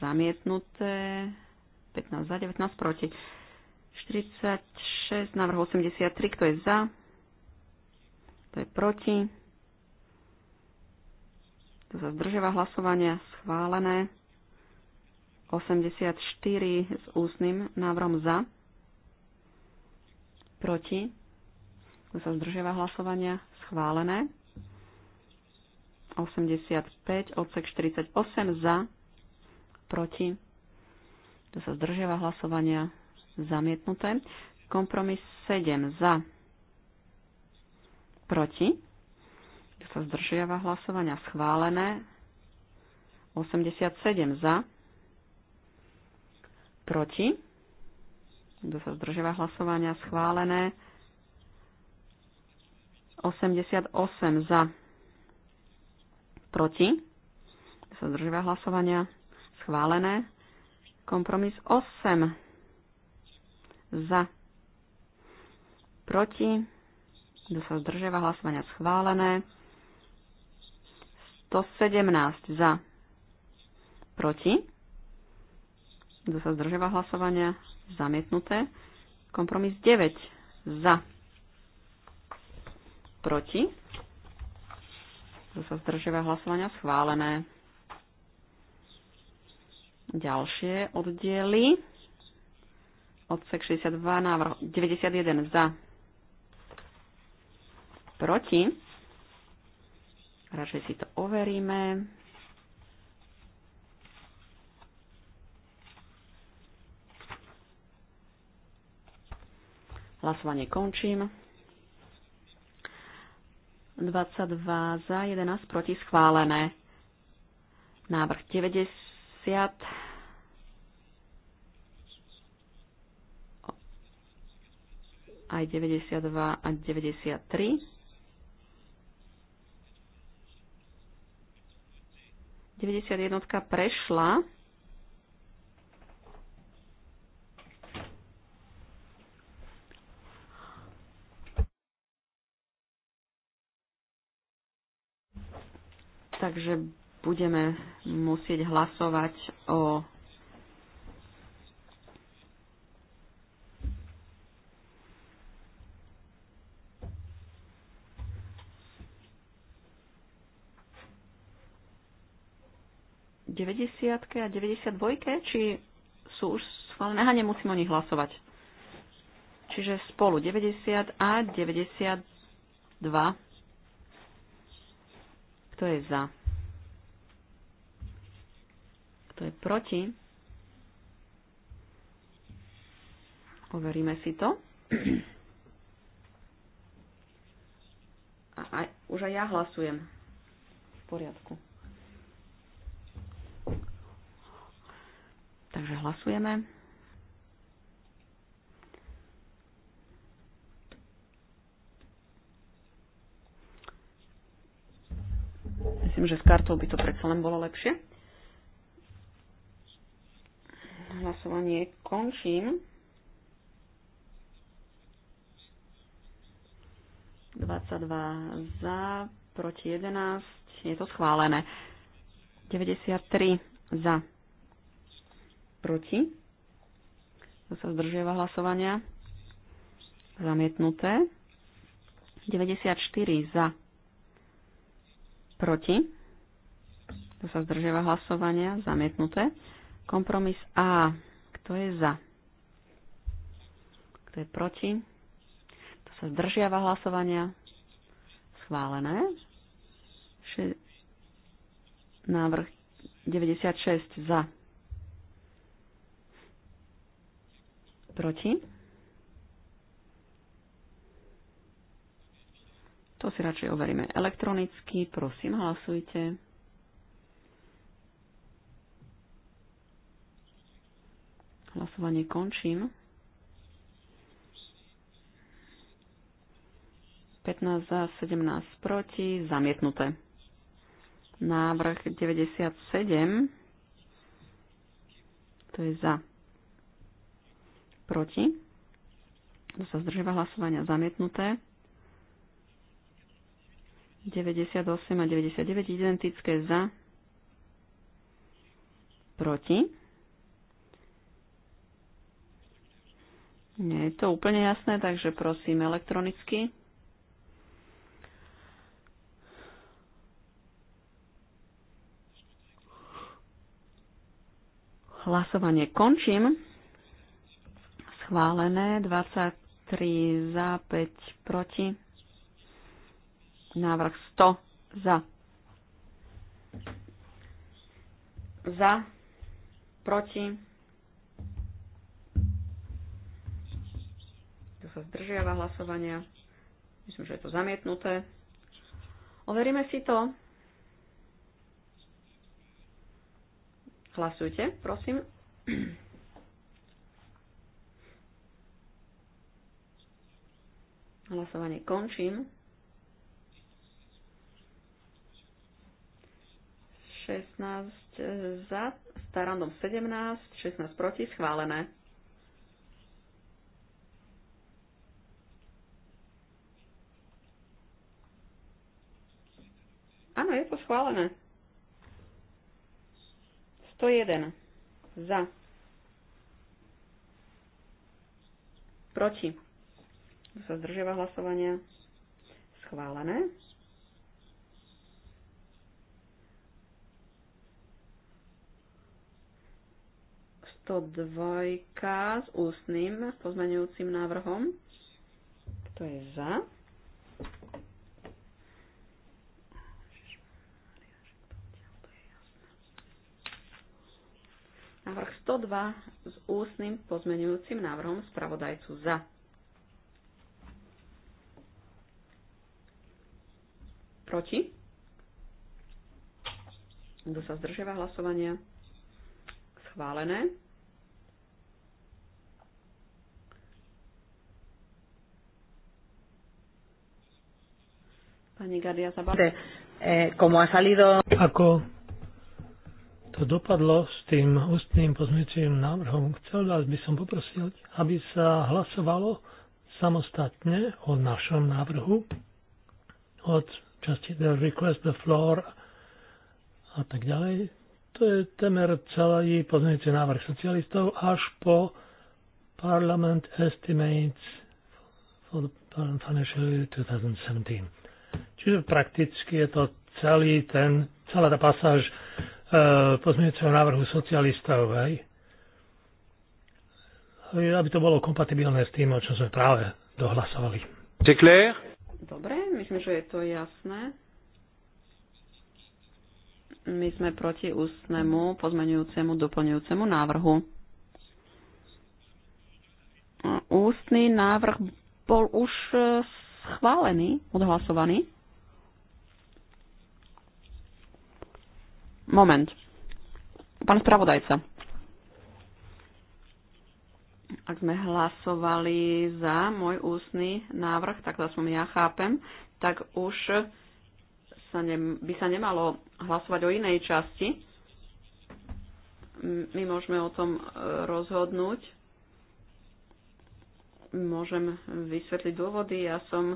Zamietnuté. 15 za, 19 proti. 46, návrh 83, kto je za? Kto je proti? Kto sa zdržiava hlasovania? Schválené. 84 s ústnym návrhom za proti, kto sa zdržiava hlasovania, schválené. 85, odsek 48 za, proti, kto sa zdržiava hlasovania, zamietnuté. Kompromis 7 za, proti, kto sa zdržiava hlasovania, schválené. 87 za, proti, kto sa zdržiava hlasovania, schválené. 88 za, proti, kto sa zdržiava hlasovania, schválené. Kompromis 8 za, proti, kto sa zdržiava hlasovania, schválené. 117 za, proti, kto sa zdržiava hlasovania, zamietnuté. Kompromis 9 za, proti, kto sa zdržiava hlasovania, schválené. Ďalšie oddiely. Odsek 62, návrh 91 za, proti. Radšej si to overíme. Hlasovanie končím. 22 za, 11 proti schválené. Návrh 90. aj 92 a 93. 91 prešla, Takže budeme musieť hlasovať o ke a 92, či sú už schválené? Aha, nemusím o nich hlasovať. Čiže spolu 90 a 92. Kto je za? Kto je proti? Overíme si to. A aj, už aj ja hlasujem. V poriadku. Takže hlasujeme. Myslím, že s kartou by to predsa len bolo lepšie. Hlasovanie končím. 22 za, proti 11. Je to schválené. 93 za, proti. To sa zdržieva hlasovania. Zamietnuté. 94 za, Proti? Kto sa zdržiava hlasovania? Zamietnuté. Kompromis A. Kto je za? Kto je proti? Kto sa zdržiava hlasovania? Schválené. Še... Návrh 96 za. Proti? To si radšej overíme elektronicky. Prosím, hlasujte. Hlasovanie končím. 15 za, 17 proti, zamietnuté. Návrh 97, to je za, proti, to sa zdržiava hlasovania, zamietnuté. 98 a 99 identické za, proti. Nie je to úplne jasné, takže prosím elektronicky. Hlasovanie končím. Schválené 23 za 5 proti. Návrh 100 za. Za. Proti. Tu sa zdržiava hlasovania. Myslím, že je to zamietnuté. Overíme si to. Hlasujte, prosím. Hlasovanie končím. 16 e, za, starandom 17, 16 proti, schválené. Áno, je to schválené. 101 za, proti, sa zdržiava hlasovania, schválené. 102 s ústnym pozmeňujúcim návrhom. Kto je za? Návrh 102 s ústnym pozmeňujúcim návrhom spravodajcu za. Proti? Kto sa zdržiava hlasovania? Schválené. Pani eh, Ako to dopadlo s tým ústnym pozmeňujúcim návrhom, chcel vás by som poprosiť, aby sa hlasovalo samostatne o našom návrhu od časti the request the floor a tak ďalej. To je temer celý pozmeňujúci návrh socialistov až po Parliament Estimates for the Financial Year 2017. Čiže prakticky je to celý ten, celá tá pasáž e, pozmeňujúceho návrhu socialistov, hej? E, aby to bolo kompatibilné s tým, o čo sme práve dohlasovali. Dobre, myslím, že je to jasné. My sme proti ústnemu pozmenujúcemu doplňujúcemu návrhu. Ústny návrh bol už schválený, odhlasovaný. Moment. Pán spravodajca. Ak sme hlasovali za môj ústny návrh, tak to som ja chápem, tak už sa ne, by sa nemalo hlasovať o inej časti. My môžeme o tom e, rozhodnúť. Môžem vysvetliť dôvody. Ja som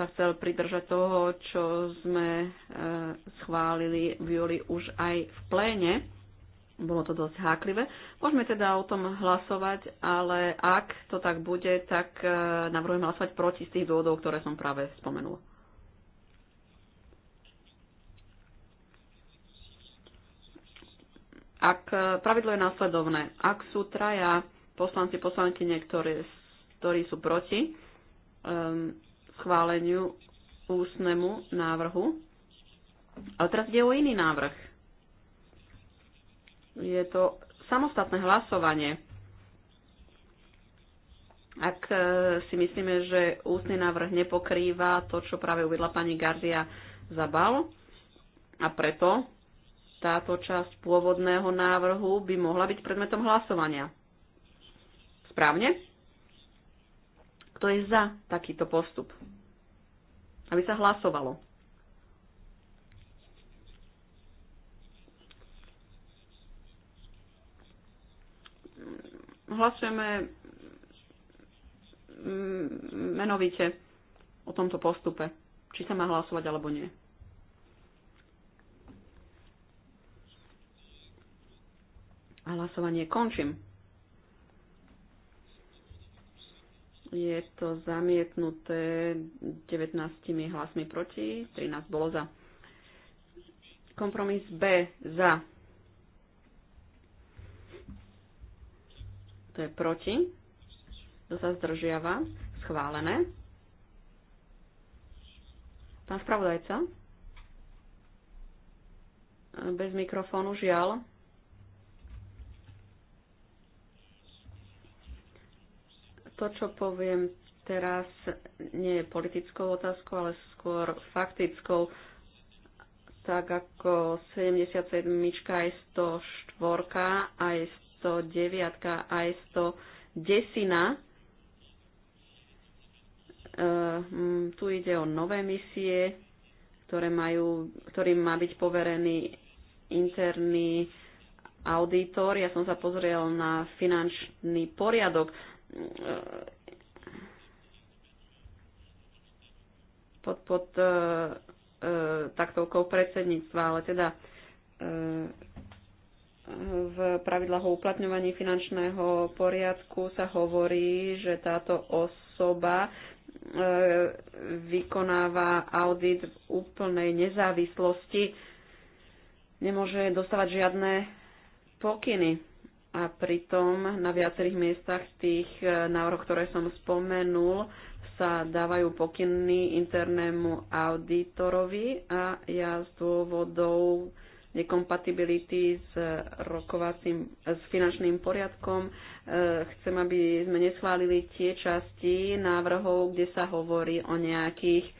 sa chcel pridržať toho, čo sme e, schválili v júli už aj v pléne. Bolo to dosť háklivé. Môžeme teda o tom hlasovať, ale ak to tak bude, tak e, navrhujem hlasovať proti z tých dôvodov, ktoré som práve spomenul. Ak e, pravidlo je následovné, ak sú traja poslanci, poslanky niektorí, ktorí sú proti, um, schváleniu ústnemu návrhu. Ale teraz ide o iný návrh. Je to samostatné hlasovanie. Ak e, si myslíme, že ústny návrh nepokrýva to, čo práve uvedla pani Garzia Zabal, a preto táto časť pôvodného návrhu by mohla byť predmetom hlasovania. Správne? kto je za takýto postup. Aby sa hlasovalo. Hlasujeme mm, menovite o tomto postupe, či sa má hlasovať alebo nie. A hlasovanie končím. Je to zamietnuté 19 hlasmi proti, 13 bolo za. Kompromis B za. To je proti. Kto sa zdržiava? Schválené. Pán spravodajca? Bez mikrofónu, žiaľ. To, čo poviem teraz, nie je politickou otázkou, ale skôr faktickou. Tak ako 77, aj 104, aj 109, aj 110 e, tu ide o nové misie, ktoré majú, ktorým má byť poverený interný auditor. Ja som sa pozrel na finančný poriadok. Ehm, pod, pod e, e, taktovkou predsedníctva, ale teda e, v pravidlách o uplatňovaní finančného poriadku sa hovorí, že táto osoba e, vykonáva audit v úplnej nezávislosti, nemôže dostávať žiadne pokyny. A pritom na viacerých miestach tých e, návrhov, ktoré som spomenul, sa dávajú pokyny internému auditorovi a ja z dôvodov nekompatibility s rokovacím, s finančným poriadkom. E, chcem, aby sme neschválili tie časti návrhov, kde sa hovorí o nejakých e,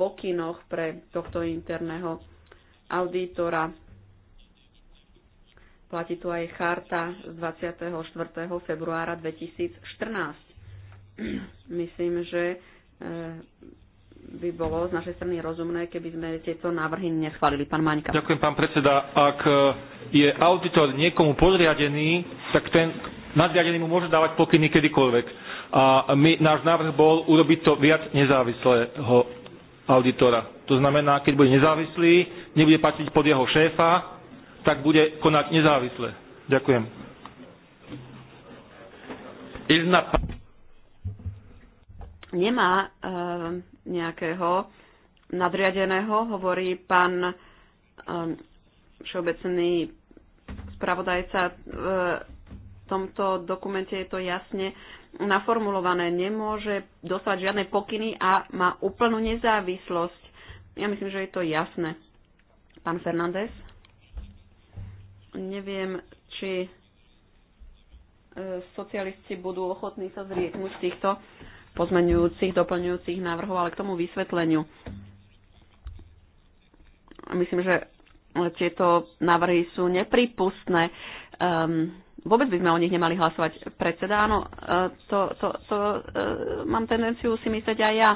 pokynoch pre tohto interného auditora Platí tu aj charta z 24. februára 2014. (clears throat) Myslím, že e, by bolo z našej strany rozumné, keby sme tieto návrhy neschválili. Pán Maňka. Ďakujem, pán predseda. Ak e, je auditor niekomu podriadený, tak ten nadriadený mu môže dávať pokyny kedykoľvek. A my, náš návrh bol urobiť to viac nezávislého auditora. To znamená, keď bude nezávislý, nebude patriť pod jeho šéfa, tak bude konať nezávisle. Ďakujem. Nemá e, nejakého nadriadeného, hovorí pán e, všeobecný spravodajca. Eh, v tomto dokumente je to jasne naformulované. Nemôže dostať žiadne pokyny a má úplnú nezávislosť. Ja myslím, že je to jasné. Pán Fernández. Neviem, či e, socialisti budú ochotní sa zrieknúť týchto pozmenujúcich, doplňujúcich návrhov, ale k tomu vysvetleniu. Myslím, že tieto návrhy sú nepripustné. Um, vôbec by sme o nich nemali hlasovať. Predseda, áno, e, to, to, to uh, mám tendenciu si myslieť aj ja.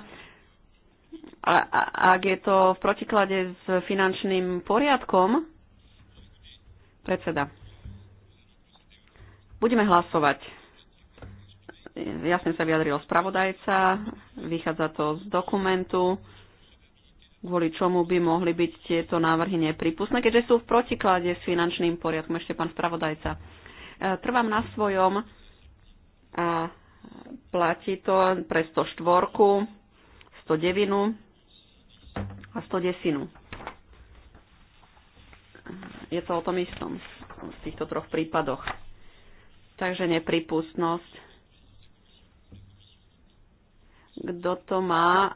A, a, ak je to v protiklade s finančným poriadkom, Predseda. Budeme hlasovať. Jasne sa vyjadril spravodajca, vychádza to z dokumentu, kvôli čomu by mohli byť tieto návrhy nepripustné, keďže sú v protiklade s finančným poriadkom, ešte pán spravodajca. E, trvám na svojom a e, platí to pre 104, 109 a 110 je to o tom istom v týchto troch prípadoch. Takže nepripustnosť. Kto to má,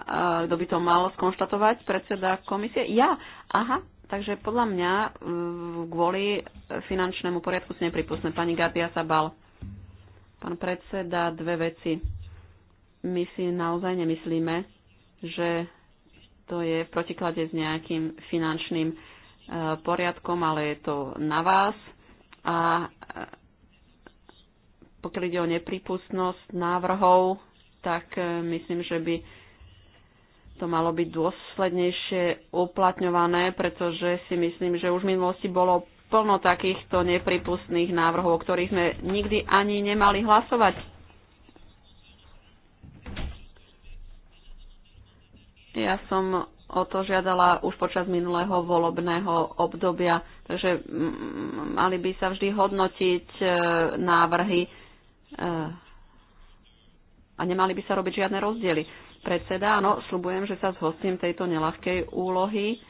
kto by to mal skonštatovať? Predseda komisie? Ja. Aha, takže podľa mňa kvôli finančnému poriadku sú nepripustné. Pani Gatia sa bal. Pán predseda, dve veci. My si naozaj nemyslíme, že to je v protiklade s nejakým finančným poriadkom, ale je to na vás. A e, pokiaľ ide o nepripustnosť návrhov, tak e, myslím, že by to malo byť dôslednejšie uplatňované, pretože si myslím, že už v minulosti bolo plno takýchto nepripustných návrhov, o ktorých sme nikdy ani nemali hlasovať. Ja som o to žiadala už počas minulého volobného obdobia. Takže mm, mali by sa vždy hodnotiť e, návrhy e, a nemali by sa robiť žiadne rozdiely. Predseda, áno, slubujem, že sa zhostím tejto nelahkej úlohy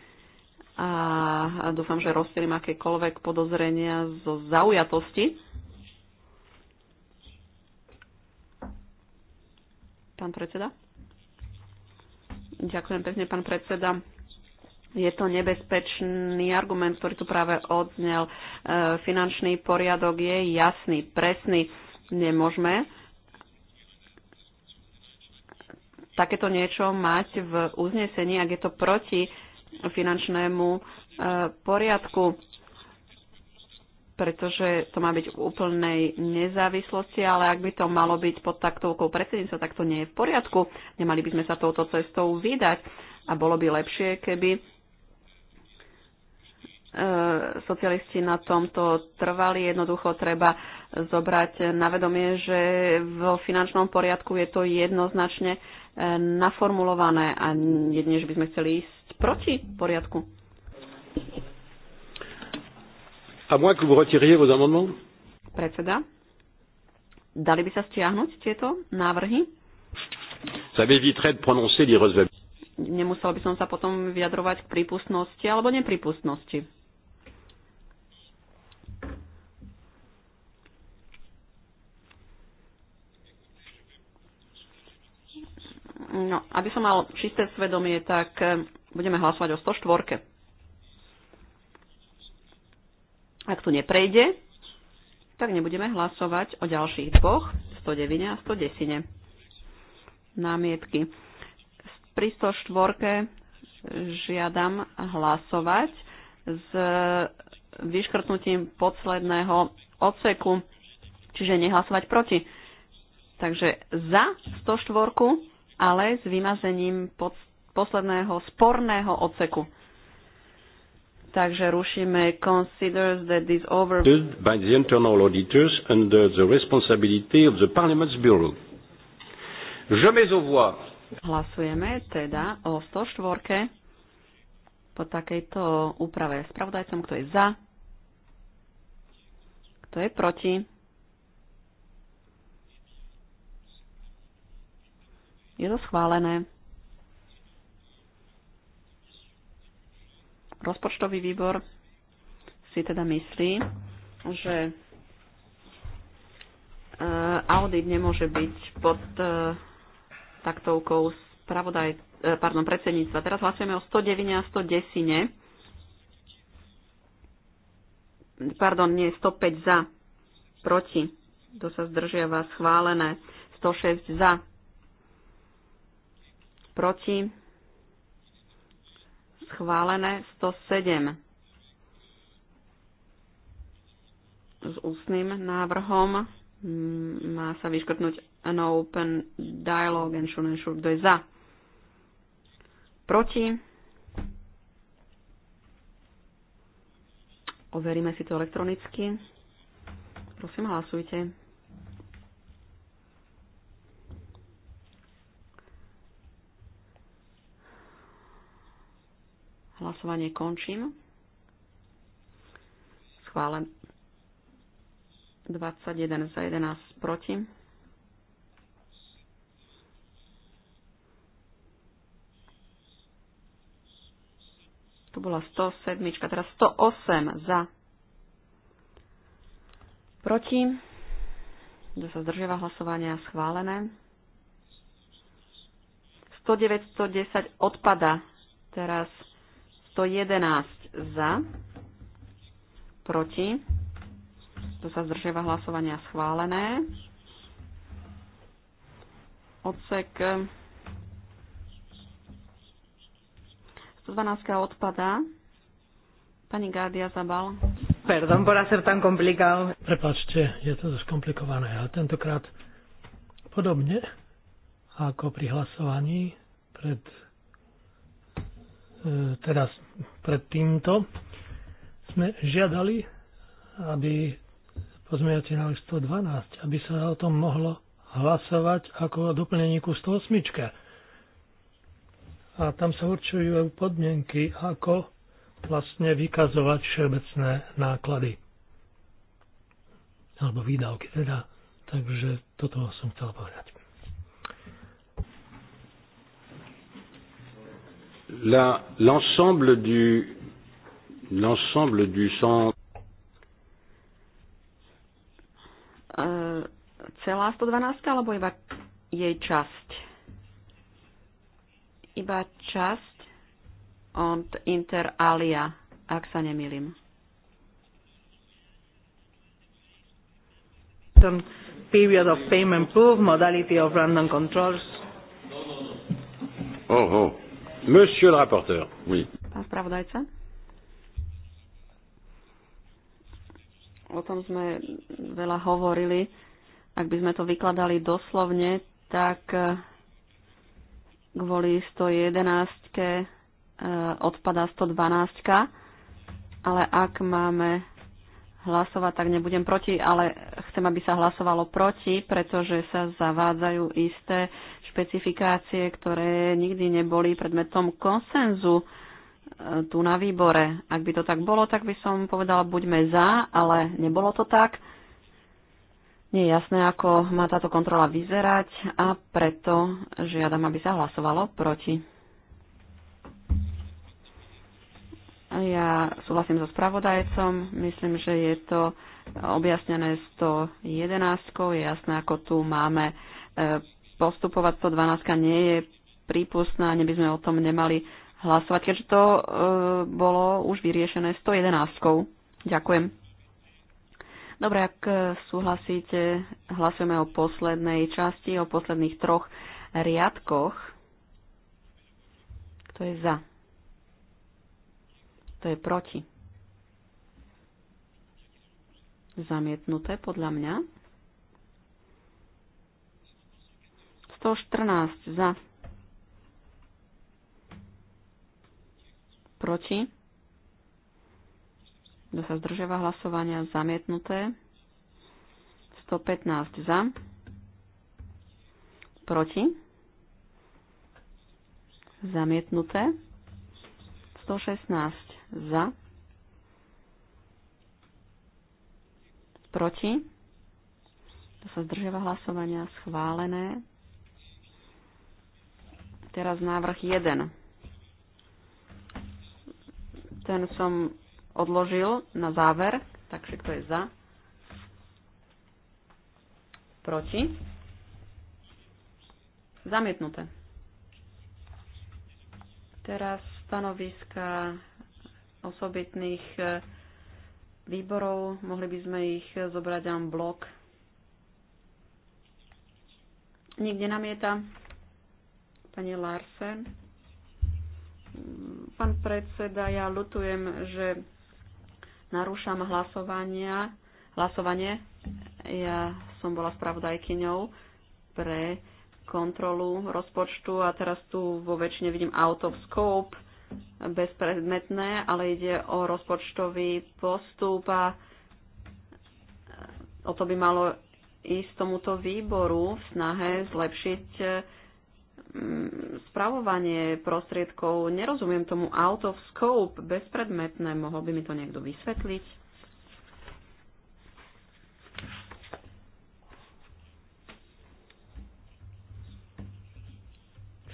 a dúfam, že rozstelím akékoľvek podozrenia zo zaujatosti. Pán predseda? Ďakujem pekne, pán predseda. Je to nebezpečný argument, ktorý tu práve odznel. E, finančný poriadok je jasný, presný. Nemôžeme takéto niečo mať v uznesení, ak je to proti finančnému e, poriadku pretože to má byť v úplnej nezávislosti, ale ak by to malo byť pod taktovkou predsedníctva, tak to nie je v poriadku. Nemali by sme sa touto cestou vydať a bolo by lepšie, keby e, socialisti na tomto trvali. Jednoducho treba zobrať na vedomie, že v finančnom poriadku je to jednoznačne e, naformulované a jedine, že by sme chceli ísť proti poriadku. À moins que vous retiriez vos amendements. Predseda, dali by sa stiahnuť tieto návrhy? Ça m'éviterait de prononcer l'irrecevabilité. Nemusel by som sa potom vyjadrovať k prípustnosti alebo neprípustnosti. No, aby som mal čisté svedomie, tak eh, budeme hlasovať o 104. Ak to neprejde, tak nebudeme hlasovať o ďalších dvoch, 109 a 110. Námietky. Pri 104 žiadam hlasovať s vyškrtnutím posledného odseku, čiže nehlasovať proti. Takže za 104, ale s vymazením posledného sporného odseku. Takže rušíme considers that this over by the internal auditors under the responsibility of the Parliament's Bureau. Je mets au voix. Hlasujeme teda o 104 po takejto úprave spravodajcom, kto je za, kto je proti. Je to schválené. Rozpočtový výbor si teda myslí, že e, audit nemôže byť pod e, taktovkou spravodaj, e, pardon, predsedníctva. Teraz hlasujeme o 109 a 110. Pardon, nie, 105 za, proti. To sa zdržiava, schválené. 106 za, proti schválené 107 s ústnym návrhom. Mm, má sa vyškrtnúť an open dialogue and should ensure, kto je za. Proti. Overíme si to elektronicky. Prosím, hlasujte. Hlasovanie končím. Schválen. 21 za 11 proti. Tu bola 107, teraz 108 za proti. Kto sa zdržiava hlasovania schválené. 109, 110 odpada. Teraz 111 za, proti, to sa zdržieva hlasovania schválené. Odsek 112 odpada. Pani Gádia Zabal. Perdón por hacer tan complicado. Prepačte, je to dosť komplikované, ale tentokrát podobne ako pri hlasovaní pred E, teraz pred týmto sme žiadali, aby pozmeňovací návrh 112, aby sa o tom mohlo hlasovať ako o doplnení ku 108. A tam sa určujú podmienky, ako vlastne vykazovať všeobecné náklady. Alebo výdavky teda. Takže toto som chcel povedať. l'ensemble du l'ensemble du centre celá 112 alebo iba jej časť? Iba časť und inter alia, ak sa nemýlim. Period of payment proof, modality of random controls. Oh, oh. Monsieur le rapporteur. Oui. Pán spravodajca. O tom sme veľa hovorili. Ak by sme to vykladali doslovne, tak eh, kvôli 111 eh, odpada 112 ale ak máme hlasovať, tak nebudem proti, ale chcem, aby sa hlasovalo proti, pretože sa zavádzajú isté špecifikácie, ktoré nikdy neboli predmetom konsenzu e, tu na výbore. Ak by to tak bolo, tak by som povedala, buďme za, ale nebolo to tak. Nie je jasné, ako má táto kontrola vyzerať a preto žiadam, aby sa hlasovalo proti. Ja súhlasím so spravodajcom. Myslím, že je to objasnené 111. Je jasné, ako tu máme e, postupovať 112 nie je prípustná, by sme o tom nemali hlasovať, keďže to e, bolo už vyriešené 111. Ďakujem. Dobre, ak súhlasíte, hlasujeme o poslednej časti, o posledných troch riadkoch. Kto je za? Kto je proti? Zamietnuté podľa mňa. 114 za. Proti. Kto sa zdržiava hlasovania zamietnuté. 115 za. Proti. Zamietnuté. 116 za. Proti. Kto sa zdržiava hlasovania schválené. Teraz návrh 1. Ten som odložil na záver, takže kto je za? Proti? Zamietnuté. Teraz stanoviska osobitných e, výborov. Mohli by sme ich zobrať na blok. Nikde namieta. Pani Larsen. Pán predseda, ja lutujem, že narúšam hlasovania, hlasovanie. Ja som bola spravodajkyňou pre kontrolu rozpočtu a teraz tu vo väčšine vidím out of scope, bezpredmetné, ale ide o rozpočtový postup a e, o to by malo ísť tomuto výboru v snahe zlepšiť e, Mm, spravovanie prostriedkov, nerozumiem tomu out of scope, bezpredmetné, mohol by mi to niekto vysvetliť?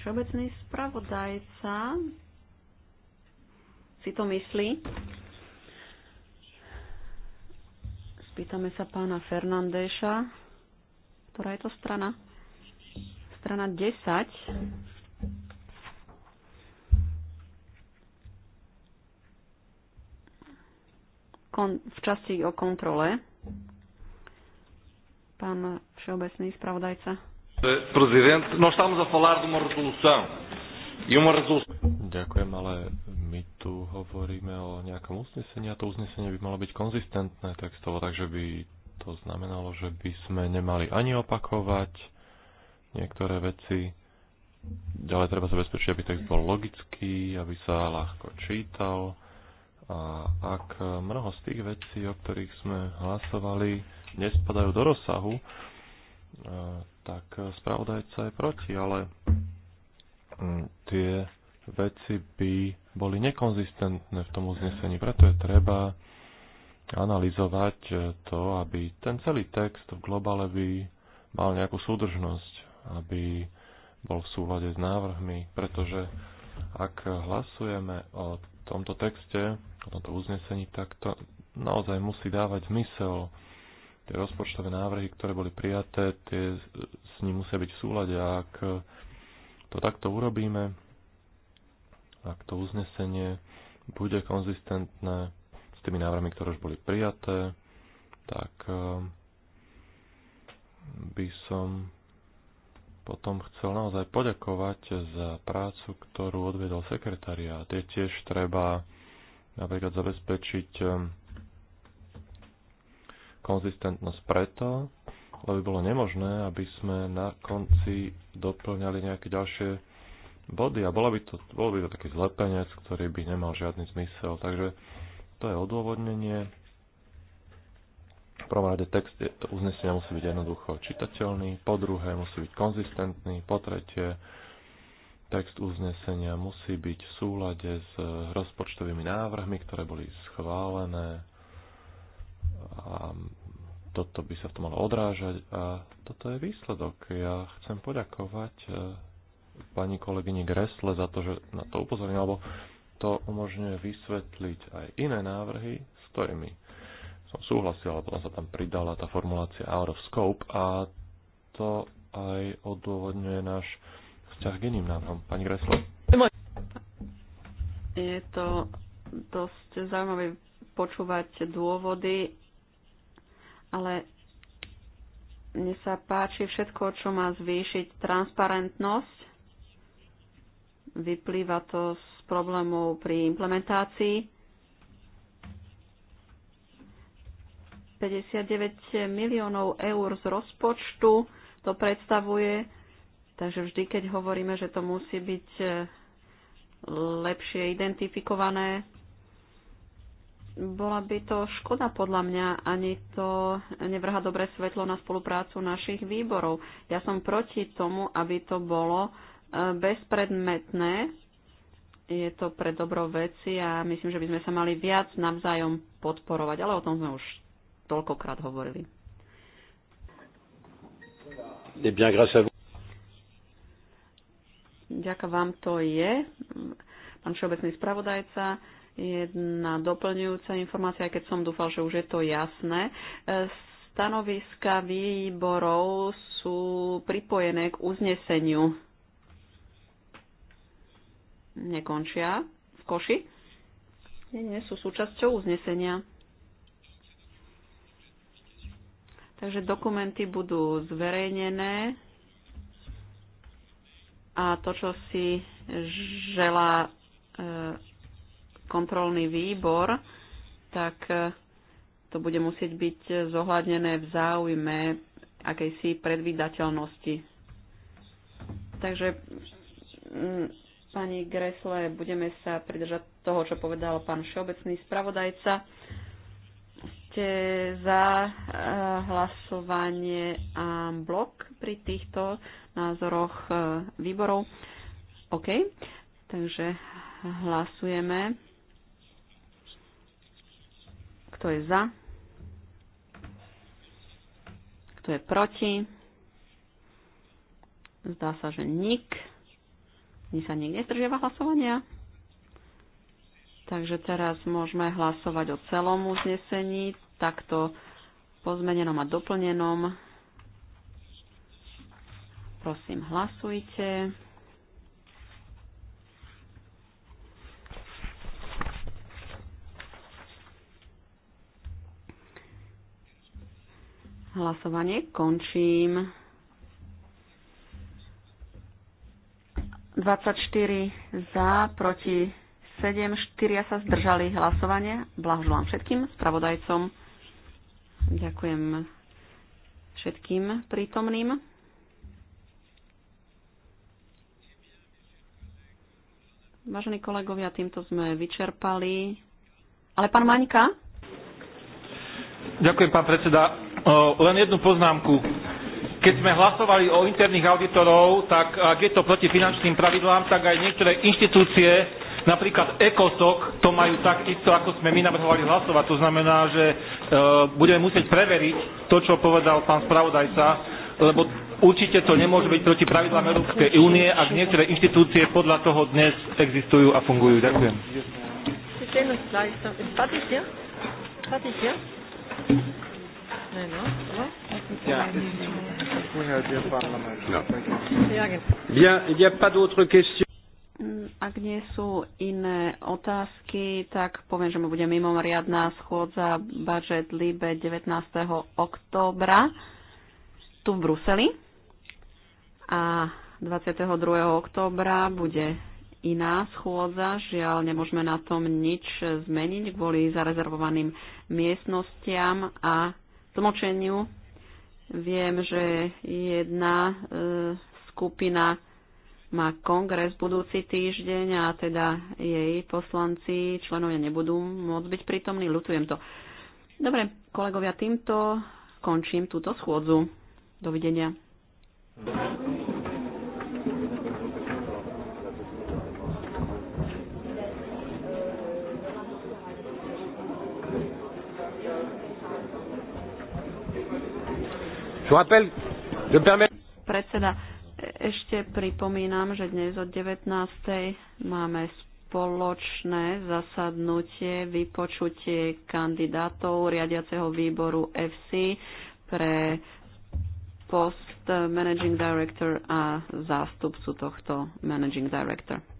Všeobecný spravodajca si to myslí. Spýtame sa pána Fernandéša, ktorá je to strana. Strana 10. Kon, v časti o kontrole. Pán všeobecný spravodajca. Eh, prezident, no estamos za falar de uma resolução. E uma resolução... Ďakujem, ale my tu hovoríme o nejakom uznesení a to uznesenie by malo byť konzistentné textovo, takže by to znamenalo, že by sme nemali ani opakovať niektoré veci. Ďalej treba zabezpečiť, aby text bol logický, aby sa ľahko čítal. A ak mnoho z tých vecí, o ktorých sme hlasovali, nespadajú do rozsahu, e, tak spravodajca je proti, ale mm, tie veci by boli nekonzistentné v tom uznesení. Preto je treba analyzovať to, aby ten celý text v globále by mal nejakú súdržnosť aby bol v súlade s návrhmi, pretože ak hlasujeme o tomto texte, o tomto uznesení, tak to naozaj musí dávať zmysel. Tie rozpočtové návrhy, ktoré boli prijaté, tie s ním musia byť v súlade. A ak to takto urobíme, ak to uznesenie bude konzistentné s tými návrhmi, ktoré už boli prijaté, tak eh, by som potom chcel naozaj poďakovať za prácu, ktorú odvedol sekretariát. Je tiež treba napríklad zabezpečiť ehm, konzistentnosť preto, lebo by bolo nemožné, aby sme na konci doplňali nejaké ďalšie body a bolo by to, bolo by to taký zlepenec, ktorý by nemal žiadny zmysel. Takže to je odôvodnenie prvom rade text uznesenia musí byť jednoducho čitateľný, po druhé musí byť konzistentný, po tretie text uznesenia musí byť v súlade s rozpočtovými návrhmi, ktoré boli schválené a toto by sa v tom malo odrážať a toto je výsledok. Ja chcem poďakovať e, pani kolegyni Gresle za to, že na to upozornila, lebo to umožňuje vysvetliť aj iné návrhy, s ktorými som súhlasil, ale potom sa tam pridala tá formulácia out of scope a to aj odôvodňuje náš vzťah k iným návrhom. Pani Greslo. Je to dosť zaujímavé počúvať dôvody, ale mne sa páči všetko, čo má zvýšiť transparentnosť. Vyplýva to z problémov pri implementácii 59 miliónov eur z rozpočtu to predstavuje. Takže vždy, keď hovoríme, že to musí byť e, lepšie identifikované, bola by to škoda podľa mňa, ani to nevrha dobré svetlo na spoluprácu našich výborov. Ja som proti tomu, aby to bolo e, bezpredmetné. Je to pre dobro veci a myslím, že by sme sa mali viac navzájom podporovať, ale o tom sme už toľkokrát hovorili. Eh Ďakujem vám, to je mm, pán všeobecný spravodajca. Jedna doplňujúca informácia, aj keď som dúfal, že už je to jasné. Stanoviska výborov sú pripojené k uzneseniu. Nekončia v koši. Nie, nie, sú súčasťou uznesenia. Takže dokumenty budú zverejnené a to, čo si želá e, kontrolný výbor, tak e, to bude musieť byť zohľadnené v záujme akejsi predvídateľnosti. Takže mm, pani Gresle, budeme sa pridržať toho, čo povedal pán všeobecný spravodajca ste za eh, hlasovanie a blok pri týchto názoroch eh, výborov? OK, takže hlasujeme. Kto je za? Kto je proti? Zdá sa, že nik. Ni sa nik nestržiava hlasovania. Takže teraz môžeme hlasovať o celom uznesení takto pozmenenom a doplnenom. Prosím, hlasujte. Hlasovanie končím. 24 za, proti 7, 4 sa zdržali hlasovanie. Blahoželám všetkým spravodajcom. Ďakujem všetkým prítomným. Vážení kolegovia, týmto sme vyčerpali. Ale pán Maňka? Ďakujem, pán predseda. Len jednu poznámku. Keď sme hlasovali o interných auditorov, tak ak je to proti finančným pravidlám, tak aj niektoré inštitúcie Napríklad ECOSOC, to majú takisto, ako sme my navrhovali hlasovať. To znamená, že e, budeme musieť preveriť to, čo povedal pán spravodajca, lebo určite to nemôže byť proti pravidlám Európskej únie, ak niektoré inštitúcie podľa toho dnes existujú a fungujú. Ďakujem. il n'y a pas d'autres questions. Mm, ak nie sú iné otázky, tak poviem, že mu bude mimoriadná schôdza budget LIBE 19. októbra tu v Bruseli a 22. októbra bude iná schôdza. Žiaľ, nemôžeme na tom nič zmeniť kvôli zarezervovaným miestnostiam a tlmočeniu. Viem, že jedna e, skupina má kongres budúci týždeň a teda jej poslanci, členovia nebudú môcť byť prítomní. Lutujem to. Dobre, kolegovia, týmto končím túto schôdzu. Dovidenia. Je rappelle, je permets... Ešte pripomínam, že dnes od 19. máme spoločné zasadnutie, vypočutie kandidátov riadiaceho výboru FC pre post managing director a zástupcu tohto managing director.